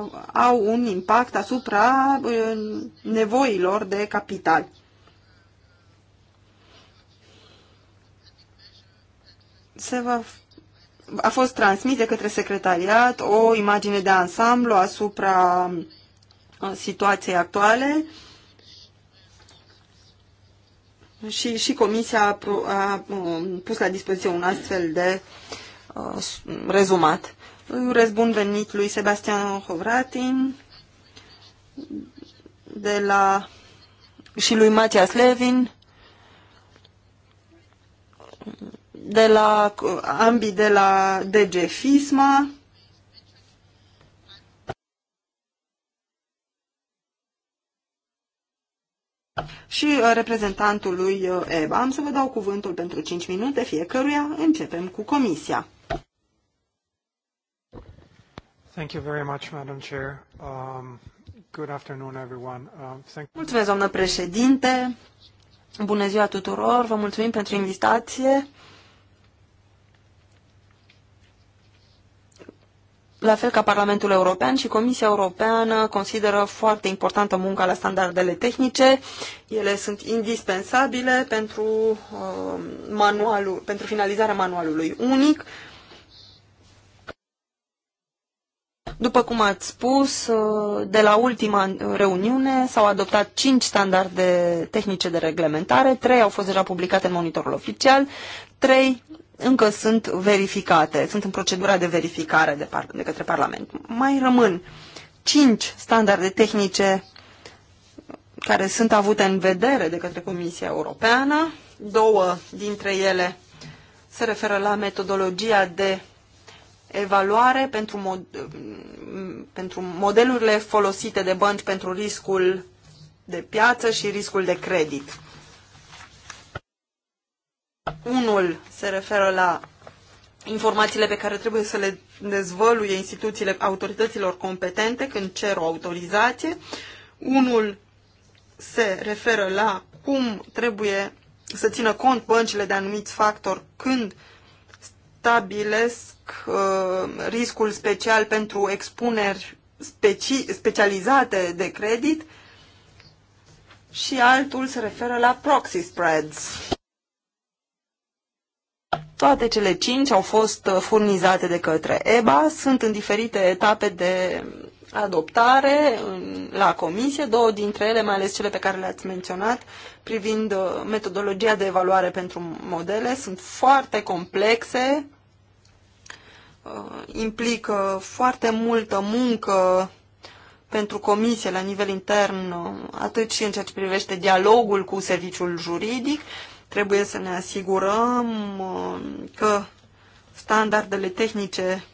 uh, au un impact asupra uh, nevoilor de capital. Se va a fost transmis de către secretariat o imagine de ansamblu asupra uh, situației actuale și, și Comisia a, a um, pus la dispoziție un astfel de uh, rezumat. Îi urez bun venit lui Sebastian Hovratin de la, și lui Matias Levin de la, ambii de la DG FISMA. și uh, reprezentantul lui uh, EBA. Am să vă dau cuvântul pentru 5 minute fiecăruia. Începem cu comisia. Thank you very much, Madam Chair. Um, good afternoon, everyone. Um, thank Mulțumesc, doamnă președinte. Bună ziua tuturor. Vă mulțumim pentru invitație. la fel ca Parlamentul European și Comisia Europeană consideră foarte importantă munca la standardele tehnice. Ele sunt indispensabile pentru, uh, manualul, pentru finalizarea manualului unic. După cum ați spus, uh, de la ultima reuniune s-au adoptat 5 standarde tehnice de reglementare, 3 au fost deja publicate în monitorul oficial, 3 încă sunt verificate, sunt în procedura de verificare de, par- de către Parlament. Mai rămân cinci standarde tehnice care sunt avute în vedere de către Comisia Europeană. Două dintre ele se referă la metodologia de evaluare pentru, mod, pentru modelurile folosite de bănci pentru riscul de piață și riscul de credit. Unul se referă la informațiile pe care trebuie să le dezvăluie instituțiile autorităților competente când cer o autorizație. Unul se referă la cum trebuie să țină cont băncile de anumiți factori când stabilesc uh, riscul special pentru expuneri speci specializate de credit și altul se referă la proxy spreads. Toate cele cinci au fost uh, furnizate de către EBA, sunt în diferite etape de adoptare la comisie, două dintre ele, mai ales cele pe care le-ați menționat, privind uh, metodologia de evaluare pentru modele, sunt foarte complexe, uh, implică foarte multă muncă pentru comisie la nivel intern, atât și în ceea ce privește dialogul cu serviciul juridic, Trebuie să ne asigurăm uh, că standardele tehnice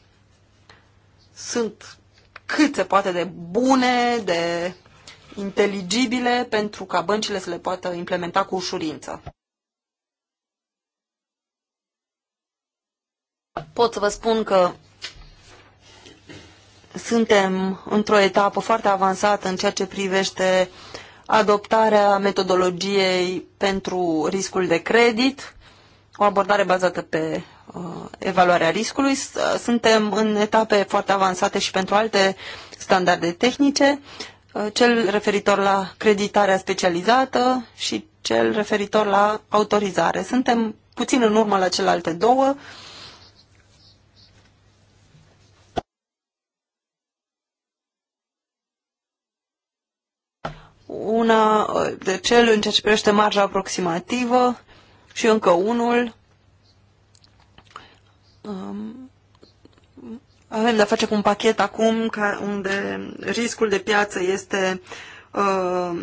sunt cât se poate de bune, de inteligibile, pentru ca băncile să le poată implementa cu ușurință. Pot să vă spun că suntem într-o etapă foarte avansată în ceea ce privește adoptarea metodologiei pentru riscul de credit, o abordare bazată pe uh, evaluarea riscului. Uh, suntem în etape foarte avansate și pentru alte standarde tehnice, uh, cel referitor la creditarea specializată și cel referitor la autorizare. Suntem puțin în urmă la celelalte două, uh, una de cel în ceea ce privește marja aproximativă și încă unul. Um, avem de-a face cu un pachet acum ca, unde riscul de piață este uh,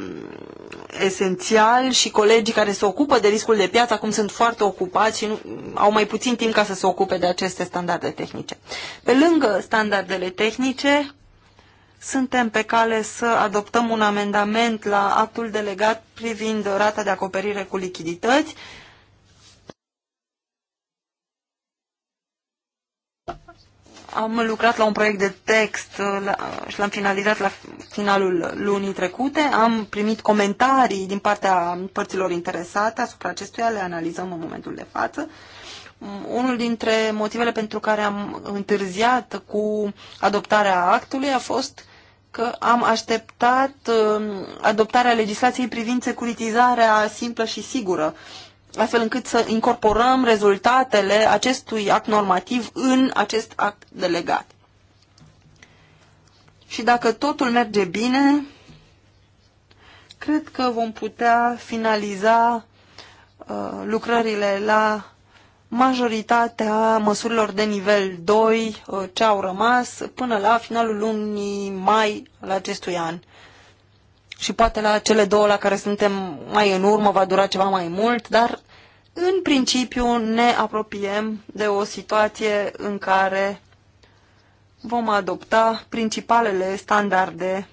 esențial și colegii care se ocupă de riscul de piață acum sunt foarte ocupați și nu, au mai puțin timp ca să se ocupe de aceste standarde tehnice. Pe lângă standardele tehnice, suntem pe cale să adoptăm un amendament la actul delegat privind rata de acoperire cu lichidități. Am lucrat la un proiect de text uh, la, și l-am finalizat la finalul lunii trecute. Am primit comentarii din partea părților interesate asupra acestuia, le analizăm în momentul de față. Uh, unul dintre motivele pentru care am întârziat cu adoptarea actului a fost că am așteptat uh, adoptarea legislației privind securitizarea simplă și sigură, astfel încât să incorporăm rezultatele acestui act normativ în acest act delegat. Și dacă totul merge bine, cred că vom putea finaliza uh, lucrările la majoritatea măsurilor de nivel 2 uh, ce au rămas până la finalul lunii mai al acestui an. Și poate la cele două la care suntem mai în urmă va dura ceva mai mult, dar în principiu ne apropiem de o situație în care vom adopta principalele standarde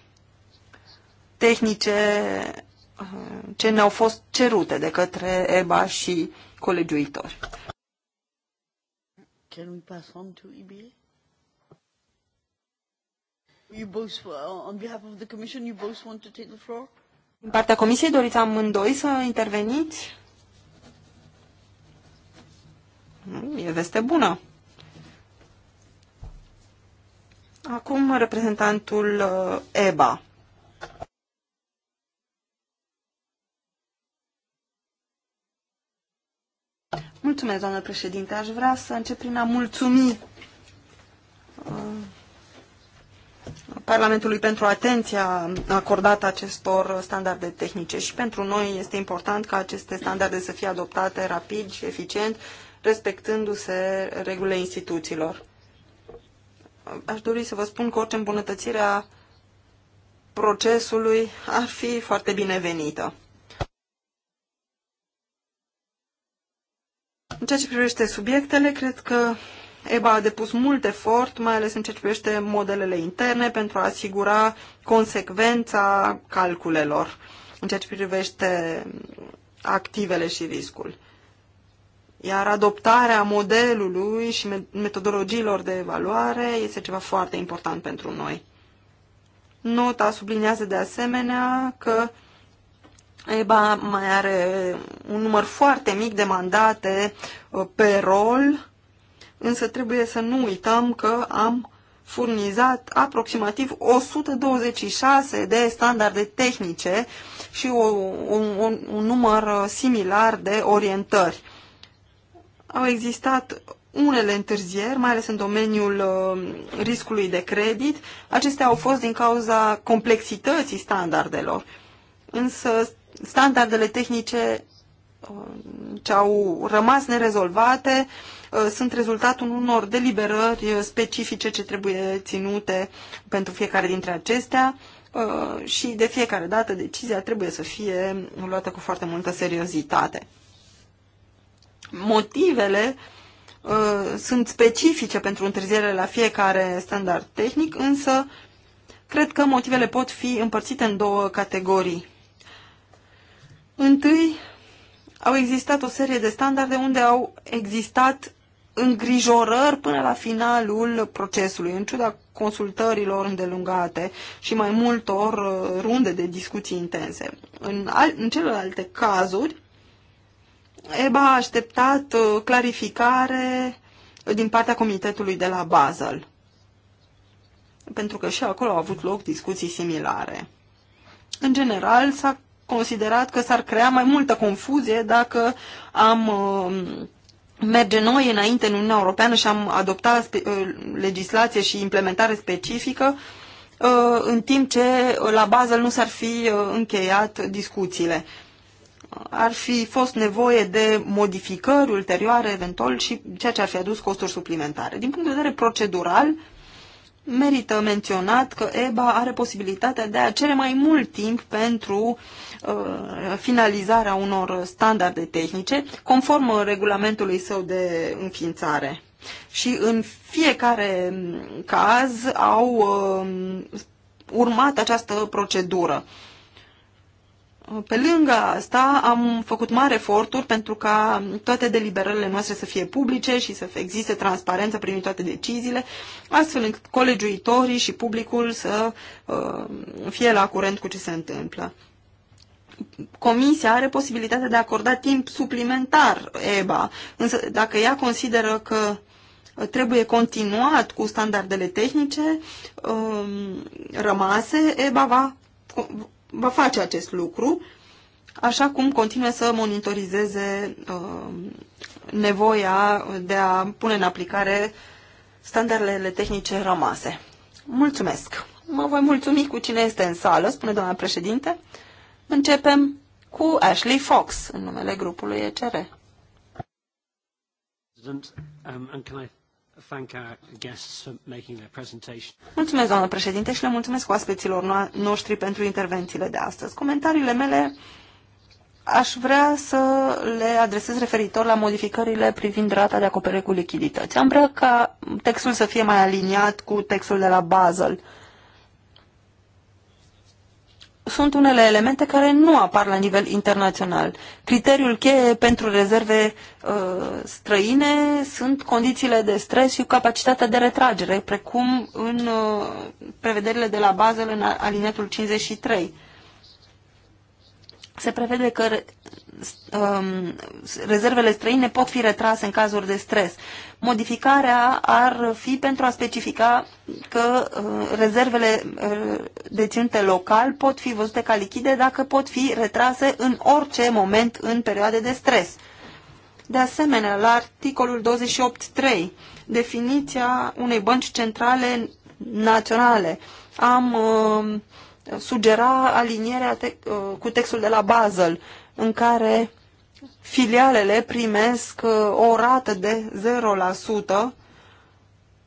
tehnice uh, ce ne-au fost cerute de către EBA și colegiuitori. Can we pass on to EBA? You both, uh, on behalf of the Commission, you both want to take the floor? Din partea Comisiei, doriți amândoi să interveniți? Mm, e veste bună. Acum reprezentantul uh, EBA. Mulțumesc, doamnă președinte. Aș vrea să încep prin a mulțumi uh, Parlamentului pentru atenția acordată acestor standarde tehnice și pentru noi este important ca aceste standarde să fie adoptate rapid și eficient, respectându-se regulile instituțiilor. Uh, aș dori să vă spun că orice îmbunătățire a procesului ar fi foarte binevenită. În ceea ce privește subiectele, cred că EBA a depus mult efort, mai ales în ceea ce privește modelele interne, pentru a asigura consecvența calculelor în ceea ce privește activele și riscul. Iar adoptarea modelului și metodologiilor de evaluare este ceva foarte important pentru noi. Nota subliniază de asemenea că EBA mai are un număr foarte mic de mandate uh, pe rol, însă trebuie să nu uităm că am furnizat aproximativ 126 de standarde tehnice și o, un, un, un număr uh, similar de orientări. Au existat unele întârzieri, mai ales în domeniul uh, riscului de credit. Acestea au fost din cauza complexității standardelor. Însă standardele tehnice uh, ce au rămas nerezolvate uh, sunt rezultatul unor deliberări specifice ce trebuie ținute pentru fiecare dintre acestea uh, și de fiecare dată decizia trebuie să fie luată cu foarte multă seriozitate. Motivele sunt specifice pentru întârziere la fiecare standard tehnic, însă cred că motivele pot fi împărțite în două categorii. Întâi, au existat o serie de standarde unde au existat îngrijorări până la finalul procesului, în ciuda consultărilor îndelungate și mai multor uh, runde de discuții intense. În, al, în celelalte cazuri, EBA a așteptat uh, clarificare din partea comitetului de la Basel, pentru că și acolo au avut loc discuții similare. În general, s-a considerat că s-ar crea mai multă confuzie dacă am uh, merge noi înainte în Uniunea Europeană și am adoptat uh, legislație și implementare specifică, uh, în timp ce la bază nu s-ar fi încheiat discuțiile. Ar fi fost nevoie de modificări ulterioare, eventual, și ceea ce ar fi adus costuri suplimentare. Din punct de vedere procedural, merită menționat că EBA are posibilitatea de a cere mai mult timp pentru uh, finalizarea unor standarde tehnice conform regulamentului său de înființare. Și în fiecare caz au uh, urmat această procedură. Pe lângă asta, am făcut mari eforturi pentru ca toate deliberările noastre să fie publice și să existe transparență prin toate deciziile, astfel încât colegiuitorii și publicul să uh, fie la curent cu ce se întâmplă. Comisia are posibilitatea de a acorda timp suplimentar EBA, însă dacă ea consideră că trebuie continuat cu standardele tehnice uh, rămase, EBA va va face acest lucru, așa cum continuă să monitorizeze uh, nevoia de a pune în aplicare standardele tehnice rămase. Mulțumesc! Mă voi mulțumi cu cine este în sală, spune doamna președinte. Începem cu Ashley Fox, în numele grupului ECR. Um, and can I Mulțumesc, doamnă președinte, și le mulțumesc oaspeților noștri pentru intervențiile de astăzi. Comentariile mele aș vrea să le adresez referitor la modificările privind rata de acoperire cu lichidități. Am vrea ca textul să fie mai aliniat cu textul de la Basel sunt unele elemente care nu apar la nivel internațional. Criteriul cheie pentru rezerve uh, străine sunt condițiile de stres și capacitatea de retragere, precum în uh, prevederile de la bază în alinetul 53 se prevede că um, rezervele străine pot fi retrase în cazuri de stres. Modificarea ar fi pentru a specifica că uh, rezervele uh, deținute local pot fi văzute ca lichide dacă pot fi retrase în orice moment în perioade de stres. De asemenea, la articolul 28.3, definiția unei bănci centrale naționale, am uh, sugera alinierea te uh, cu textul de la Basel, în care filialele primesc uh, o rată de 0%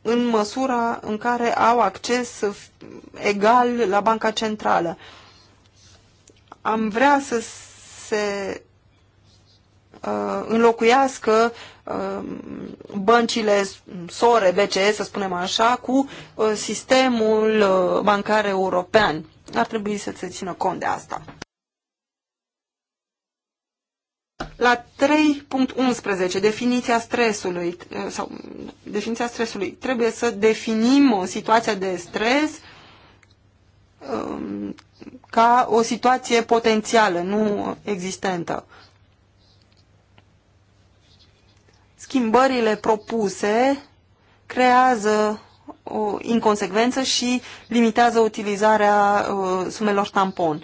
în măsura în care au acces egal la banca centrală. Am vrea să se uh, înlocuiască uh, băncile sore BCE, să spunem așa, cu uh, sistemul uh, bancar european ar trebui să se țină cont de asta. La 3.11, definiția stresului, eh, sau mm, definiția stresului, trebuie să definim o uh, situație de stres um, ca o situație potențială, nu existentă. Schimbările propuse creează o inconsecvență și limitează utilizarea uh, sumelor tampon.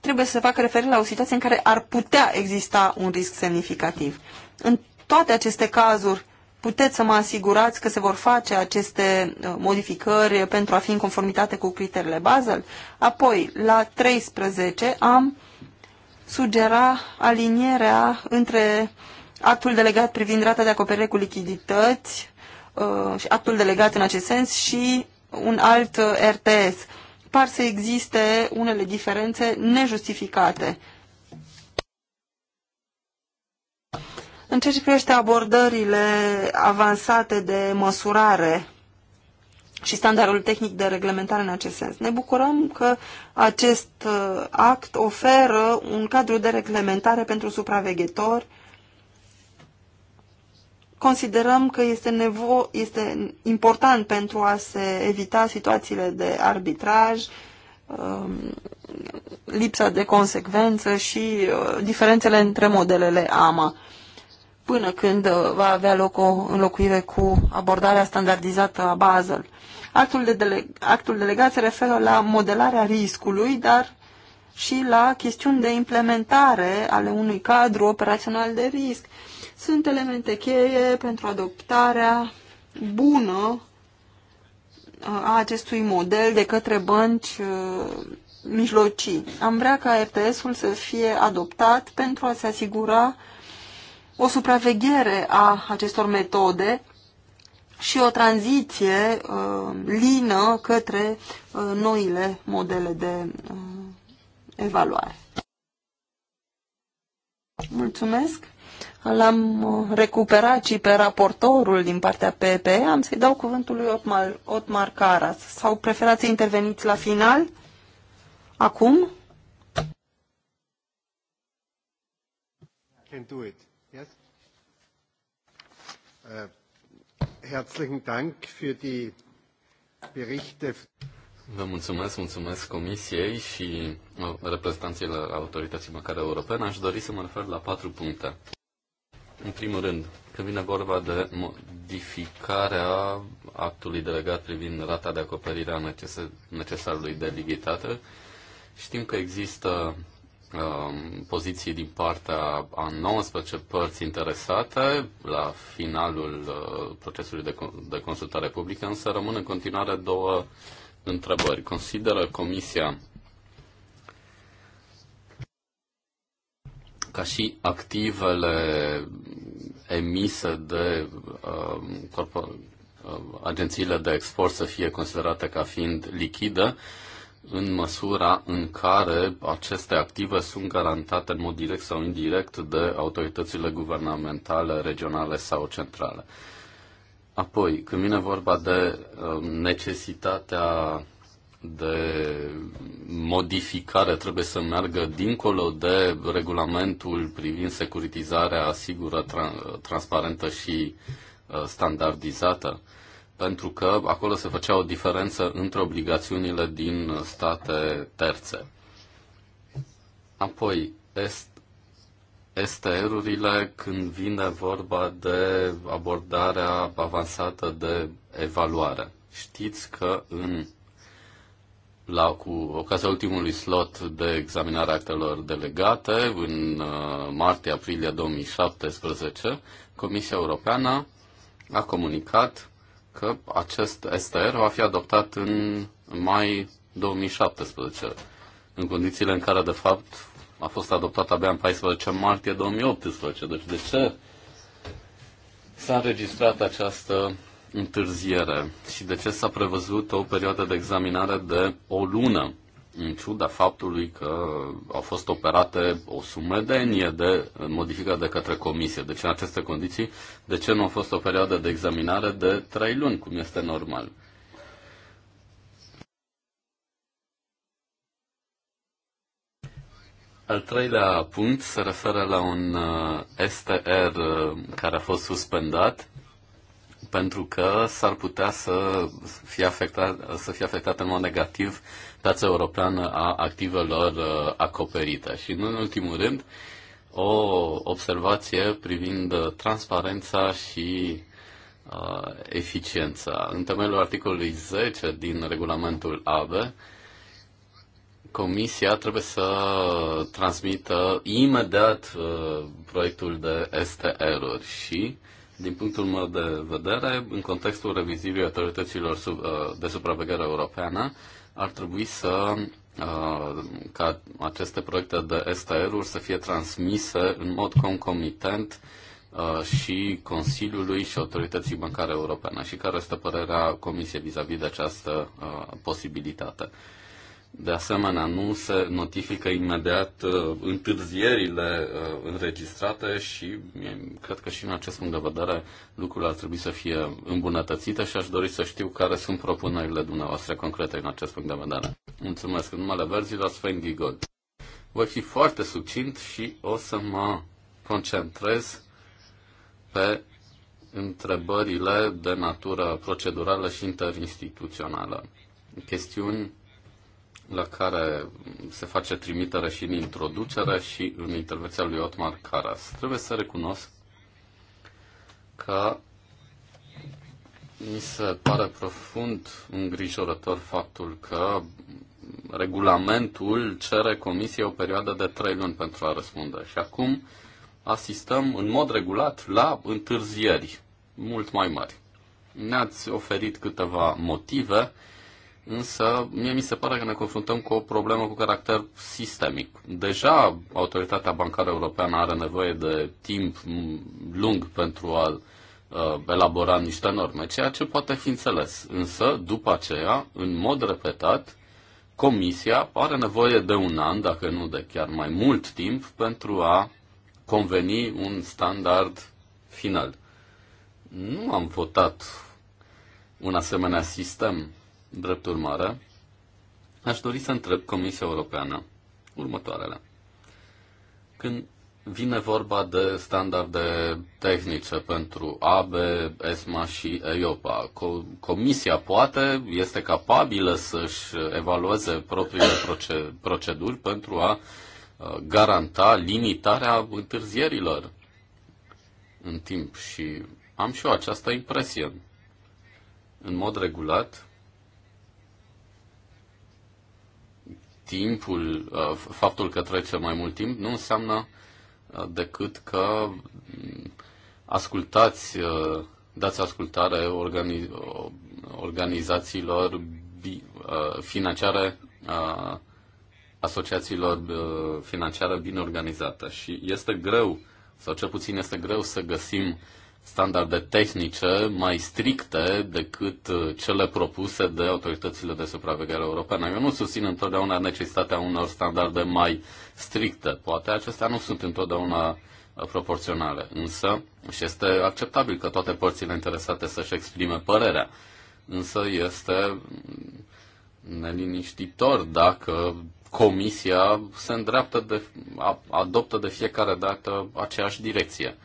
Trebuie să se facă referire la o situație în care ar putea exista un risc semnificativ. În toate aceste cazuri, puteți să mă asigurați că se vor face aceste uh, modificări pentru a fi în conformitate cu criteriile Basel? Apoi, la 13 am sugera alinierea între uh, actul delegat privind rata de acoperire cu lichidități, uh, și actul delegat în acest sens și un alt uh, RTS. Par să existe unele diferențe nejustificate. În ceea ce privește abordările avansate de măsurare și standardul tehnic de reglementare în acest sens. Ne bucurăm că acest uh, act oferă un cadru de reglementare pentru supraveghetori considerăm că este, nevo- este important pentru a se evita situațiile de arbitraj, um, lipsa de consecvență și uh, diferențele între modelele AMA până când uh, va avea loc o înlocuire cu abordarea standardizată a Basel. Actul, de deleg- actul delegat se referă la modelarea riscului, dar și la chestiuni de implementare ale unui cadru operațional de risc sunt elemente cheie pentru adoptarea bună a acestui model de către bănci mijlocii. Am vrea ca RTS-ul să fie adoptat pentru a se asigura o supraveghere a acestor metode și o tranziție uh, lină către uh, noile modele de uh, evaluare. Mulțumesc! L-am uh, recuperat și pe raportorul din partea PPE. Am să-i dau cuvântul lui Otmar, Otmar Caras. Sau preferați să interveniți la final? Acum? can do it. Yes? Uh, herzlichen Dank für die Berichte. Vă mulțumesc, mulțumesc Comisiei și reprezentanților autorității măcar europene. Aș dori să mă refer la patru puncte. În primul rând, când vine vorba de modificarea actului delegat privind rata de acoperire a necesarului de lichiditate, știm că există um, poziții din partea a 19 părți interesate la finalul uh, procesului de, de consultare publică, însă rămân în continuare două întrebări. Consideră Comisia ca și activele emise de uh, uh, agențiile de export să fie considerate ca fiind lichide, în măsura în care aceste active sunt garantate în mod direct sau indirect de autoritățile guvernamentale, regionale sau centrale. Apoi, când vine vorba de um, necesitatea de modificare trebuie să meargă dincolo de regulamentul privind securitizarea sigură, tra- transparentă și uh, standardizată, pentru că acolo se făcea o diferență între obligațiunile din state terțe. Apoi, este STR-urile când vine vorba de abordarea avansată de evaluare. Știți că în la, cu ocazia ultimului slot de examinare a actelor delegate în uh, martie-aprilie 2017, Comisia Europeană a comunicat că acest STR va fi adoptat în mai 2017, în condițiile în care, de fapt, a fost adoptat abia în 14 martie 2018. Deci de ce s-a înregistrat această întârziere și de ce s-a prevăzut o perioadă de examinare de o lună, în ciuda faptului că au fost operate o sumedenie de modificări de către comisie. Deci în aceste condiții, de ce nu a fost o perioadă de examinare de trei luni, cum este normal? Al treilea punct se referă la un uh, STR uh, care a fost suspendat pentru că s-ar putea să fie, afectat, să fie afectată în mod negativ piața europeană a activelor uh, acoperite. Și, nu în ultimul rând, o observație privind transparența și uh, eficiența. În temelul articolului 10 din regulamentul AB, Comisia trebuie să transmită imediat uh, proiectul de STR-uri și uh, din punctul meu de vedere, în contextul revizirii autorităților sub, uh, de supraveghere europeană, ar trebui să uh, ca aceste proiecte de STR-uri să fie transmise în mod concomitent uh, și Consiliului și Autorității Bancare Europene și care este părerea Comisiei vis-a-vis de această posibilitate. De asemenea, nu se notifică imediat uh, întârzierile uh, înregistrate și cred că și în acest punct de vedere lucrurile ar trebui să fie îmbunătățite și aș dori să știu care sunt propunerile dumneavoastră concrete în acest punct de vedere. Mulțumesc. În numele la Sven Gigol. Voi fi foarte succint și o să mă concentrez pe întrebările de natură procedurală și interinstituțională. Chestiuni la care se face trimitere și în introducere și în intervenția lui Otmar Caras. Trebuie să recunosc că mi se pare profund îngrijorător faptul că regulamentul cere comisiei o perioadă de trei luni pentru a răspunde. Și acum asistăm în mod regulat la întârzieri mult mai mari. Ne-ați oferit câteva motive Însă, mie mi se pare că ne confruntăm cu o problemă cu caracter sistemic. Deja Autoritatea Bancară Europeană are nevoie de timp lung pentru a uh, elabora niște norme, ceea ce poate fi înțeles. Însă, după aceea, în mod repetat, Comisia are nevoie de un an, dacă nu de chiar mai mult timp, pentru a conveni un standard final. Nu am votat un asemenea sistem Drept urmare, aș dori să întreb Comisia Europeană următoarele. Când vine vorba de standarde tehnice pentru AB, ESMA și EIOPA, Comisia poate, este capabilă să-și evalueze propriile proceduri pentru a uh, garanta limitarea întârzierilor în timp și am și eu această impresie. În mod regulat, timpul, uh, faptul că trece mai mult timp, nu înseamnă uh, decât că mm, ascultați, uh, dați ascultare organizațiilor financiare, asociațiilor financiare bine organizate. Și este greu, sau cel puțin este greu să găsim uh, standarde tehnice mai stricte decât uh, cele propuse de autoritățile de supraveghere europene. Eu nu susțin întotdeauna necesitatea unor standarde mai stricte. Poate acestea nu sunt întotdeauna uh, proporționale, însă și este acceptabil că toate părțile interesate să-și exprime părerea. Însă este mm, neliniștitor dacă comisia se îndreaptă, de, adoptă de fiecare dată aceeași direcție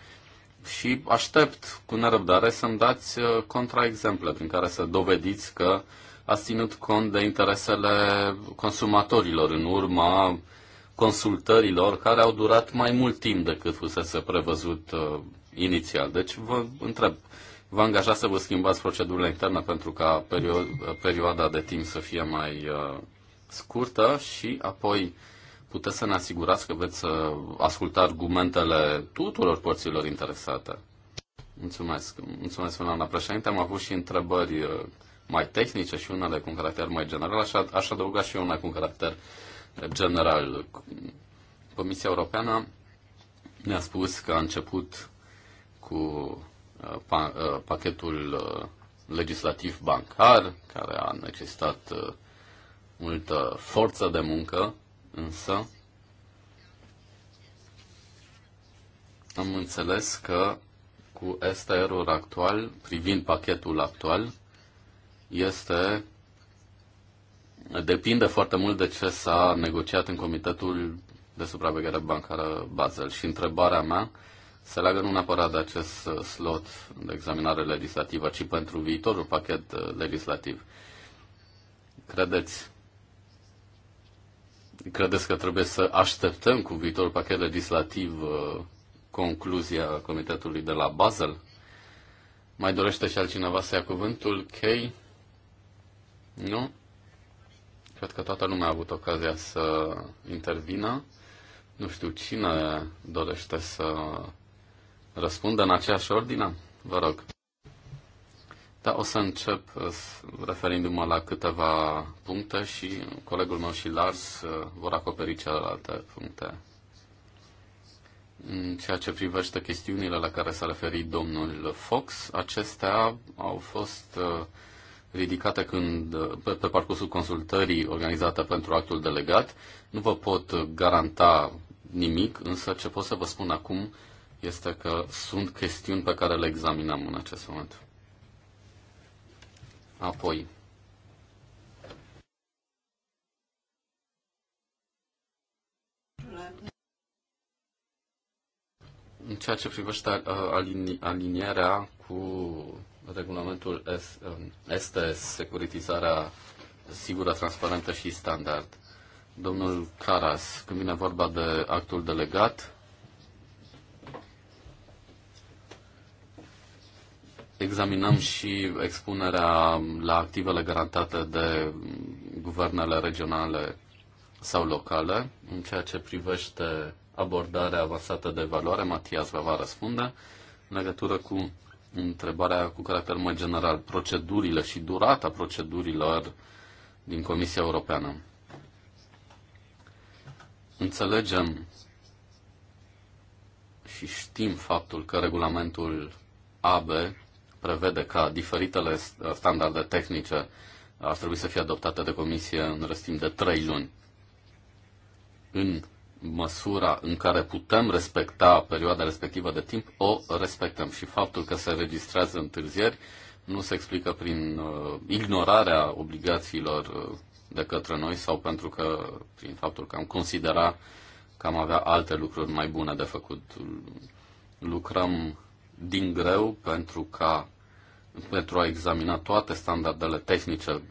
și aștept cu nerăbdare să-mi dați uh, contraexemple prin care să dovediți că ați ținut cont de interesele consumatorilor în urma consultărilor care au durat mai mult timp decât fusese prevăzut uh, inițial. Deci vă întreb, vă angajați să vă schimbați procedurile interne pentru ca perio- uh, perioada de timp să fie mai uh, scurtă și apoi puteți să ne asigurați că veți uh, asculta argumentele tuturor părților interesate. Mulțumesc. Mulțumesc, doamna președinte. Am avut și întrebări uh, mai tehnice și unele cu un caracter mai general. Aș, aș adăuga și eu una cu un caracter uh, general. Comisia Europeană ne-a spus că a început cu pachetul legislativ bancar, care a necesitat multă forță de muncă însă am înțeles că cu STR-ul actual, privind pachetul actual, este depinde foarte mult de ce s-a negociat în Comitetul de Supraveghere Bancară Basel. Și întrebarea mea se leagă nu neapărat de acest uh, slot de examinare legislativă, ci pentru viitorul pachet uh, legislativ. Credeți Credeți că trebuie să așteptăm cu viitorul pachet legislativ uh, concluzia Comitetului de la Basel? Mai dorește și altcineva să ia cuvântul? K? Nu? Cred că toată lumea a avut ocazia să intervină. Nu știu cine dorește să răspundă în aceeași ordine. Vă rog. Da, o să încep uh, referindu-mă la câteva puncte și colegul meu și Lars uh, vor acoperi celelalte puncte. În ceea ce privește chestiunile la care s-a referit domnul Fox, acestea au fost uh, ridicate când, pe, pe parcursul consultării organizate pentru actul delegat. Nu vă pot garanta nimic, însă ce pot să vă spun acum este că sunt chestiuni pe care le examinăm în acest moment. Apoi, în ceea ce privește uh, alinierea cu regulamentul S, um, este securitizarea sigură, transparentă și standard. Domnul Caras, când vine vorba de actul delegat, examinăm și expunerea la activele garantate de guvernele regionale sau locale. În ceea ce privește abordarea avansată de valoare, Matias vă va răspunde în legătură cu întrebarea cu caracter mai general, procedurile și durata procedurilor din Comisia Europeană. Înțelegem și știm faptul că regulamentul AB prevede ca diferitele standarde tehnice ar trebui să fie adoptate de comisie în răstim de trei luni. În măsura în care putem respecta perioada respectivă de timp, o respectăm. Și faptul că se registrează întârzieri nu se explică prin uh, ignorarea obligațiilor uh, de către noi sau pentru că, prin faptul că am considera că am avea alte lucruri mai bune de făcut. Lucrăm din greu pentru, ca, pentru a examina toate standardele tehnice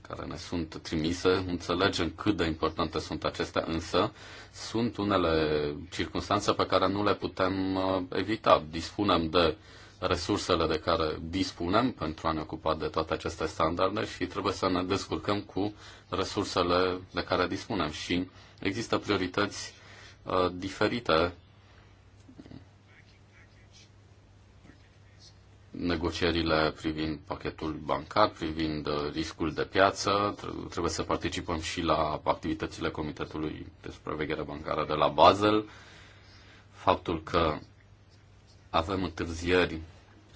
care ne sunt trimise, înțelegem cât de importante sunt acestea, însă sunt unele circunstanțe pe care nu le putem uh, evita. Dispunem de resursele de care dispunem pentru a ne ocupa de toate aceste standarde și trebuie să ne descurcăm cu resursele de care dispunem. Și există priorități uh, diferite negocierile privind pachetul bancar, privind uh, riscul de piață. Trebuie să participăm și la activitățile Comitetului de Supraveghere Bancară de la Basel. Faptul că avem întârzieri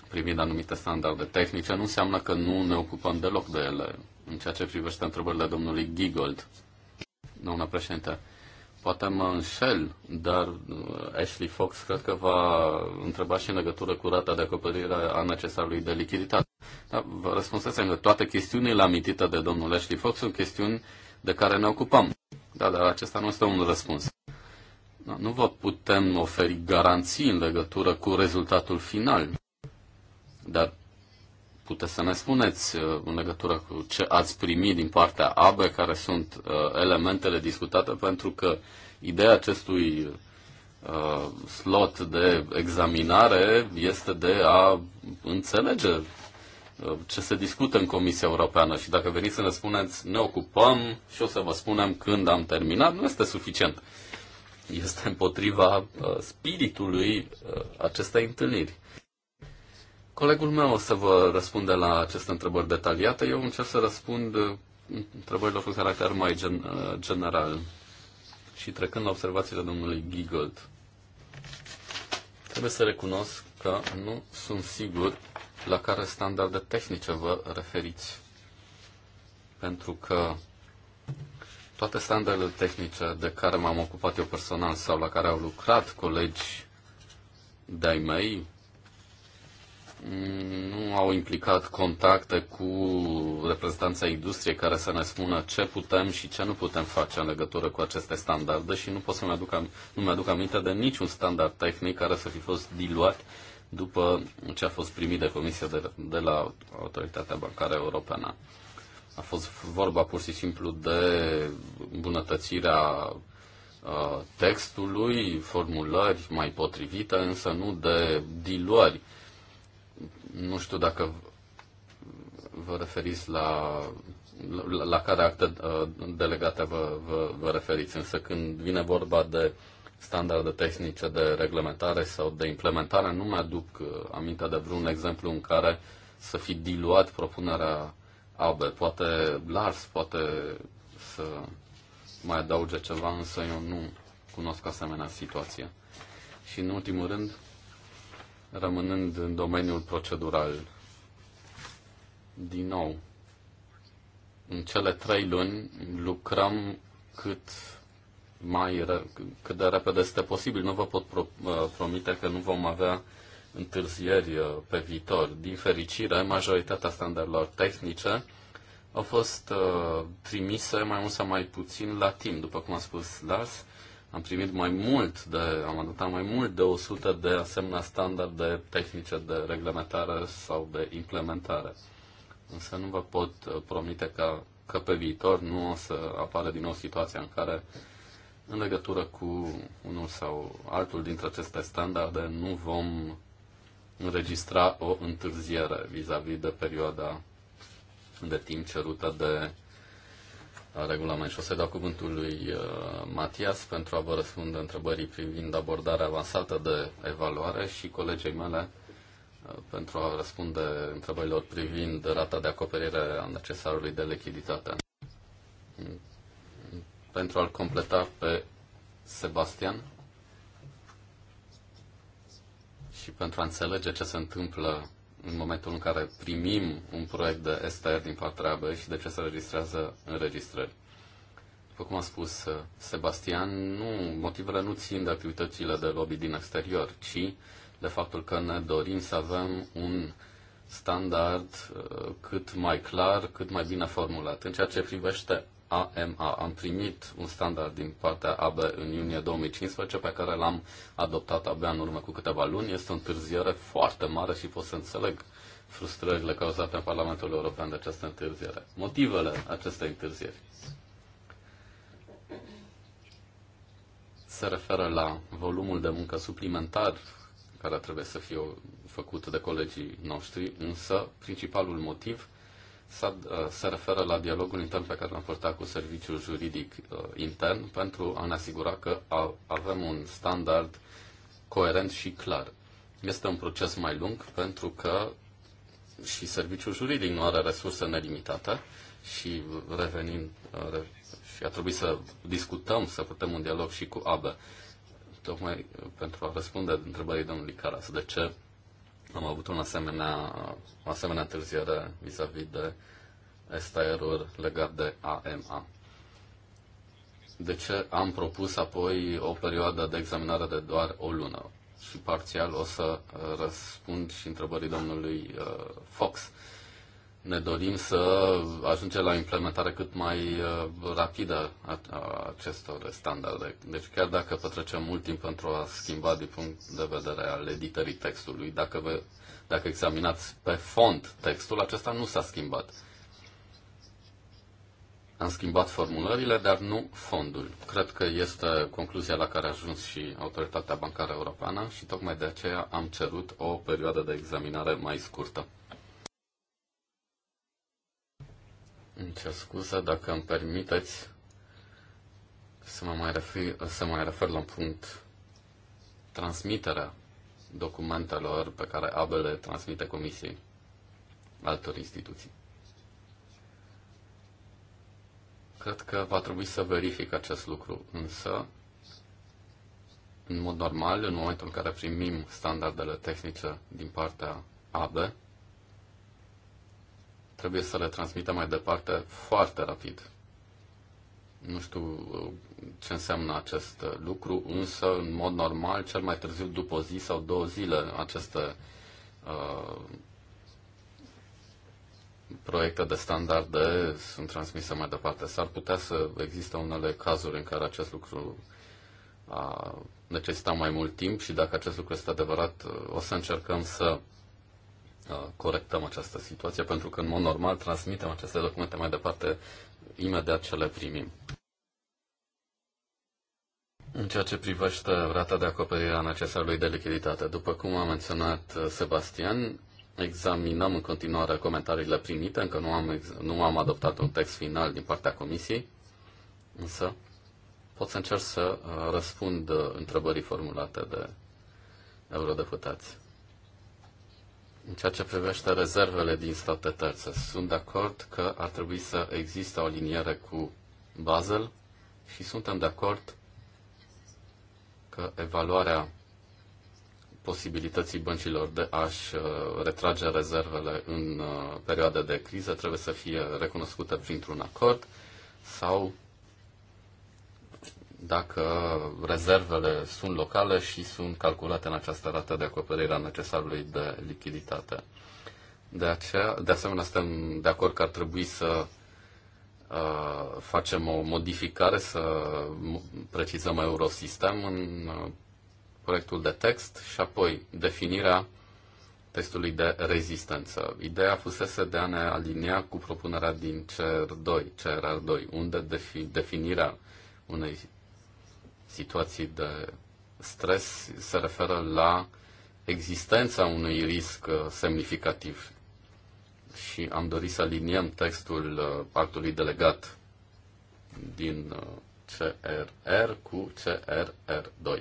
privind anumite standarde tehnice nu înseamnă că nu ne ocupăm deloc de ele. În ceea ce privește întrebările domnului Gigold, doamna președinte, Poate mă înșel, dar uh, Ashley Fox cred că va întreba și în legătură cu rata de acoperire a necesarului de lichiditate. Da, vă răspunsesc că toate chestiunile amintite de domnul Ashley Fox sunt chestiuni de care ne ocupăm. Da, dar acesta nu este un răspuns. Da, nu vă putem oferi garanții în legătură cu rezultatul final. Dar puteți să ne spuneți uh, în legătură cu ce ați primit din partea ABE, care sunt uh, elementele discutate, pentru că ideea acestui uh, slot de examinare este de a înțelege ce se discută în Comisia Europeană și dacă veniți să ne spuneți ne ocupăm și o să vă spunem când am terminat, nu este suficient. Este împotriva spiritului acestei întâlniri. Colegul meu o să vă răspunde la aceste întrebări detaliate. Eu încerc să răspund uh, întrebărilor cu caracter mai gen, uh, general. Și trecând la observațiile domnului Giggold, trebuie să recunosc că nu sunt sigur la care standarde tehnice vă referiți. Pentru că toate standardele tehnice de care m-am ocupat eu personal sau la care au lucrat colegi de-ai mei, nu au implicat contacte cu reprezentanța industriei care să ne spună ce putem și ce nu putem face în legătură cu aceste standarde și nu pot să-mi aduc, am, nu mi-aduc aminte de niciun standard tehnic care să fi fost diluat după ce a fost primit de Comisia de, de la Autoritatea Bancară Europeană. A fost vorba pur și simplu de îmbunătățirea textului, formulări mai potrivite, însă nu de diluări nu știu dacă vă referiți la, la, la care acte uh, delegate vă, vă, vă referiți, însă când vine vorba de standarde tehnice de reglementare sau de implementare, nu mi-aduc uh, aminte de vreun exemplu în care să fi diluat propunerea AB. Poate Lars poate să mai adauge ceva, însă eu nu cunosc asemenea situație. Și în ultimul rând, Rămânând în domeniul procedural, din nou, în cele trei luni lucrăm cât mai re- cât de repede este posibil. Nu vă pot pro- uh, promite că nu vom avea întârzieri uh, pe viitor. Din fericire, majoritatea standardelor tehnice au fost uh, trimise mai mult sau mai puțin la timp, după cum a spus Lars. Am primit mai mult de, am adoptat mai mult de 100 de asemenea standarde tehnice de reglementare sau de implementare. Însă nu vă pot uh, promite că, că pe viitor nu o să apară din nou situația în care în legătură cu unul sau altul dintre aceste standarde nu vom înregistra o întârziere vis-a-vis -vis de perioada de timp cerută de regulament. Și o să dau cuvântul lui uh, Matias pentru a vă răspunde întrebării privind abordarea avansată de evaluare și colegei mele uh, pentru a răspunde întrebărilor privind rata de acoperire a necesarului de lichiditate. Pentru a-l completa pe Sebastian și pentru a înțelege ce se întâmplă în momentul în care primim un proiect de STR din partea ABE și de ce se registrează înregistrări. După cum a spus uh, Sebastian, nu, motivele nu țin de activitățile de lobby din exterior, ci de faptul că ne dorim să avem un standard uh, cât mai clar, cât mai bine formulat. În ceea ce privește AMA. Am primit un standard din partea AB în iunie 2015 pe care l-am adoptat abia în urmă cu câteva luni. Este o întârziere foarte mare și pot să înțeleg frustrările cauzate în Parlamentul European de această întârziere. Motivele acestei întârzieri se referă la volumul de muncă suplimentar care trebuie să fie făcut de colegii noștri, însă principalul motiv Uh, se referă la dialogul intern pe care l-am purtat cu serviciul juridic uh, intern pentru a ne asigura că avem un standard coerent și clar. Este un proces mai lung pentru că și serviciul juridic nu are resurse nelimitate și revenim uh, și a trebuit să discutăm, să putem un dialog și cu ABE, tocmai pentru a răspunde întrebării domnului Caras, de ce am avut un asemenea, o asemenea întârziere vis-a-vis de STR-ul legat de AMA. De ce am propus apoi o perioadă de examinare de doar o lună? Și parțial o să răspund și întrebării domnului uh, Fox ne dorim să ajungem la implementare cât mai uh, rapidă a acestor standarde. Deci chiar dacă petrecem mult timp pentru a schimba din punct de vedere al editării textului, dacă, vă, dacă examinați pe fond textul, acesta nu s-a schimbat. Am schimbat formulările, dar nu fondul. Cred că este concluzia la care a ajuns și Autoritatea Bancară Europeană și tocmai de aceea am cerut o perioadă de examinare mai scurtă. Îmi cer scuze dacă îmi permiteți să mă mai refer, să mai refer la un punct transmiterea documentelor pe care ABL le transmite Comisiei altor instituții. Cred că va trebui să verific acest lucru, însă, în mod normal, în momentul în care primim standardele tehnice din partea ABE, trebuie să le transmită mai departe foarte rapid. Nu știu uh, ce înseamnă acest uh, lucru, însă, în mod normal, cel mai târziu după o zi sau două zile, aceste uh, proiecte de standarde sunt transmise mai departe. S-ar putea să există unele cazuri în care acest lucru a necesitat mai mult timp și dacă acest lucru este adevărat, uh, o să încercăm să Uh, corectăm această situație, pentru că, în mod normal, transmitem aceste documente mai departe imediat ce le primim. În ceea ce privește rata de acoperire a necesarului de lichiditate, după cum a menționat uh, Sebastian, examinăm în continuare comentariile primite, încă nu am, nu am adoptat un text final din partea comisiei, însă pot să încerc să uh, răspund întrebării formulate de eurodeputați. În ceea ce privește rezervele din state terțe, sunt de acord că ar trebui să existe o liniere cu Basel și suntem de acord că evaluarea posibilității băncilor de a-și uh, retrage rezervele în uh, perioada de criză trebuie să fie recunoscută printr-un acord sau dacă rezervele sunt locale și sunt calculate în această rată de acoperire a necesarului de lichiditate. De, aceea, de asemenea, suntem de acord că ar trebui să uh, facem o modificare, să precizăm Eurosistem în uh, proiectul de text și apoi definirea testului de rezistență. Ideea fusese de a ne alinia cu propunerea din CR2, CRR2, unde defi, definirea unei situații de stres se referă la existența unui risc uh, semnificativ. Și am dorit să aliniem textul uh, actului delegat din uh, CRR cu CRR2.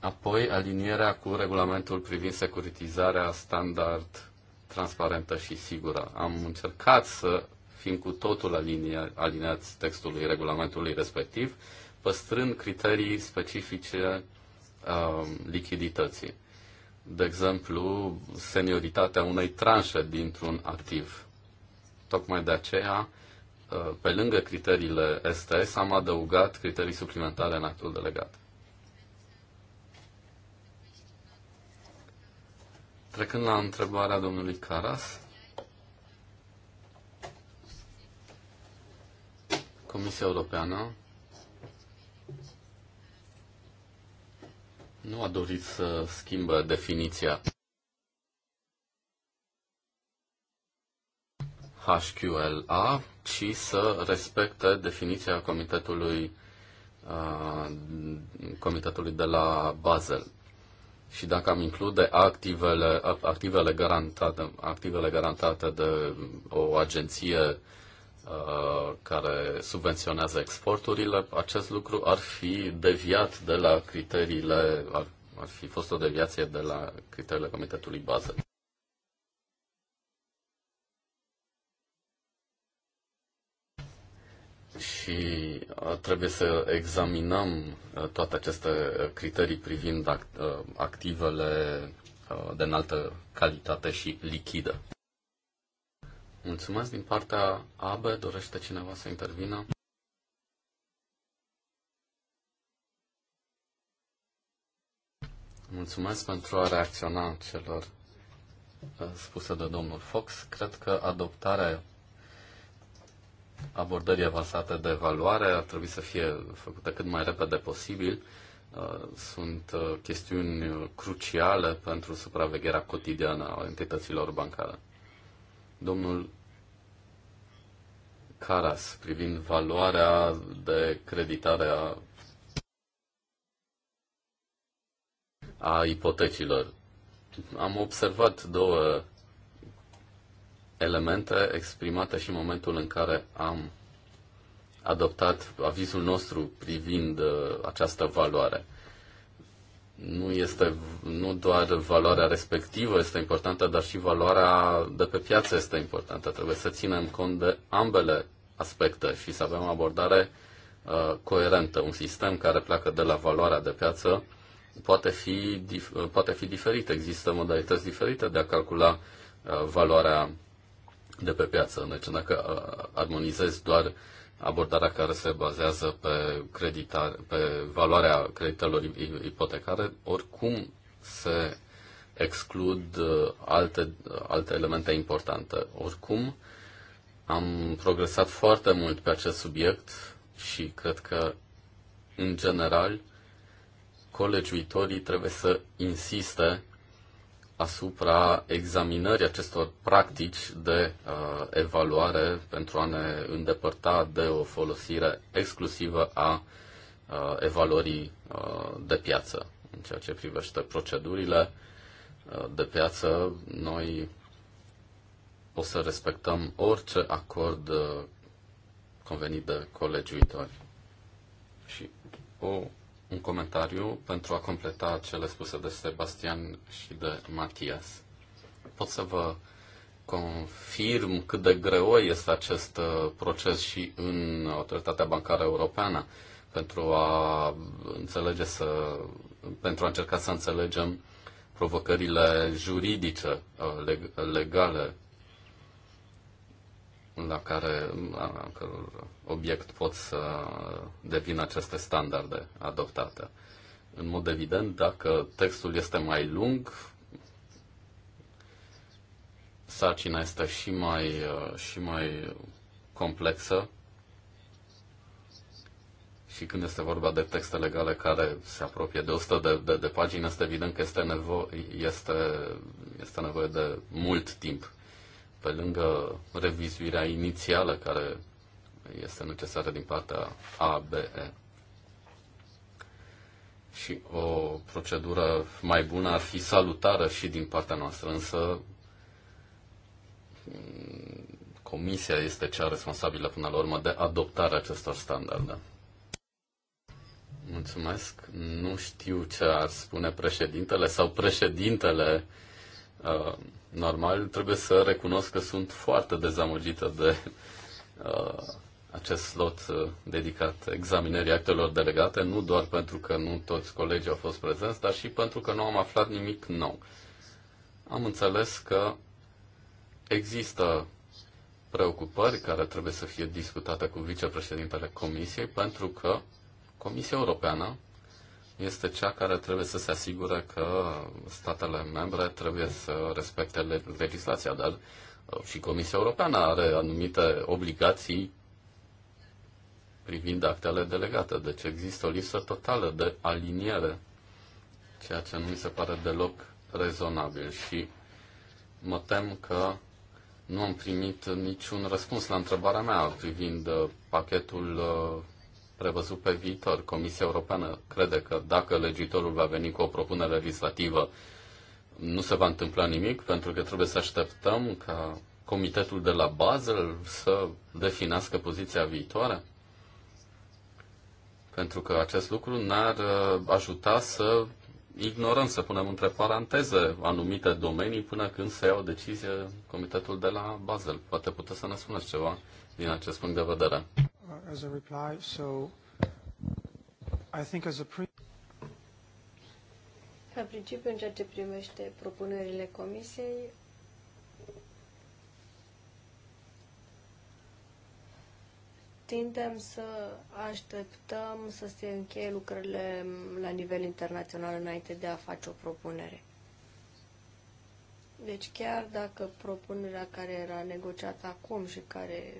Apoi alinierea cu regulamentul privind securitizarea standard transparentă și sigură. Am încercat să Fiind cu totul aliniați textului regulamentului respectiv, păstrând criterii specifice uh, lichidității. De exemplu, senioritatea unei tranșe dintr-un activ. Tocmai de aceea, uh, pe lângă criteriile STS, am adăugat criterii suplimentare în actul delegat. Trecând la întrebarea domnului Caras, Comisia Europeană nu a dorit să schimbă definiția HQLA, ci să respecte definiția comitetului, uh, comitetului de la Basel. Și dacă am include activele, activele, garantate, activele garantate de o agenție Uh, care subvenționează exporturile, acest lucru ar fi deviat de la criteriile, ar, ar fi fost o deviație de la criteriile Comitetului Bază. și uh, trebuie să examinăm uh, toate aceste criterii privind activele de înaltă calitate și lichidă. Mulțumesc din partea AB. Dorește cineva să intervină? Mulțumesc pentru a reacționa celor uh, spuse de domnul Fox. Cred că adoptarea abordării avansate de evaluare ar trebui să fie făcută cât mai repede posibil. Uh, sunt uh, chestiuni cruciale pentru supravegherea cotidiană a entităților bancare domnul Caras privind valoarea de creditare a, a ipotecilor. Am observat două elemente exprimate și în momentul în care am adoptat avizul nostru privind uh, această valoare nu este nu doar valoarea respectivă este importantă, dar și valoarea de pe piață este importantă. Trebuie să ținem cont de ambele aspecte și să avem o abordare uh, coerentă. Un sistem care pleacă de la valoarea de piață poate fi, dif- uh, poate fi diferit. Există modalități diferite de a calcula uh, valoarea de pe piață. Deci dacă uh, armonizezi doar uh, abordarea care se bazează pe, credita, pe valoarea creditelor ipotecare, oricum se exclud uh, alte, uh, alte elemente importante. Oricum, am progresat foarte mult pe acest subiect și cred că, în general, colegiuitorii trebuie să insiste asupra examinării acestor practici de uh, evaluare pentru a ne îndepărta de o folosire exclusivă a uh, evaluării uh, de piață. În ceea ce privește procedurile uh, de piață, noi o să respectăm orice acord uh, convenit de colegiuitori. Și o un comentariu pentru a completa cele spuse de Sebastian și de Matias. Pot să vă confirm cât de greu este acest uh, proces și în Autoritatea Bancară Europeană pentru a înțelege să, pentru a încerca să înțelegem provocările juridice uh, legale la care, la obiect pot să devină aceste standarde adoptate. În mod evident, dacă textul este mai lung, sarcina este și mai, și mai complexă și când este vorba de texte legale care se apropie de 100 de, de, de pagini, este evident că este, nevo- este, este nevoie de mult timp pe lângă revizuirea inițială care este necesară din partea ABE. Și o procedură mai bună ar fi salutară și din partea noastră, însă mm, Comisia este cea responsabilă până la urmă de adoptarea acestor standarde. Mulțumesc. Nu știu ce ar spune președintele sau președintele uh, Uh, normal, trebuie să recunosc că sunt foarte dezamăgită de uh, acest slot uh, dedicat examinării actelor delegate, nu doar pentru că nu toți colegii au fost prezenți, dar și pentru că nu am aflat nimic nou. Am înțeles că există preocupări care trebuie să fie discutate cu vicepreședintele Comisiei, pentru că Comisia Europeană este cea care trebuie să se asigure că statele membre trebuie să respecte legislația, dar uh, și Comisia Europeană are anumite obligații privind actele delegate. Deci există o lipsă totală de aliniere, ceea ce nu mi se pare deloc rezonabil și mă tem că nu am primit niciun răspuns la întrebarea mea privind uh, pachetul uh, prevăzut pe viitor. Comisia Europeană crede că dacă legiuitorul va veni cu o propunere legislativă, nu se va întâmpla nimic, pentru că trebuie să așteptăm ca comitetul de la Basel să definească poziția viitoare? Pentru că acest lucru n ar uh, ajuta să ignorăm, să punem între paranteze anumite domenii până când se ia o decizie comitetul de la Basel. Poate puteți să ne spuneți ceva din acest punct de vedere as a reply. So I think as a pre ca principiu, în ceea ce primește propunerile comisiei, tindem să așteptăm să se încheie lucrările la nivel internațional înainte de a face o propunere. Deci chiar dacă propunerea care era negociată acum și care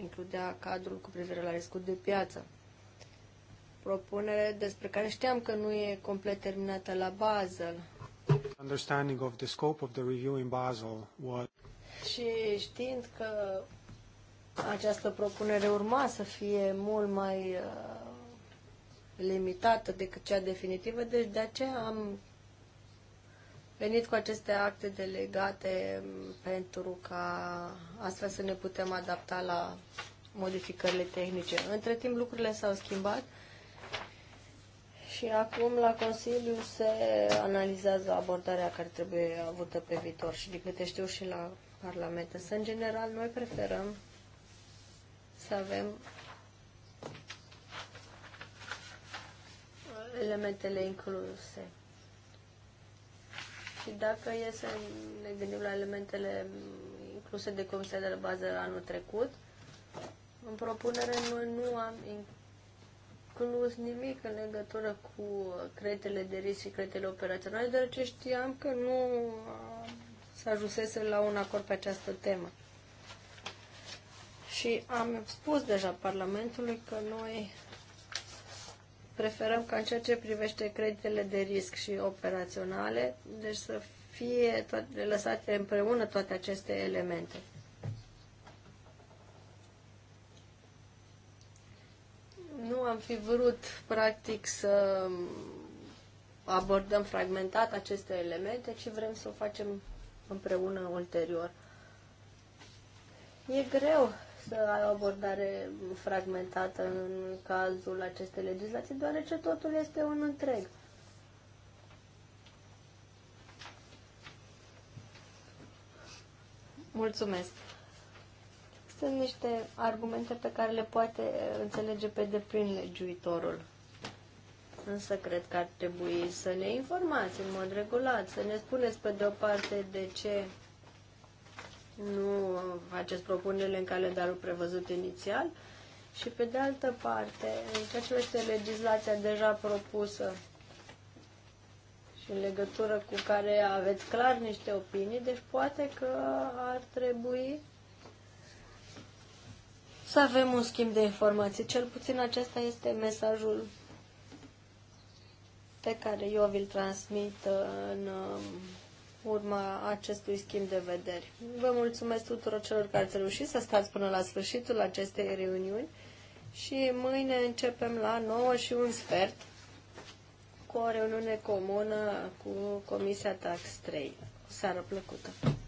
includea cadrul cu privire la riscul de piață. Propunere despre care știam că nu e complet terminată la Basel. Understanding of the scope of the review in Basel was... Și știind că această propunere urma să fie mult mai uh, limitată decât cea definitivă, deci de aceea am venit cu aceste acte delegate mm, pentru ca astfel să ne putem adapta la modificările tehnice. Între timp lucrurile s-au schimbat și acum la Consiliu se analizează abordarea care trebuie avută pe viitor și din câte știu și la Parlament. Să în general, noi preferăm să avem elementele incluse. Și dacă e să ne gândim la elementele incluse de Comisia de la Bază anul trecut, în propunere noi nu am inclus nimic în legătură cu creditele de risc și creditele operaționale, deoarece știam că nu s-a ajunsese la un acord pe această temă. Și am spus deja Parlamentului că noi preferăm ca în ceea ce privește creditele de risc și operaționale, deci să fie toate, lăsate împreună toate aceste elemente. Nu am fi vrut, practic, să abordăm fragmentat aceste elemente, ci vrem să o facem împreună ulterior. E greu să ai o abordare fragmentată în cazul acestei legislații, deoarece totul este un întreg. Mulțumesc. Sunt niște argumente pe care le poate înțelege pe deplin legiuitorul. Însă cred că ar trebui să ne informați în mod regulat, să ne spuneți pe de o parte de ce nu faceți propunerile în calendarul prevăzut inițial și pe de altă parte, în ceea ce este legislația deja propusă și în legătură cu care aveți clar niște opinii, deci poate că ar trebui să avem un schimb de informații. Cel puțin acesta este mesajul pe care eu vi-l transmit în um, urma acestui schimb de vederi. Vă mulțumesc tuturor celor care ați reușit să stați până la sfârșitul acestei reuniuni și mâine începem la 9 și un sfert cu o reuniune comună cu Comisia Tax 3. O seară plăcută!